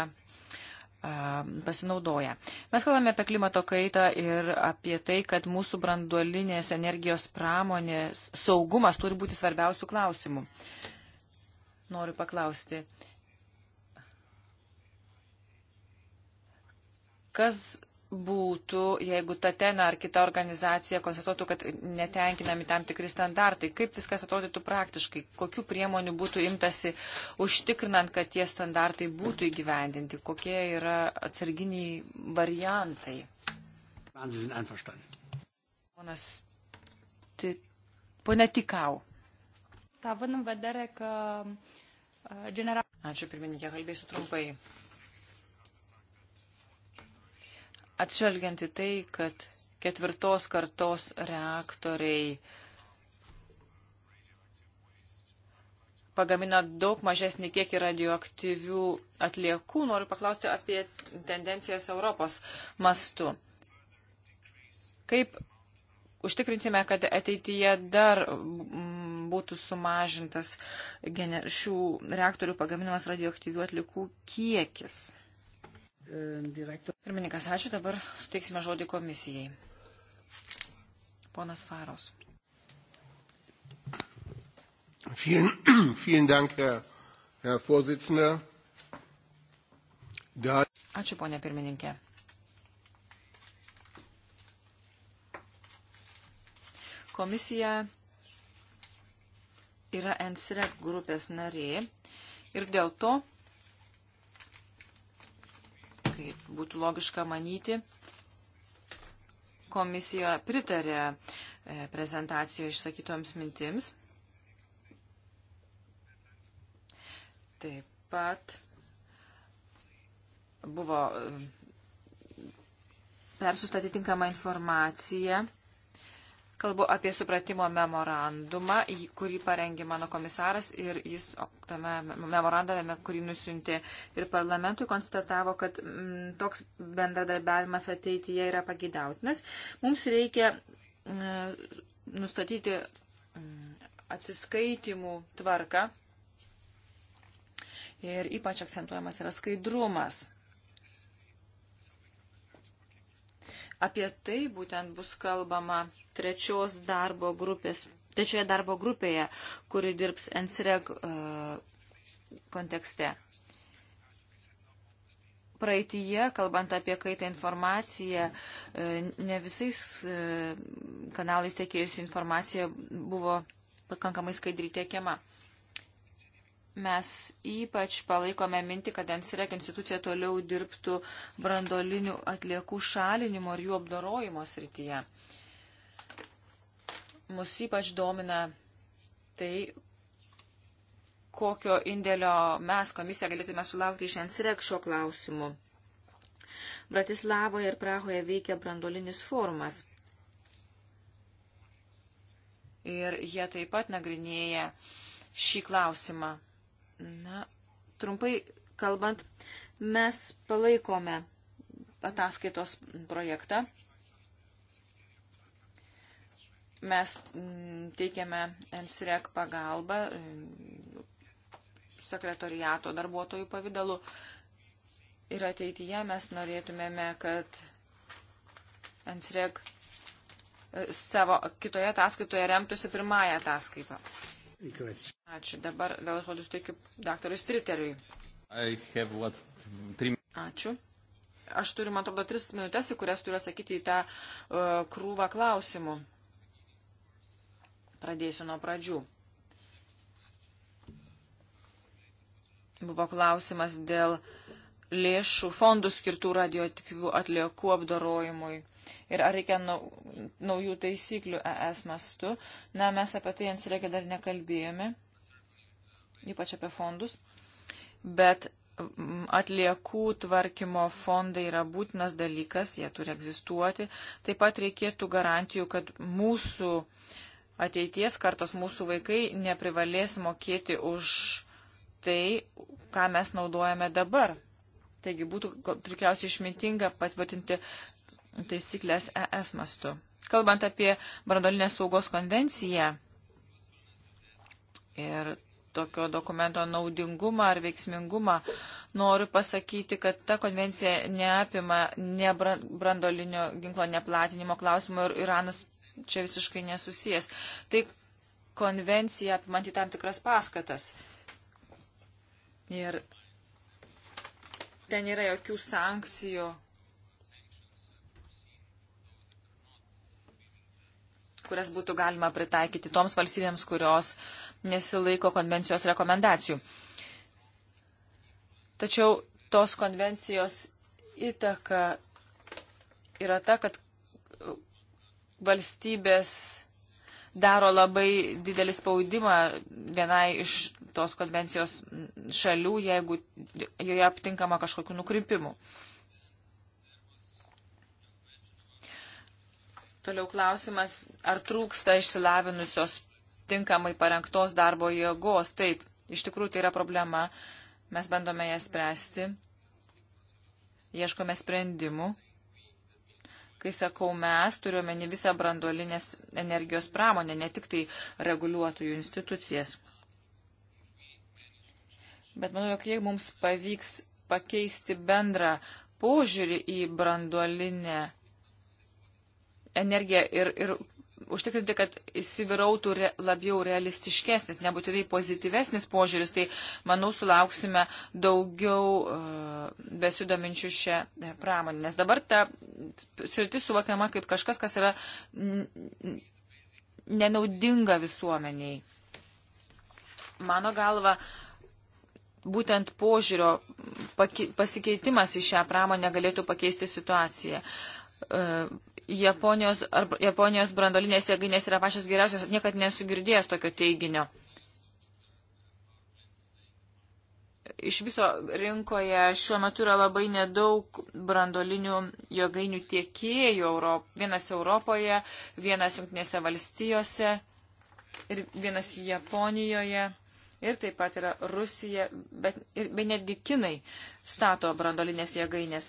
pasinaudoja. Mes kalbame apie klimato kaitą ir apie tai, kad mūsų branduolinės energijos pramonės saugumas turi būti svarbiausių klausimų. Noriu paklausti, Kas būtų, jeigu Tatena ar kita organizacija konstatuotų, kad netenkinami tam tikri standartai? Kaip viskas atrodytų praktiškai? Kokių priemonių būtų imtasi užtikrinant, kad tie standartai būtų įgyvendinti? Kokie yra atsarginiai variantai? Ponas, ti, pone Tikau. Uh, Ačiū pirmininkė, kalbėsiu trumpai. Atšvelgianti tai, kad ketvirtos kartos reaktoriai pagamina daug mažesnį kiekį radioaktyvių atliekų. Noriu paklausti apie tendencijas Europos mastu. Kaip užtikrinsime, kad ateityje dar mm, būtų sumažintas šių reaktorių pagaminamas radioaktyvių atliekų kiekis? direktor. Pirmininkas, ačiū. Dabar suteiksime žodį komisijai. Ponas Faros. Vielen, <clears throat> vielen Dank, Herr, Herr Vorsitzender. Da... Ačiū, ponė pirmininkė. Komisija yra NSREC grupės narė ir dėl to būtų logiška manyti, komisija pritarė e, prezentacijoje išsakytoms mintims. Taip pat buvo e, persustatyti tinkama informacija Kalbu apie supratimo memorandumą, kurį parengė mano komisaras ir jis tame memorandume, kurį nusintė ir parlamentui, konstatavo, kad m, mm, toks bendradarbiavimas ateityje yra pagidautinas. Mums reikia m, mm, nustatyti m, mm, atsiskaitimų tvarką ir ypač akcentuojamas yra skaidrumas. Apie tai būtent bus kalbama trečios darbo grupės, trečioje darbo grupėje, kuri dirbs NSREG e, kontekste. Praeitie, kalbant apie kaitą informaciją, e, ne visais e, kanalais tekėjusi informacija buvo pakankamai skaidriai tiekiama. Mes ypač palaikome minti, kad NSREK institucija toliau dirbtų brandolinių atliekų šalinimo ir jų apdorojimo srityje. Mus ypač domina tai, kokio indėlio mes komisija galėtume sulaukti iš NSREK šio klausimu. Bratislavoje ir Prahoje veikia brandolinis forumas. Ir jie taip pat nagrinėja šį klausimą. Na, trumpai kalbant, mes palaikome ataskaitos projektą. Mes mm, teikiame NSREC pagalbą mm, sekretoriato darbuotojų pavydalu ir ateityje mes norėtumėme, kad NSREC e, savo kitoje ataskaitoje remtųsi pirmąją ataskaitą. Ačiū. Dabar vėl žodžius teikiu daktarui Striteriui. What... Ačiū. Aš turiu, man atrodo, tris minutės, į kurias turiu atsakyti į tą uh, krūvą klausimų. Pradėsiu nuo pradžių. Buvo klausimas dėl uh, lėšų fondų skirtų radioaktyvių atliekų apdarojimui ir ar reikia nau, naujų taisyklių ES mastu. Na, mes apie tai jiems reikia dar nekalbėjome, ypač apie fondus, bet atliekų tvarkymo fondai yra būtinas dalykas, jie turi egzistuoti. Taip pat reikėtų garantijų, kad mūsų ateities kartos, mūsų vaikai neprivalės mokėti už tai, ką mes naudojame dabar. Taigi būtų tikriausiai išmintinga patvirtinti taisyklės ES mastu. Kalbant apie brandolinės saugos konvenciją ir tokio dokumento naudingumą ar veiksmingumą, noriu pasakyti, kad ta konvencija neapima ne brandolinio ginklo neplatinimo klausimo ir Iranas čia visiškai nesusijęs. Tai konvencija apimanti tam tikras paskatas. Ir ten nėra jokių sankcijų, kurias būtų galima pritaikyti toms valstybėms, kurios nesilaiko konvencijos rekomendacijų. Tačiau tos konvencijos įtaka yra ta, kad valstybės daro labai didelį spaudimą vienai iš tos konvencijos šalių, jeigu joje aptinkama kažkokiu nukrypimu. Toliau klausimas, ar trūksta išsilavinusios tinkamai parengtos darbo jėgos. Taip, iš tikrųjų tai yra problema. Mes bandome ją spręsti, ieškome sprendimų. Kai sakau mes, turiuomenį visą branduolinės energijos pramonę, ne tik tai reguliuotojų institucijas. Bet manau, jog jeigu mums pavyks pakeisti bendrą požiūrį į branduolinę energiją ir, ir užtikrinti, kad įsivyrautų re, labiau realistiškesnis, nebūtinai pozityvesnis požiūris, tai manau sulauksime daugiau uh, besidominčių šią e, pramonę. Nes dabar ta sritis suvokiama kaip kažkas, kas yra nenaudinga visuomeniai. Mano galva, uh, būtent požiūrio pasikeitimas į šią pramonę galėtų pakeisti situaciją. E, Japonijos, ar, Japonijos brandolinės jėgainės yra pačios geriausios, niekad nesugirdėjęs tokio teiginio. Iš viso rinkoje šiuo metu yra labai nedaug brandolinių jėgainių tiekėjų, Europ, vienas Europoje, vienas Junktinėse valstijose ir vienas Japonijoje ir taip pat yra Rusija, bet, ir, bet netgi Kinai stato brandolinės jėgainės.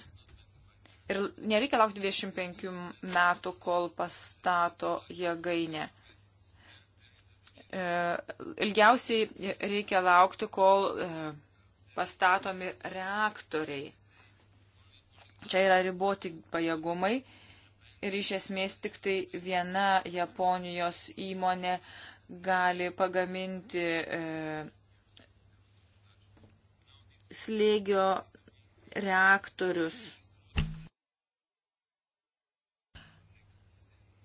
Ir nereikia laukti 25 metų, kol pastato jėgainę. E, ilgiausiai reikia laukti, kol e, pastatomi reaktoriai. Čia yra riboti pajėgumai ir iš esmės tik tai viena Japonijos įmonė e, gali pagaminti e, slėgio reaktorius.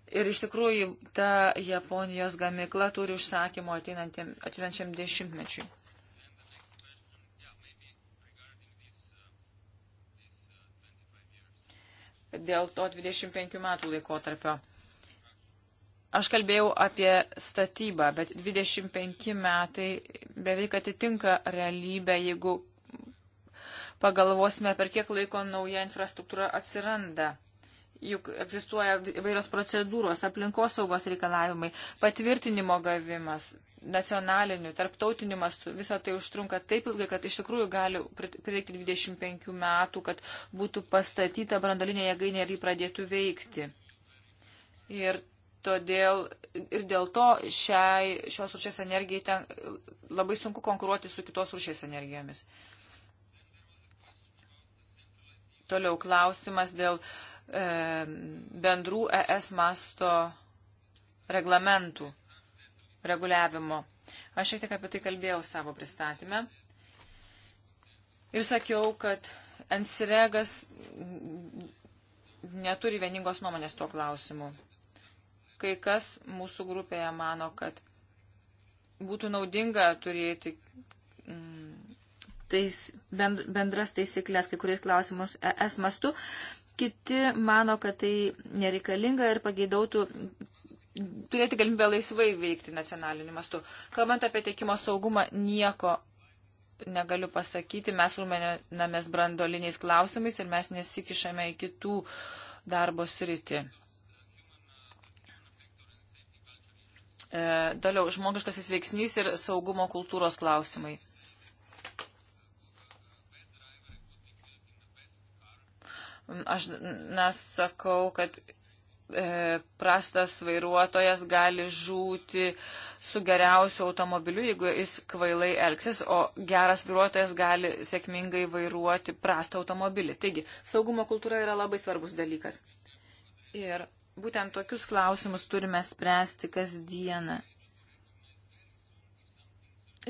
Ir iš tikrųjų ta Japonijos gamikla turi užsakymo ateinančiam dešimtmečiui. Dėl to 25 metų laikotarpio. Aš kalbėjau apie statybą, bet 25 metai beveik atitinka realybę, jeigu pagalvosime, per kiek laiko nauja infrastruktūra atsiranda. Juk egzistuoja vairios procedūros, aplinkosaugos reikalavimai, patvirtinimo gavimas, nacionaliniu, tarptautiniu mastu, visą tai užtrunka taip ilgai, kad iš tikrųjų gali prireikti 25 metų, kad būtų pastatyta brandolinė jėgainė ir jį pradėtų veikti. Ir Todėl ir dėl to šiai, šios rūšės energijai ten labai sunku konkuruoti su kitos rūšės energijomis. Toliau klausimas dėl e, bendrų ES masto reglamentų reguliavimo. Aš šiek tiek apie tai kalbėjau savo pristatymę ir sakiau, kad NSREGAS e neturi vieningos nuomonės tuo klausimu. Kai kas mūsų grupėje mano, kad būtų naudinga turėti mm, tais, bendras taisyklės kai kuriais klausimus ES mastu. Kiti mano, kad tai nereikalinga ir pageidautų turėti galimybę laisvai veikti nacionaliniu mastu. Kalbant apie tiekimo saugumą, nieko negaliu pasakyti. Mes rūmenamės brandoliniais klausimais ir mes nesikišame į kitų darbo sritį. E, toliau, žmogiškasis veiksnys ir saugumo kultūros klausimai. Aš nesakau, kad e, prastas vairuotojas gali žūti su geriausiu automobiliu, jeigu jis kvailai elgsis, o geras vairuotojas gali sėkmingai vairuoti prastą automobilį. Taigi, saugumo kultūra yra labai svarbus dalykas. Ir Būtent tokius klausimus turime spręsti kasdieną.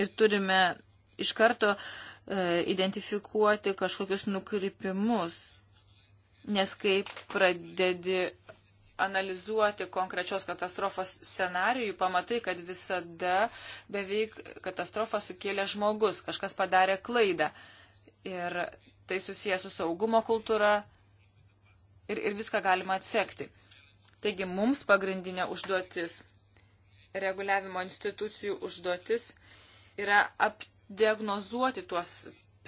Ir turime iš karto e, identifikuoti kažkokius nukrypimus, nes kai pradedi analizuoti konkrečios katastrofos scenarijų, pamatai, kad visada beveik katastrofą sukėlė žmogus, kažkas padarė klaidą. Ir tai susijęs su saugumo kultūra ir, ir viską galima atsekti. Taigi mums pagrindinė užduotis, reguliavimo institucijų užduotis yra apdiagnozuoti tuos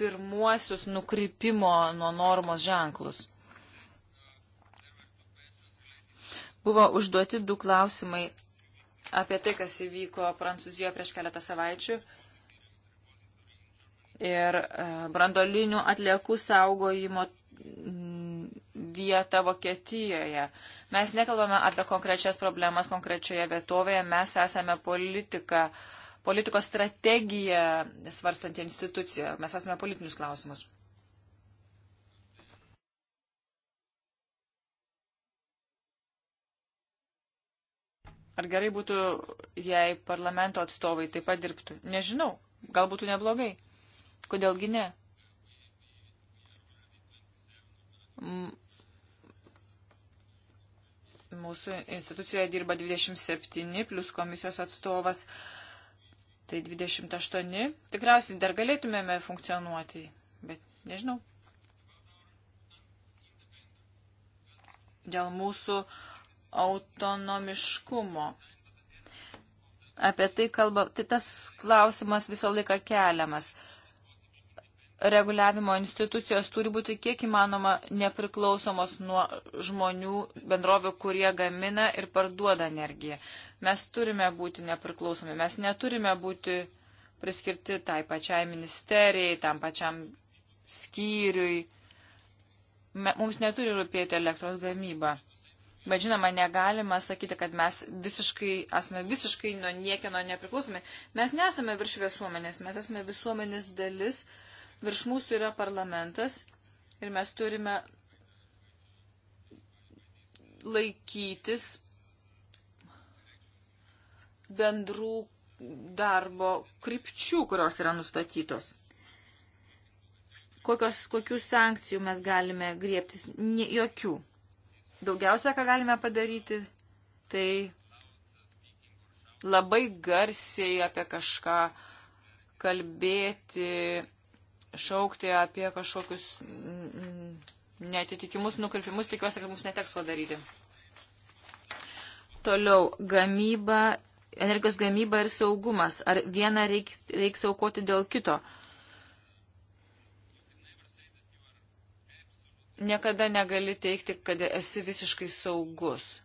pirmuosius nukrypimo nuo normos ženklus. Buvo užduoti du klausimai apie tai, kas įvyko Prancūzijoje prieš keletą savaičių ir e, brandolinių atliekų saugojimo vietą Vokietijoje. Mes nekalbame apie konkrečias problemas konkrečioje vietovėje, mes esame politika, politikos strategija svarstanti institucija, mes esame politinius klausimus. Ar gerai būtų, jei parlamento atstovai taip pat dirbtų? Nežinau, gal būtų neblogai. Kodėlgi ne? Mūsų institucijoje dirba 27 plus komisijos atstovas, tai 28. Tikriausiai dar galėtumėme funkcionuoti, bet nežinau. Dėl mūsų autonomiškumo. Apie tai kalba, tai tas klausimas visą laiką keliamas reguliavimo institucijos turi būti kiek įmanoma nepriklausomos nuo žmonių bendrovių, kurie gamina ir parduoda energiją. Mes turime būti nepriklausomi, mes neturime būti priskirti tai pačiai ministerijai, tam pačiam skyriui. Mums neturi rūpėti elektros gamyba. Bet žinoma, negalima sakyti, kad mes visiškai, esame visiškai nuo niekieno nepriklausomi. Mes nesame virš visuomenės, mes esame visuomenės dalis, uh, virš mūsų yra parlamentas ir mes turime laikytis bendrų darbo krypčių, kurios yra nustatytos. Kokios, kokių sankcijų mes galime griebtis? Nė, jokių. Daugiausia, ką galime padaryti, tai labai garsiai apie kažką kalbėti, šaukti apie kažkokius netitikimus, nukrypimus, tikiuosi, kad mums neteks to daryti. Toliau, gamyba, energijos gamyba ir saugumas. Ar vieną reiks, reiks aukoti dėl kito? Niekada negali teikti, kad esi visiškai saugus.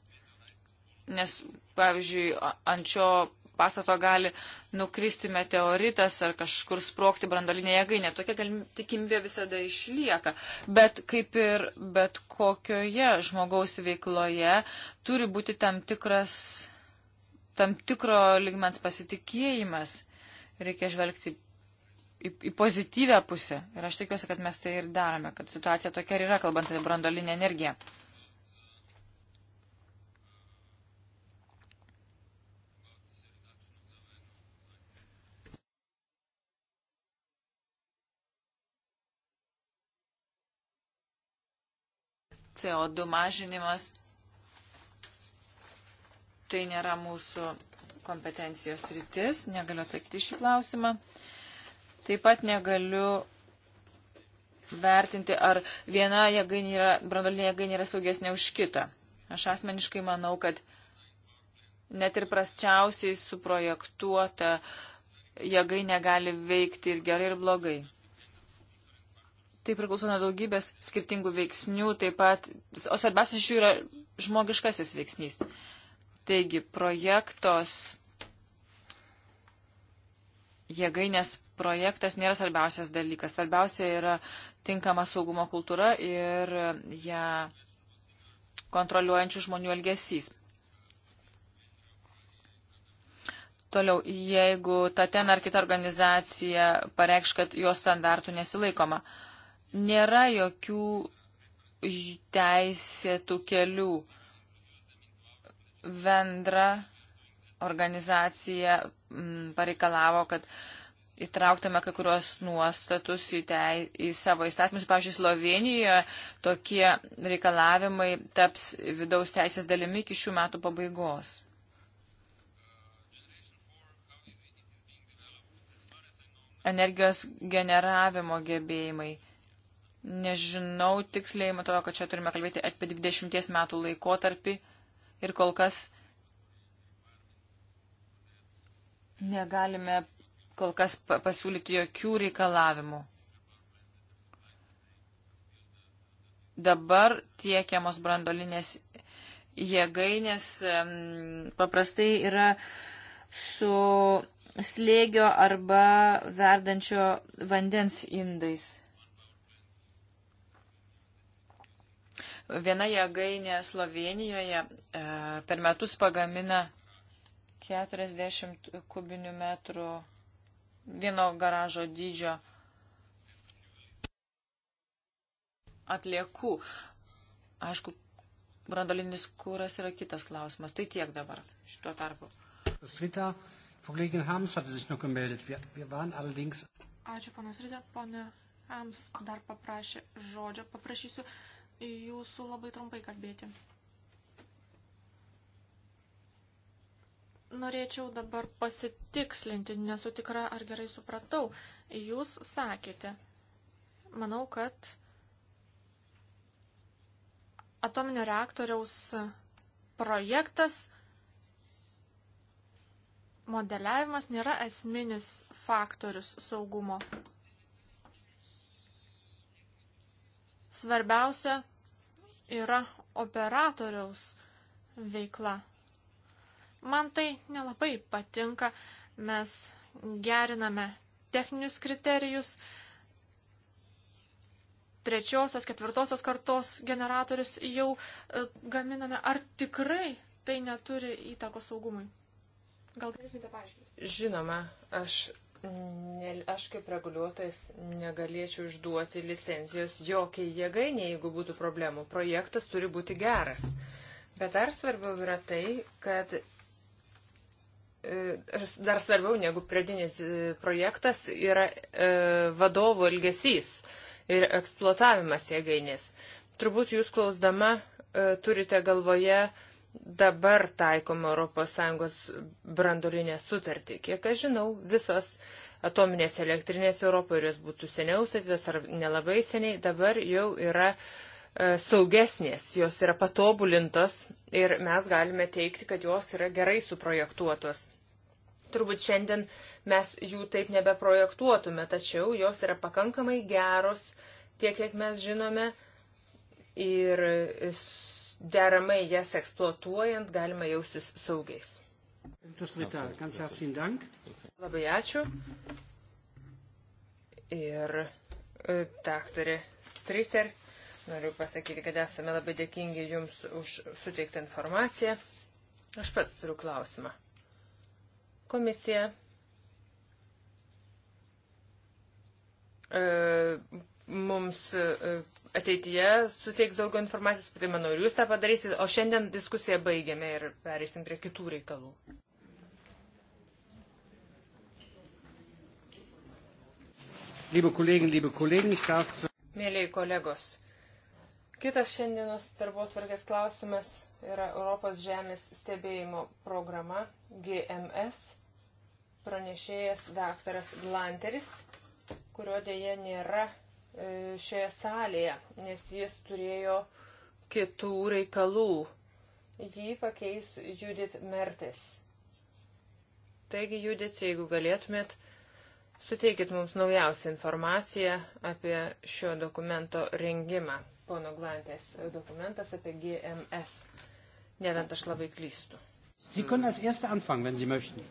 Nes, pavyzdžiui, ant šio pastato gali nukristi meteoritas ar kažkur sprokti brandolinė jėgainė. Tokia tikimybė visada išlieka. Bet kaip ir bet kokioje žmogaus veikloje turi būti tam tikras, tam tikro ligmens pasitikėjimas. Reikia žvelgti į, į pozityvę pusę. Ir aš tikiuosi, kad mes tai ir darome, kad situacija tokia ir yra, kalbant apie brandolinę energiją. CO2 mažinimas tai nėra mūsų kompetencijos rytis, negaliu atsakyti šį klausimą. Taip pat negaliu vertinti, ar viena jėgainė yra, brandolinė jėgainė yra saugesnė už kitą. Aš asmeniškai manau, kad net ir prasčiausiai suprojektuota jėgainė gali veikti ir gerai, ir blogai. Tai priklauso nuo daugybės skirtingų veiksnių, taip pat, o svarbiausias iš jų yra žmogiškasis veiksnys. Taigi, projektos, jėgainės projektas nėra svarbiausias dalykas. Svarbiausia yra tinkama saugumo kultūra ir ją kontroliuojančių žmonių elgesys. Toliau, jeigu ta ten ar kita organizacija pareikš, kad jos standartų nesilaikoma, uh, nėra jokių teisėtų kelių. Vendra organizacija mm, pareikalavo, kad įtrauktume kai kurios nuostatus į, tei, į savo įstatymus. Pavyzdžiui, Slovenijoje tokie reikalavimai taps vidaus teisės dalimi iki šių metų pabaigos. Energijos generavimo gebėjimai. Nežinau tiksliai, matau, kad čia turime kalbėti apie 20 metų laikotarpį ir kol kas negalime kol kas pasiūlyti jokių reikalavimų. Dabar tiekiamos brandolinės jėgainės paprastai yra su slėgio arba verdančio vandens indais. Viena jėgainė Slovenijoje e, per metus pagamina 40 kubinių metrų vieno garažo dydžio atliekų. Aišku, brandolinis kūras yra kitas klausimas. Tai tiek dabar šituo tarpu. Ačiū, panas Rita. Pone Hams dar paprašė žodžio. Paprašysiu jūsų labai trumpai kalbėti. Norėčiau dabar pasitikslinti, nesu tikra, ar gerai supratau. Jūs sakėte, manau, kad atominio reaktoriaus projektas modeliavimas nėra esminis faktorius saugumo Svarbiausia yra operatoriaus veikla. Man tai nelabai patinka, mes geriname techninius kriterijus. Trečiosios, ketvirtosios kartos generatorius jau e, gaminame. Ar tikrai tai neturi įtakos saugumui? Gal galėtumėte paaiškinti? Žinoma, aš Aš kaip reguliuotojas negalėčiau išduoti licencijos jokiai jėgainė, jeigu būtų problemų. Projektas turi būti geras. Bet dar svarbiau yra tai, kad e, dar svarbiau negu pradinis e, projektas yra e, vadovų ilgesys ir eksploatavimas jėgainės. Turbūt jūs klausdama turite galvoje uh, dabar taikoma ES brandolinė sutartį. Kiek aš žinau, visos atominės elektrinės Europoje, ir jos būtų seniau statytos ar nelabai seniai, dabar jau yra e, saugesnės, jos yra patobulintos ir mes galime teikti, kad jos yra gerai suprojektuotos. Turbūt šiandien mes jų taip nebeprojektuotume, tačiau jos yra pakankamai geros, tiek kiek mes žinome, ir deramai jas eksploatuojant galima jaustis saugiais. Labai ačiū. Ir e, daktarė Striter, noriu pasakyti, kad esame labai dėkingi Jums už suteiktą informaciją. Aš pats turiu klausimą. Komisija e, mums e, ateityje suteiks daugiau informacijos, tai manau, ir jūs tą padarysite. O šiandien diskusiją baigiame ir perėsim prie kitų reikalų. Liebe Kollegen, liebe Kollegen, ich darf. Mėlyi kolegos, kitas šiandienos darbotvarkės klausimas yra Europos žemės stebėjimo programa GMS, pranešėjas daktaras Glanteris, kurio dėje nėra E, šioje salėje, nes jis turėjo kitų reikalų. Jį pakeis Judith Mertis. Taigi, Judith, jeigu galėtumėt, suteikit mums naujausią informaciją apie šio dokumento rengimą. Pono Glantės dokumentas apie GMS. Ne bent aš labai klystu. Sie können als erste anfangen, wenn Sie möchten.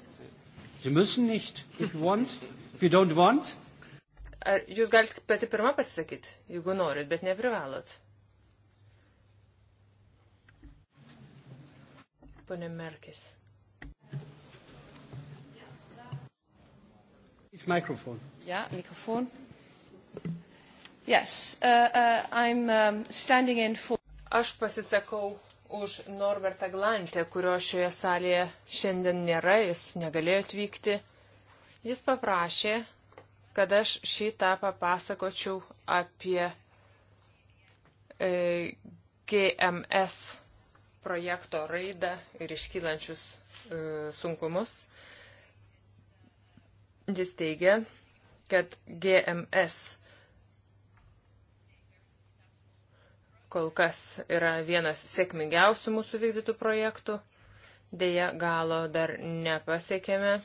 Sie müssen nicht. If you want, if you don't want. Ar jūs galite pati pirmą pasisakyti, jeigu norit, bet neprivalot. Pone Merkis. It's microphone. Yeah, microphone. Yes, uh, uh, I'm um, standing in for. Aš pasisakau už Norbertą Glantę, kurio šioje salėje šiandien nėra, jis negalėjo atvykti. Jis paprašė kad aš šitą papasakočiau apie e, GMS projekto raidą ir iškylančius e, sunkumus. Jis teigia, kad GMS kol kas yra vienas sėkmingiausių mūsų vykdytų projektų. Deja, galo dar nepasiekėme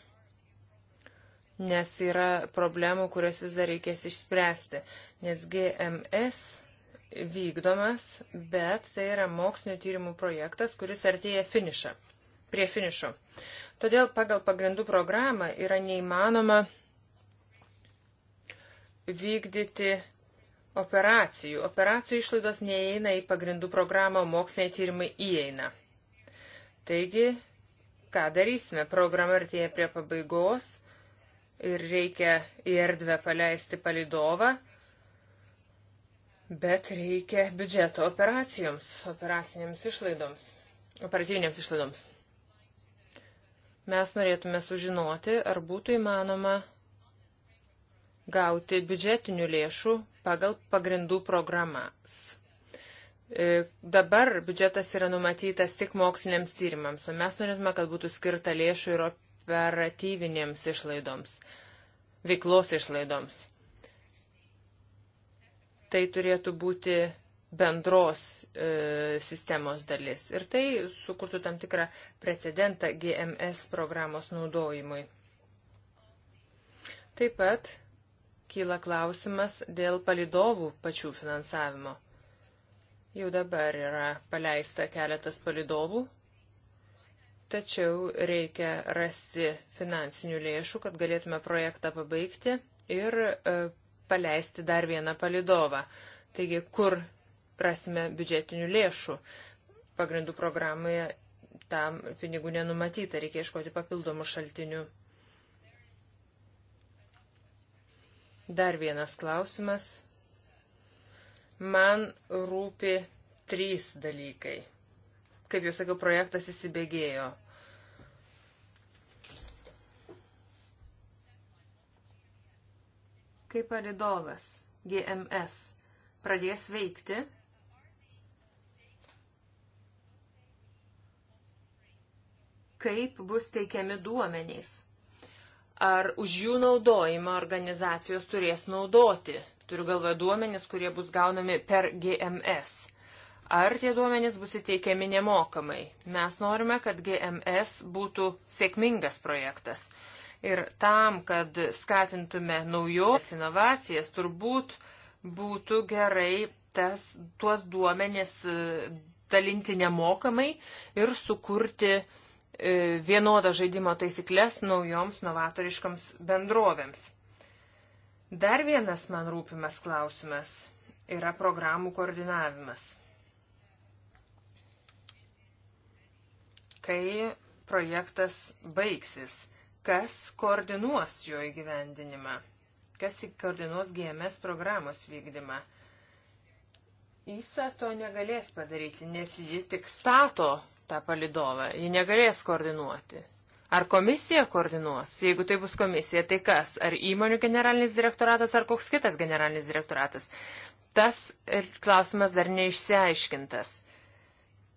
nes yra problemų, kurias vis dar reikės išspręsti, nes GMS vykdomas, bet tai yra mokslinio tyrimų projektas, kuris artėja finišą, prie finišo. Todėl pagal pagrindų programą yra neįmanoma vykdyti operacijų. Operacijų išlaidos neįeina į pagrindų programą, o moksliniai tyrimai įeina. Taigi, ką darysime? Programa artėja prie pabaigos ir reikia į erdvę paleisti palidovą, bet reikia biudžeto operacijoms, operacinėms išlaidoms, operatyvinėms išlaidoms. Mes norėtume sužinoti, ar būtų įmanoma gauti biudžetinių lėšų pagal pagrindų programas. E, dabar biudžetas yra numatytas tik moksliniams tyrimams, o mes norėtume, kad būtų skirta lėšų ir operatyvinėms išlaidoms, veiklos išlaidoms. Tai turėtų būti bendros e, sistemos dalis. Ir tai sukurtų tam tikrą precedentą GMS programos naudojimui. Taip pat kyla klausimas dėl palidovų pačių finansavimo. Jau dabar yra paleista keletas palidovų, tačiau reikia rasti finansinių lėšų, kad galėtume projektą pabaigti ir e, paleisti dar vieną palidovą. Taigi, kur rasime biudžetinių lėšų? Pagrindų programoje tam pinigų nenumatyta, reikia iškoti papildomų šaltinių. Dar vienas klausimas. Man rūpi trys dalykai. Kaip jau sakiau, projektas įsibėgėjo. Kaip palidovas GMS pradės veikti, kaip bus teikiami duomenys. Ar už jų naudojimą organizacijos turės naudoti. Turiu galvoje duomenys, kurie bus gaunami per GMS ar tie duomenys bus įteikiami nemokamai. Mes norime, kad GMS būtų sėkmingas projektas. Ir tam, kad skatintume naujoves inovacijas, turbūt būtų gerai tas, tuos duomenis e, dalinti nemokamai ir sukurti e, vienodą žaidimo taisyklės naujoms novatoriškoms bendrovėms. Dar vienas man rūpimas klausimas yra programų koordinavimas. kai projektas baigsis, kas koordinuos jo įgyvendinimą, kas koordinuos GMS programos vykdymą. ISA to negalės padaryti, nes ji tik stato tą palidovą, ji negalės koordinuoti. Ar komisija koordinuos? Jeigu tai bus komisija, tai kas? Ar įmonių generalinis direktoratas, ar koks kitas generalinis direktoratas? Tas klausimas dar neišsiaiškintas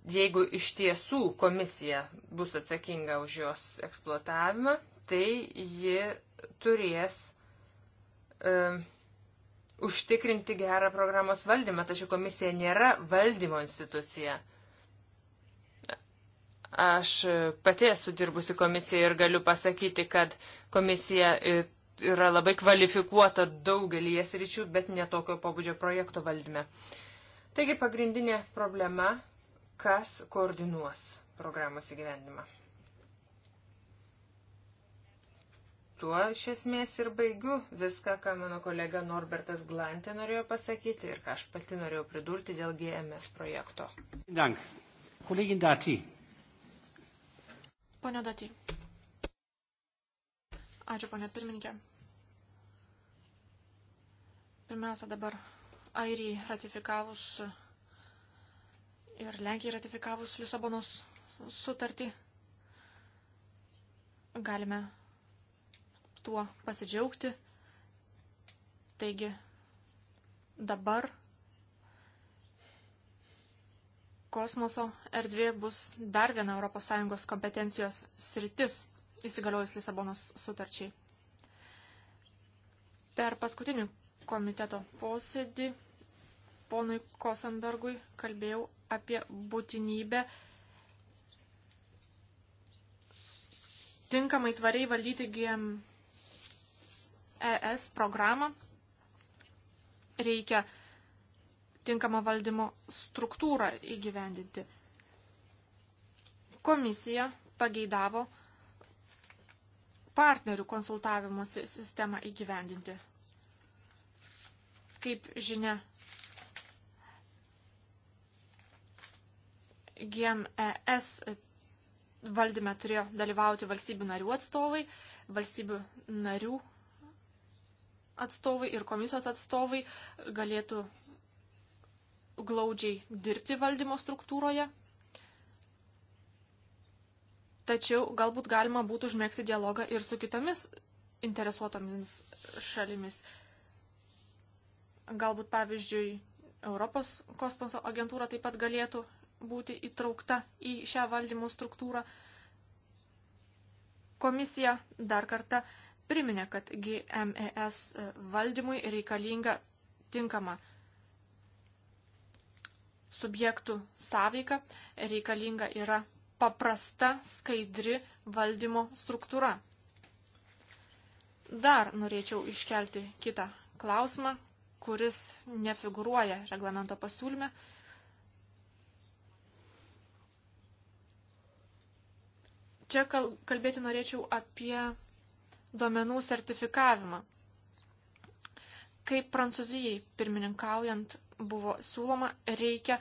jeigu iš tiesų komisija bus atsakinga už jos eksploatavimą, tai ji turės e, užtikrinti gerą programos valdymą, tačiau komisija nėra valdymo institucija. Aš pati esu dirbusi komisijoje ir galiu pasakyti, kad komisija e, yra labai kvalifikuota daugelį jas ryčių, bet netokio pabudžio projekto valdyme. Taigi pagrindinė problema kas koordinuos programos įgyvendimą. Tuo iš esmės ir baigiu viską, ką mano kolega Norbertas Glantė norėjo pasakyti ir ką aš pati norėjau pridurti dėl GMS projekto. Dank. Kolegin Dati. Pone Dati. Ačiū, ponė pirmininkė. Pirmiausia, dabar Airijai ratifikavus ir Lenkija ratifikavus Lisabonos sutartį galime tuo pasidžiaugti. Taigi dabar kosmoso erdvė bus dar viena ES kompetencijos sritis įsigaliojus Lisabonos sutarčiai. Per paskutinį komiteto posėdį ponui Kosenbergui kalbėjau apie būtinybę tinkamai tvariai valdyti GMES programą. Reikia tinkamą valdymo struktūrą įgyvendinti. Komisija pageidavo partnerių konsultavimosi sistemą įgyvendinti. Kaip žinia, GMES valdyme turėjo dalyvauti valstybių narių atstovai, valstybių narių atstovai ir komisijos atstovai galėtų glaudžiai dirbti valdymo struktūroje. Tačiau galbūt galima būtų užmėgsti dialogą ir su kitomis interesuotomis šalimis. Galbūt, pavyzdžiui, Europos kosmoso agentūra taip pat galėtų būti įtraukta į šią valdymo struktūrą. Komisija dar kartą priminė, kad GMES valdymui reikalinga tinkama subjektų sąveika, reikalinga yra paprasta, skaidri valdymo struktūra. Dar norėčiau iškelti kitą klausimą, kuris nefiguruoja reglamento pasiūlyme, Čia kalbėti norėčiau apie duomenų sertifikavimą. Kaip Prancūzijai pirmininkaujant buvo siūloma, reikia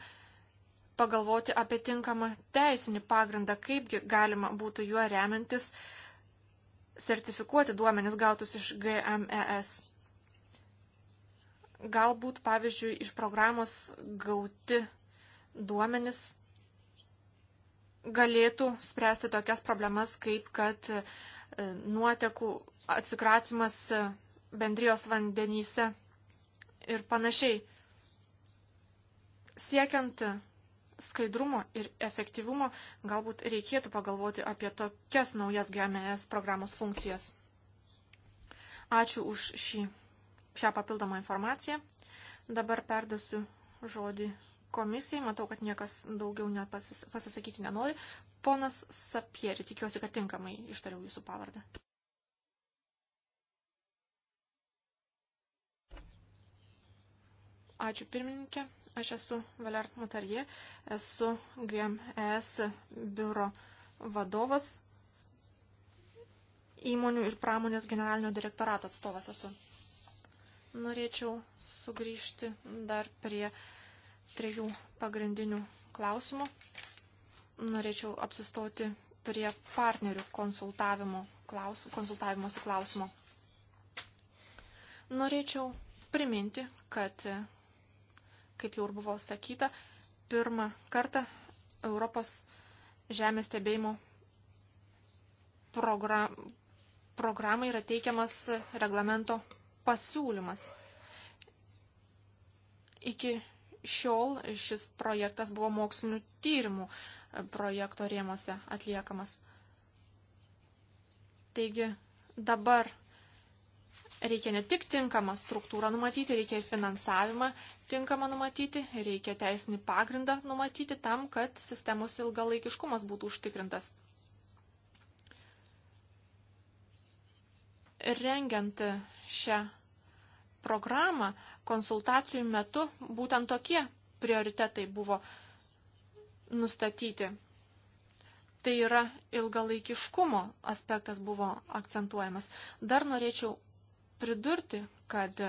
pagalvoti apie tinkamą teisinį pagrindą, kaipgi galima būtų juo remiantis sertifikuoti duomenis gautus iš GMES. Galbūt, pavyzdžiui, iš programos gauti duomenis galėtų spręsti tokias problemas, kaip kad e, nuotekų atsikratimas e, bendrijos vandenyse ir panašiai. Siekiant skaidrumo ir efektyvumo, galbūt reikėtų pagalvoti apie tokias naujas GMS programos funkcijas. Ačiū už šį, šią papildomą informaciją. Dabar perdosiu žodį komisijai. Matau, kad niekas daugiau net pasis, pasisakyti nenori. Ponas Sapieri, tikiuosi, kad tinkamai ištariau jūsų pavardę. Ačiū pirmininkė. Aš esu Valer Mutarie, esu GMS biuro vadovas, įmonių ir pramonės generalinio direktorato atstovas esu. Norėčiau sugrįžti dar prie uh, trijų pagrindinių klausimų. Norėčiau apsistoti prie partnerių konsultavimo klaus, konsultavimosi klausimo. Norėčiau priminti, kad, kaip jau ir buvo sakyta, pirmą kartą Europos žemės stebėjimo program, programai yra teikiamas reglamento pasiūlymas. Iki šiol šis projektas buvo mokslinių tyrimų e, projekto rėmose atliekamas. Taigi dabar reikia ne tik tinkamą struktūrą numatyti, reikia ir finansavimą tinkamą numatyti, reikia teisinį pagrindą numatyti tam, kad sistemos ilgalaikiškumas būtų užtikrintas. Rengiant šią programą konsultacijų metu būtent tokie prioritetai buvo nustatyti. Tai yra ilgalaikiškumo aspektas buvo akcentuojamas. Dar norėčiau pridurti, kad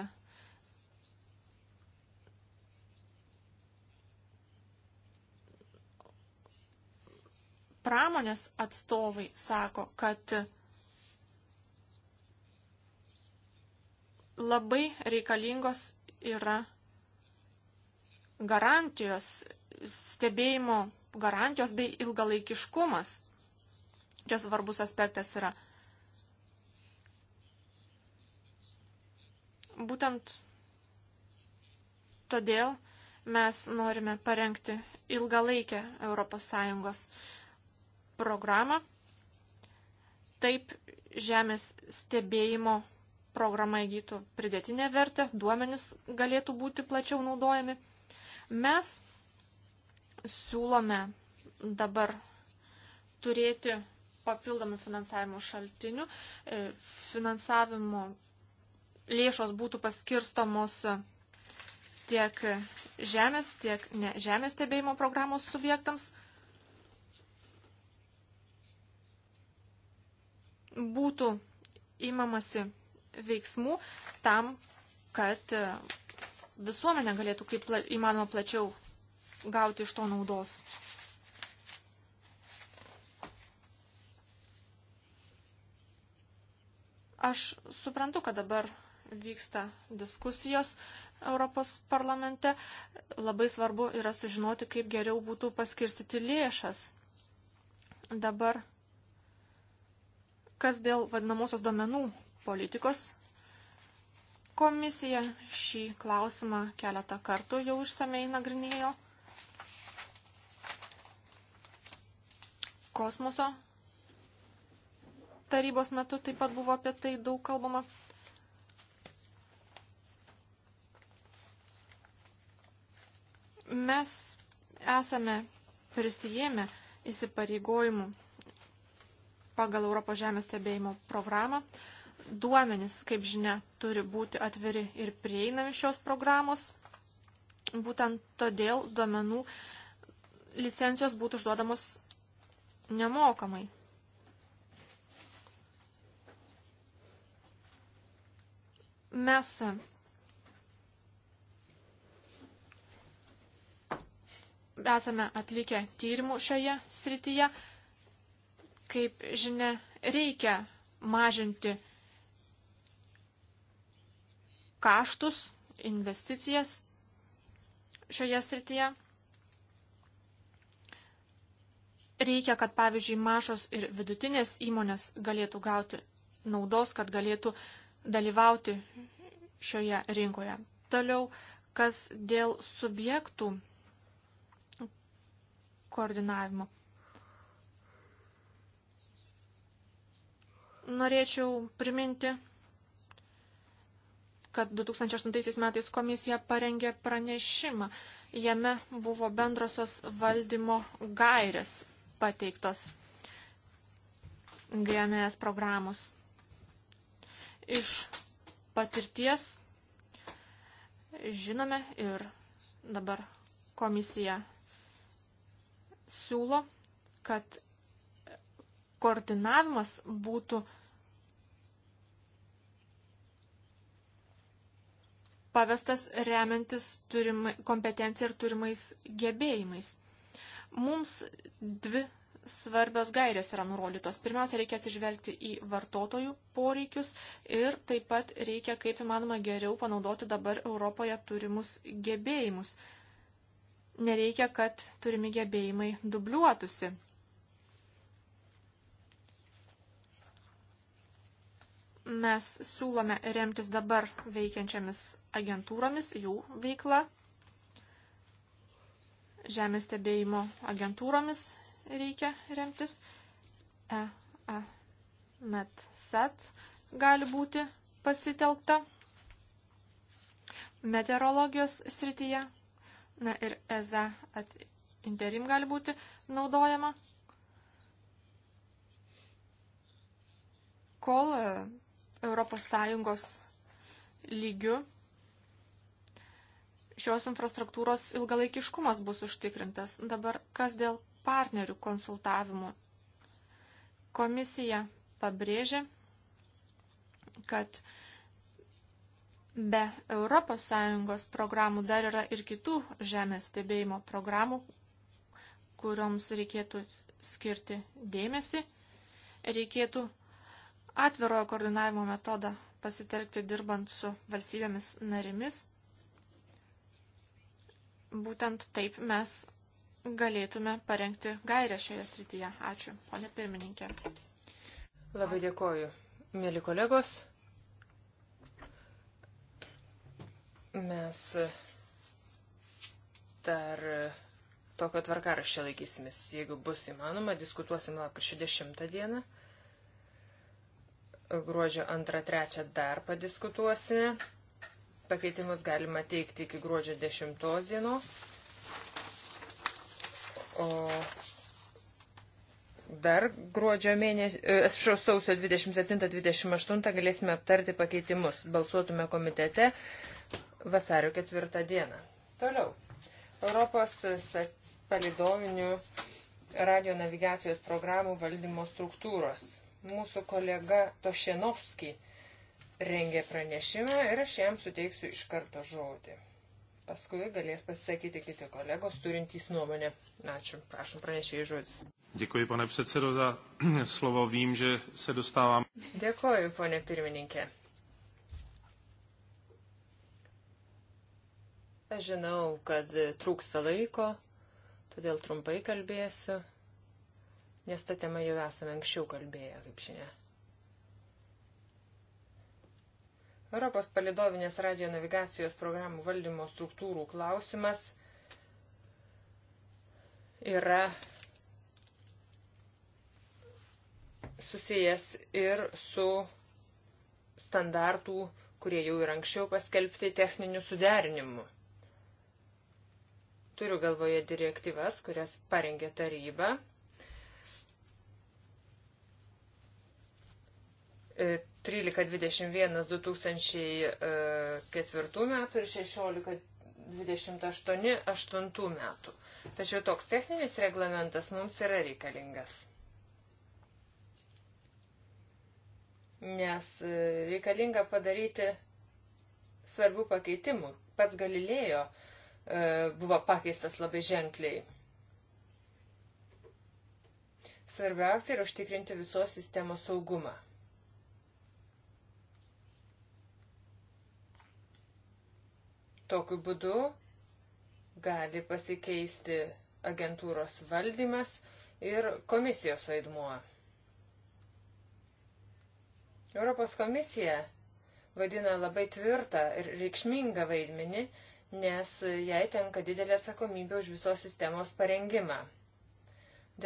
pramonės atstovai sako, kad labai reikalingos yra garantijos, stebėjimo garantijos bei ilgalaikiškumas. Čia svarbus aspektas yra. Būtent todėl mes norime parengti ilgalaikę ES programą. Taip žemės stebėjimo programa įgytų pridėtinę vertę, duomenis galėtų būti plačiau naudojami. Mes siūlome dabar turėti papildomų finansavimo šaltinių. E, finansavimo lėšos būtų paskirstomos tiek žemės, tiek ne žemės stebėjimo programos subjektams. Būtų įmamasi veiksmų tam, kad e, visuomenė galėtų kaip pla įmanoma plačiau gauti iš to naudos. Aš suprantu, kad dabar vyksta diskusijos Europos parlamente. Labai svarbu yra sužinoti, kaip geriau būtų paskirstyti lėšas. Dabar, kas dėl vadinamosios domenų politikos. Komisija šį klausimą keletą kartų jau išsamei nagrinėjo. Kosmoso tarybos metu taip pat buvo apie tai daug kalbama. Mes esame prisijėmę įsipareigojimų pagal Europos žemės stebėjimo programą Duomenys, kaip žinia, turi būti atviri ir prieinami šios programos. Būtent todėl duomenų licencijos būtų užduodamos nemokamai. Mes esame atlikę tyrimų šioje srityje. Kaip žinia, reikia mažinti kaštus, investicijas šioje srityje. Reikia, kad pavyzdžiui mažos ir vidutinės įmonės galėtų gauti naudos, kad galėtų dalyvauti šioje rinkoje. Toliau, kas dėl subjektų koordinavimo. Norėčiau priminti kad 2008 metais komisija parengė pranešimą. Jame buvo bendrosios valdymo gairės pateiktos GMS programos. Iš patirties žinome ir dabar komisija siūlo, kad koordinavimas būtų pavestas remiantis turimai, kompetencija ir turimais gebėjimais. Mums dvi svarbios gairės yra nurodytos. Pirmiausia, reikia atsižvelgti į vartotojų poreikius ir taip pat reikia kaip įmanoma geriau panaudoti dabar Europoje turimus gebėjimus. Nereikia, kad turimi gebėjimai dubliuotųsi. Mes siūlome remtis dabar veikiančiamis agentūromis, jų veikla, žemės stebėjimo agentūromis reikia remtis, EAMETSAT gali būti pasitelkta meteorologijos srityje, na ir EZA interim gali būti naudojama, kol e, ES lygių šios infrastruktūros ilgalaikiškumas bus užtikrintas. Dabar kas dėl partnerių konsultavimo? Komisija pabrėžė, kad be ES programų dar yra ir kitų žemės stebėjimo programų, kurioms reikėtų skirti dėmesį. Reikėtų atvirojo koordinavimo metodą pasitelkti dirbant su valstybėmis narimis. Būtent taip mes galėtume parengti gairę šioje srityje. Ačiū, ponė pirmininkė. Labai dėkoju, mėly kolegos. Mes dar tokio tvarkaraščio laikysimės. Jeigu bus įmanoma, diskutuosim lapkričio 10 dieną gruodžio 2-3 dar padiskutuosime. Pakeitimus galima teikti iki gruodžio 10 dienos. O dar gruodžio mėnesį, e, atsiprašau, sausio 27-28 galėsime aptarti pakeitimus. Balsuotume komitete vasario 4 dieną. Toliau. Europos palidovinių radio navigacijos programų valdymo struktūros Mūsų kolega Tošenovski rengė pranešimą ir aš jam suteiksiu iš karto žodį. Paskui galės pasisakyti kiti kolegos turintys nuomonę. Ačiū. Prašom pranešėjai žodis. Dėkui, pane předsedo, za <clears throat> slovo. Vím, že se dostávám. Dėkoju, pane pirmininkė. Aš žinau, kad trūksta laiko, todėl trumpai kalbėsiu nes tą temą jau esame anksčiau kalbėję, kaip žinia. Europos palidovinės radio navigacijos programų valdymo struktūrų klausimas yra susijęs ir su standartų, kurie jau ir anksčiau paskelbti techniniu suderinimu. Turiu galvoje direktyvas, kurias parengė taryba 1321 2004 e, metų ir 1628 8 metų. Tačiau toks techninis reglamentas mums yra reikalingas. Nes e, reikalinga padaryti svarbių pakeitimų. Pats Galilėjo e, buvo pakeistas labai ženkliai. Svarbiausia yra užtikrinti visos sistemos saugumą. Tokiu būdu gali pasikeisti agentūros valdymas ir komisijos vaidmuo. Europos komisija vadina labai tvirtą ir reikšmingą vaidmenį, nes jai tenka didelė atsakomybė už visos sistemos parengimą.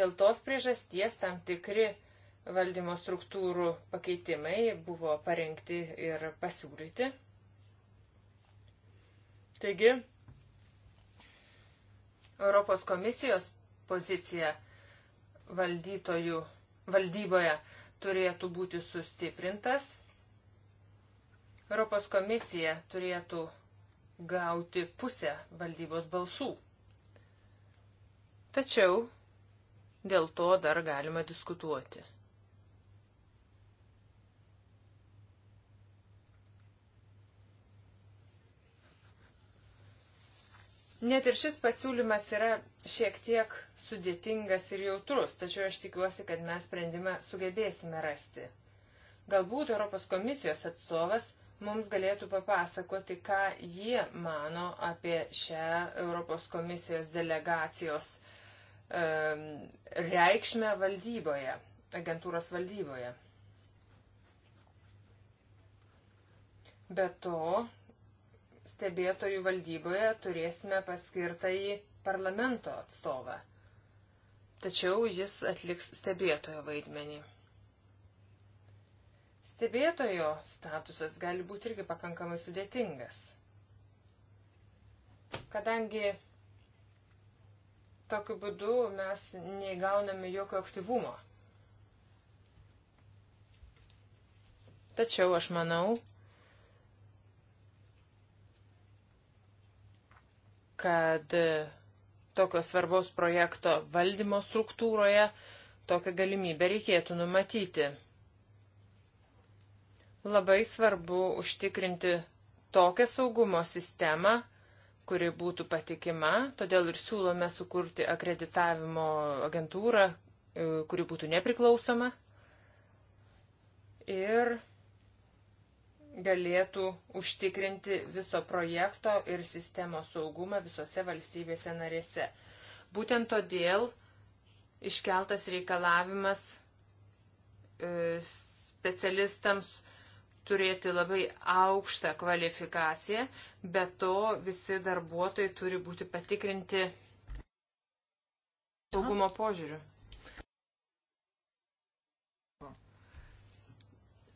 Dėl tos priežasties tam tikri valdymo struktūrų pakeitimai buvo parengti ir pasiūlyti. Taigi, Europos komisijos pozicija valdytojų valdyboje turėtų būti sustiprintas. Europos komisija turėtų gauti pusę valdybos balsų. Tačiau dėl to dar galima diskutuoti. Net ir šis pasiūlymas yra šiek tiek sudėtingas ir jautrus, tačiau aš tikiuosi, kad mes sprendimą sugebėsime rasti. Galbūt Europos komisijos atstovas mums galėtų papasakoti, ką jie mano apie šią Europos komisijos delegacijos um, reikšmę valdyboje, agentūros valdyboje. Be to, stebėtojų valdyboje turėsime paskirtą į parlamento atstovą. Tačiau jis atliks stebėtojo vaidmenį. Stebėtojo statusas gali būti irgi pakankamai sudėtingas. Kadangi tokiu būdu mes neįgauname jokio aktyvumo. Tačiau aš manau, kad e, tokio svarbos projekto valdymo struktūroje tokią galimybę reikėtų numatyti. Labai svarbu užtikrinti tokią saugumo sistemą, kuri būtų patikima, todėl ir siūlome sukurti akreditavimo agentūrą, e, kuri būtų nepriklausoma. Ir galėtų užtikrinti viso projekto ir sistemos saugumą visose valstybėse narėse. Būtent todėl iškeltas reikalavimas e, specialistams turėti labai aukštą kvalifikaciją, bet to visi darbuotojai turi būti patikrinti saugumo požiūriu.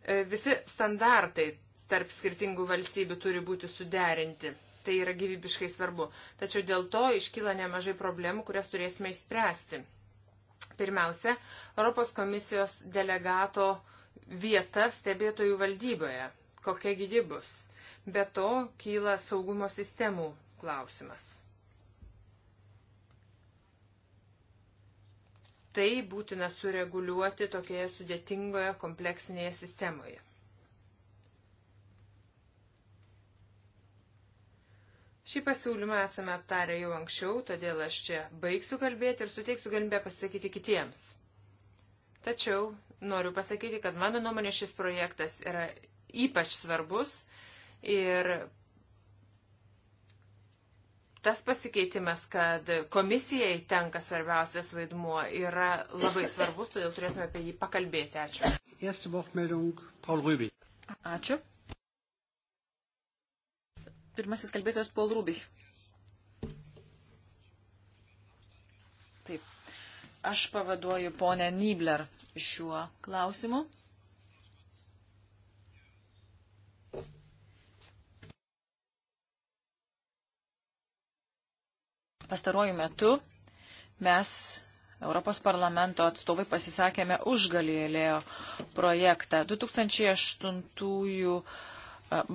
E, visi standartai tarp skirtingų valstybių turi būti suderinti. Tai yra gyvybiškai svarbu. Tačiau dėl to iškyla nemažai problemų, kurias turėsime išspręsti. Pirmiausia, Europos komisijos delegato vieta stebėtojų valdyboje. Kokia gydy bus? Be to kyla saugumo sistemų klausimas. Tai būtina sureguliuoti tokioje sudėtingoje kompleksinėje sistemoje. Šį pasiūlymą esame aptarę jau anksčiau, todėl aš čia baigsiu kalbėti ir suteiksiu galimybę pasakyti kitiems. Tačiau noriu pasakyti, kad mano nuomonė šis projektas yra ypač svarbus ir tas pasikeitimas, kad komisijai tenka svarbiausias vaidmuo, yra labai svarbus, todėl turėtume apie jį pakalbėti. Ačiū. Ačiū. Pirmasis kalbėtojas Paul Ruby. Taip. Aš pavaduoju ponę Nibler šiuo klausimu. Pastaruoju metu mes Europos parlamento atstovai pasisakėme už Galilėjo projektą. 2008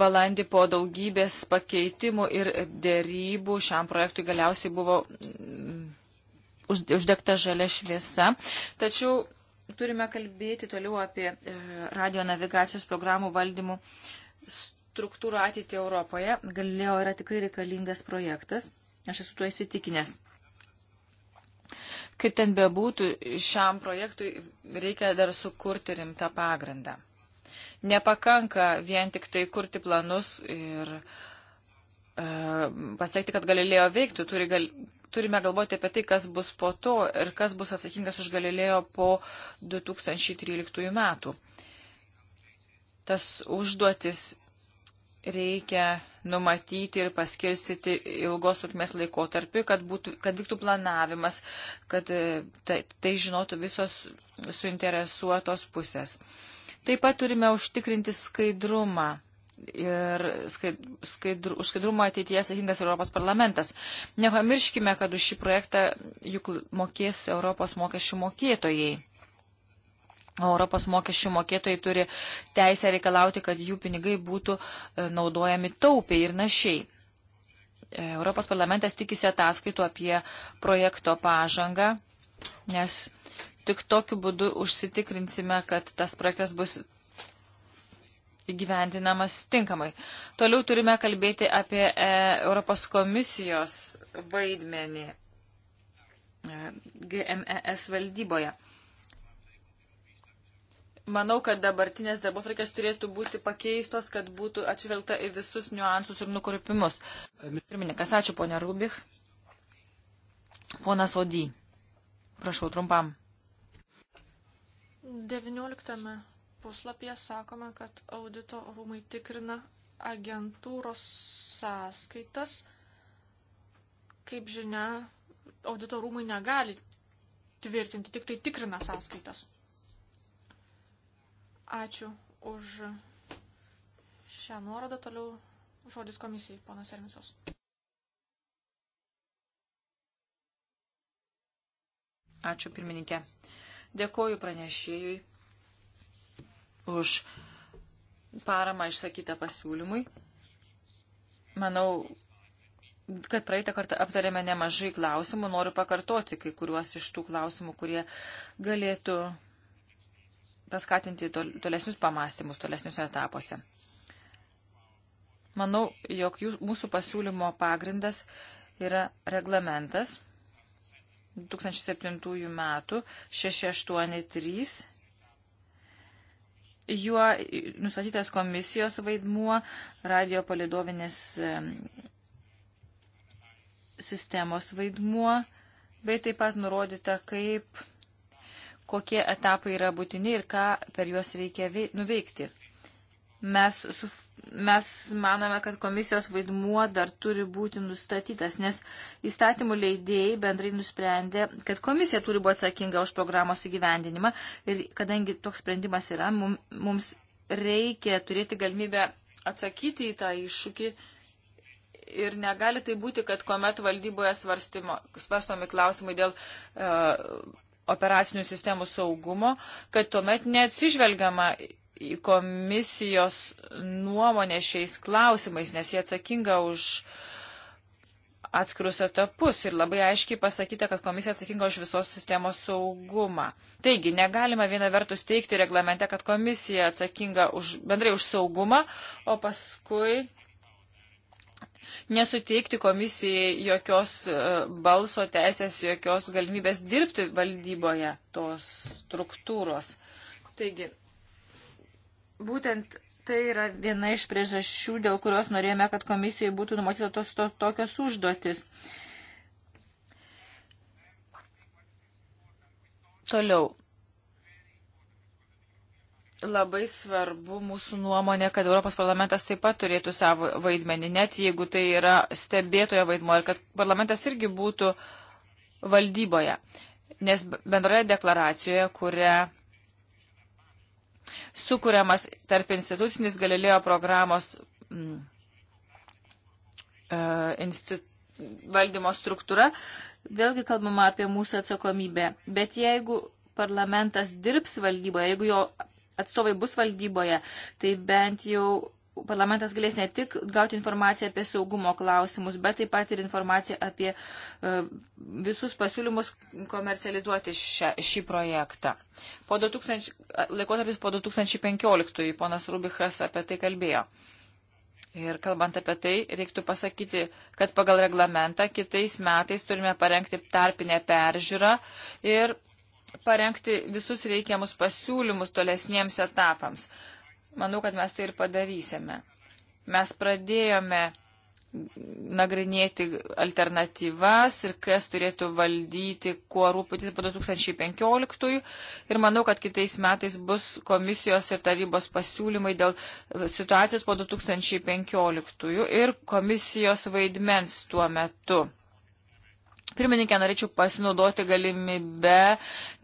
balandį po daugybės pakeitimų ir dėrybų šiam projektui galiausiai buvo mm, uždegta žalia šviesa. Tačiau turime kalbėti toliau apie e, radio navigacijos programų valdymų struktūrų ateitį Europoje. Galileo yra tikrai reikalingas projektas. Aš esu tuo įsitikinęs. Kaip ten bebūtų, šiam projektui reikia dar sukurti rimtą pagrindą. Nepakanka vien tik tai kurti planus ir e, pasiekti, kad Galilėjo veiktų. Turi gal, turime galvoti apie tai, kas bus po to ir kas bus atsakingas už Galilėjo po 2013 metų. Tas užduotis reikia numatyti ir paskirstyti ilgos trukmės laikotarpį, kad, būtų, kad vyktų planavimas, kad e, tai, tai žinotų visos suinteresuotos pusės. Taip pat turime užtikrinti skaidrumą. Ir skaidru, už skaidrumą ateityje atsakingas Europos parlamentas. Nepamirškime, kad už šį projektą juk mokės Europos mokesčių mokėtojai. Europos mokesčių mokėtojai turi teisę reikalauti, kad jų pinigai būtų e, naudojami taupiai ir našiai. E, Europos parlamentas tikisi ataskaitų apie projekto pažangą, nes Tik tokiu būdu užsitikrinsime, kad tas projektas bus įgyvendinamas tinkamai. Toliau turime kalbėti apie e, Europos komisijos vaidmenį e, GMES valdyboje. Manau, kad dabartinės darbotvarkės turėtų būti pakeistos, kad būtų atšvelgta į visus niuansus ir nukrupimus. Pirmininkas, ačiū ponia Rubik. Ponas Odį, prašau trumpam. 19 puslapyje sakome, kad audito rūmai tikrina agentūros sąskaitas. Kaip žinia, audito rūmai negali tvirtinti, tik tai tikrina sąskaitas. Ačiū už šią nuorodą. Toliau žodis komisijai, ponas Ermisas. Ačiū pirmininkė. Dėkoju pranešėjui už paramą išsakytą pasiūlymui. Manau, kad praeitą kartą aptarėme nemažai klausimų, noriu pakartoti kai kuriuos iš tų klausimų, kurie galėtų paskatinti tolesnius pamastymus, tolesniuose etapuose. Manau, jog jūs, mūsų pasiūlymo pagrindas yra reglamentas, 2007 metų 683. Juo nustatytas komisijos vaidmuo radio palidovinės sistemos vaidmuo, bei taip pat nurodyta, kaip kokie etapai yra būtini ir ką per juos reikia nuveikti. Mes, su, mes manome, kad komisijos vaidmuo dar turi būti nustatytas, nes įstatymų leidėjai bendrai nusprendė, kad komisija turi būti atsakinga už programos įgyvendinimą ir kadangi toks sprendimas yra, mums reikia turėti galimybę atsakyti į tą iššūkį ir negali tai būti, kad kuomet valdyboje svarstomi klausimai dėl e, operacinių sistemų saugumo, kad tuomet neatsižvelgiama į komisijos nuomonę šiais klausimais, nes jie atsakinga už atskirus etapus ir labai aiškiai pasakyta, kad komisija atsakinga už visos sistemos saugumą. Taigi, negalima viena vertus teikti reglamente, kad komisija atsakinga už, bendrai už saugumą, o paskui nesuteikti komisijai jokios e, balso teisės, jokios galimybės dirbti valdyboje tos struktūros. Taigi, būtent tai yra viena iš priežasčių, dėl kurios norėjome, kad komisijai būtų numatytos tos, to, tokios užduotis. Toliau. Labai svarbu mūsų nuomonė, kad Europos parlamentas taip pat turėtų savo vaidmenį, net jeigu tai yra stebėtojo vaidmo ir kad parlamentas irgi būtų valdyboje. Nes bendroje deklaracijoje, kurią sukūriamas tarp institucinis Galilėjo programos m, mm, e, institu, valdymo struktūra, vėlgi kalbama apie mūsų atsakomybę. Bet jeigu parlamentas dirbs valdyboje, jeigu jo atstovai bus valdyboje, tai bent jau parlamentas galės ne tik gauti informaciją apie saugumo klausimus, bet taip pat ir informaciją apie e, visus pasiūlymus komercializuoti šią, šį projektą. Po 2000, e, laikotarpis po 2015, ponas Rubikas apie tai kalbėjo. Ir kalbant apie tai, reiktų pasakyti, kad pagal reglamentą kitais metais turime parengti tarpinę peržiūrą ir parengti visus reikiamus pasiūlymus tolesniems etapams. Manau, kad mes tai ir padarysime. Mes pradėjome nagrinėti alternatyvas ir kas turėtų valdyti, kuo rūpytis po 2015. Ir manau, kad kitais metais bus komisijos ir tarybos pasiūlymai dėl situacijos po 2015 ir komisijos vaidmens tuo metu. Pirmininkė, norėčiau pasinaudoti galimybę,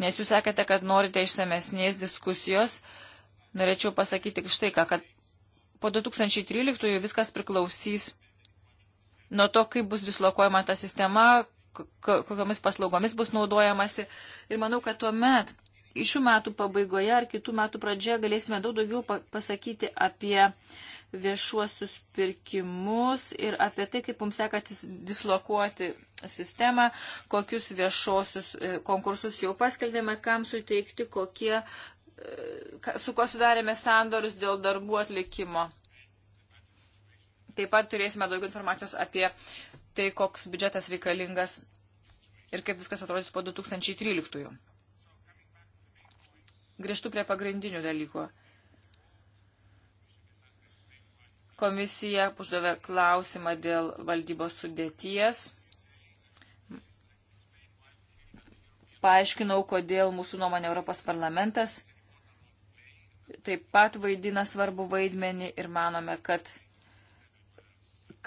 nes jūs sakėte, kad norite išsamesnės diskusijos. Uh, norėčiau pasakyti štai ką, kad po 2013 viskas priklausys nuo to, kaip bus dislokuojama ta sistema, kokiamis paslaugomis bus naudojamasi. Ir manau, kad tuo met, iš šių metų pabaigoje ar kitų metų pradžioje galėsime daug daugiau pasakyti apie viešuosius pirkimus ir apie tai, kaip mums sekatys dislokuoti sistemą, kokius viešuosius e, konkursus jau paskelbėme, kam suteikti, kokie su kuo sudarėme sandorius dėl darbų atlikimo. Taip pat turėsime daugiau informacijos apie tai, koks biudžetas reikalingas ir kaip viskas atrodys po 2013. Grįžtu prie pagrindinių dalykų. Komisija uždavė klausimą dėl valdybos sudėties. Paaiškinau, kodėl mūsų nuomonė Europos parlamentas taip pat vaidina svarbu vaidmenį ir manome, kad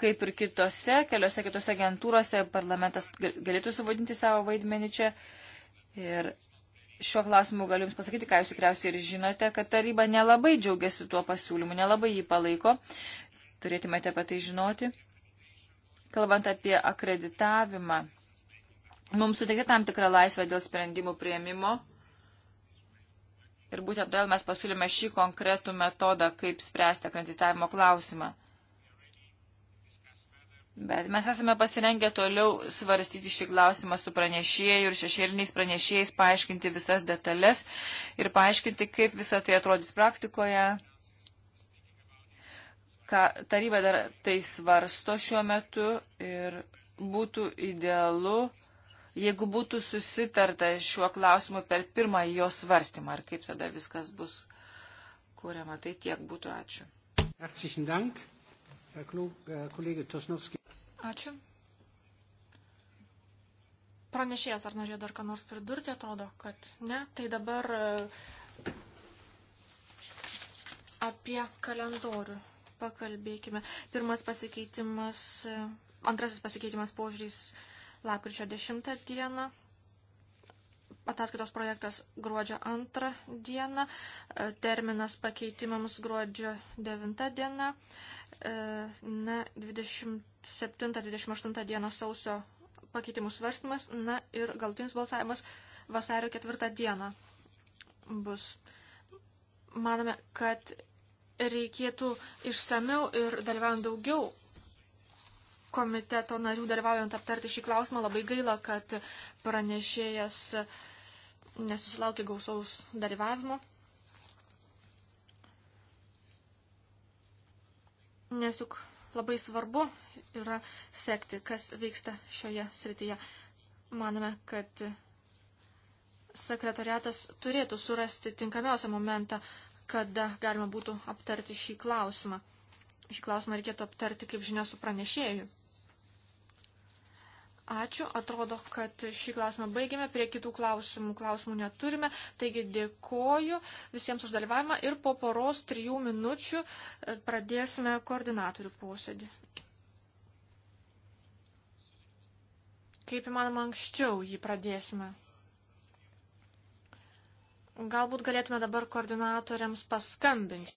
kaip ir kitose, keliose kitose agentūrose parlamentas galėtų suvaidinti savo vaidmenį čia. Ir šiuo klausimu galiu Jums pasakyti, ką Jūs tikriausiai ir žinote, kad taryba nelabai džiaugiasi tuo pasiūlymu, nelabai jį palaiko. Turėtumėte apie tai žinoti. Kalbant apie akreditavimą, mums suteikia tam tikrą laisvę dėl sprendimų prieimimo Ir būtent todėl mes pasiūlėme šį konkretų metodą, kaip spręsti akreditavimo klausimą. Bet mes esame pasirengę toliau svarstyti šį klausimą su pranešėjų ir šešėliniais pranešėjais, paaiškinti visas detalės ir paaiškinti, kaip visą tai atrodys praktikoje. Ką, taryba dar tai svarsto šiuo metu ir būtų idealu jeigu būtų susitarta šiuo klausimu per pirmąjį jo svarstymą, ar kaip tada viskas bus kuriama. Tai tiek būtų. Ačiū. Ačiū. Pranešėjas, ar norėjo dar ką nors pridurti, atrodo, kad ne. Tai dabar e, apie kalendorių pakalbėkime. Pirmas pasikeitimas, e, antrasis pasikeitimas požiūrys lapkričio 10 dieną, ataskaitos projektas gruodžio 2 dieną, e, terminas pakeitimams gruodžio 9 diena, e, na, 27-28 diena sausio pakeitimų svarstymas, na ir galtinis balsavimas vasario 4 dieną bus. Manome, kad reikėtų išsameu ir dalyvaujant daugiau komiteto narių dalyvaujant aptarti šį klausimą. Labai gaila, kad pranešėjas nesusilaukė gausaus dalyvavimo. Nes juk labai svarbu yra sekti, kas vyksta šioje srityje. Manome, kad sekretariatas turėtų surasti tinkamiausią momentą, kada galima būtų aptarti šį klausimą. Šį klausimą reikėtų aptarti, kaip žinia, su pranešėju. Ačiū, atrodo, kad šį klausimą baigėme, prie kitų klausimų klausimų neturime, taigi dėkoju visiems už dalyvavimą ir po poros trijų minučių e, pradėsime koordinatorių posėdį. Kaip įmanoma anksčiau jį pradėsime. Galbūt galėtume dabar koordinatoriams paskambinti.